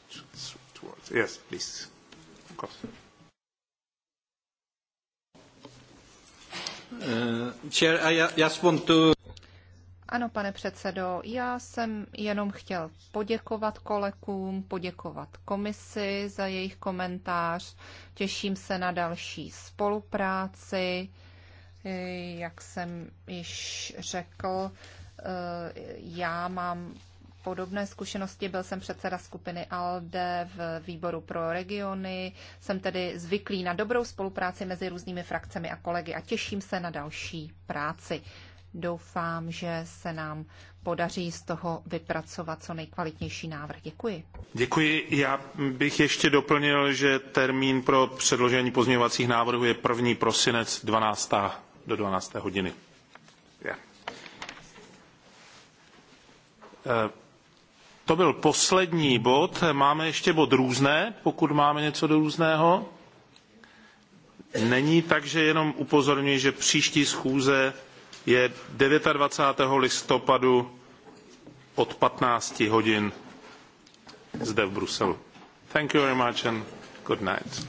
S4: yes, please. Of course. Eh,
S1: ano, pane předsedo, já jsem jenom chtěl poděkovat kolegům, poděkovat komisi za jejich komentář. Těším se na další spolupráci. Eh, jak jsem již řekl, eh, já mám podobné zkušenosti. Byl jsem předseda skupiny ALDE v výboru pro regiony. Jsem tedy zvyklý na dobrou spolupráci mezi různými frakcemi a kolegy a těším se na další práci. Doufám, že se nám podaří z toho vypracovat co nejkvalitnější návrh. Děkuji.
S4: Děkuji. Já bych ještě doplnil, že termín pro předložení pozměňovacích návrhů je 1. prosinec 12. do 12. hodiny. Yeah. Eh, uh, to byl poslední bod. Máme ještě bod různé, pokud máme něco do různého. Není, takže jenom upozorňuji, že příští schůze je 29. listopadu od 15 hodin zde v Bruselu. Thank you very much and good night.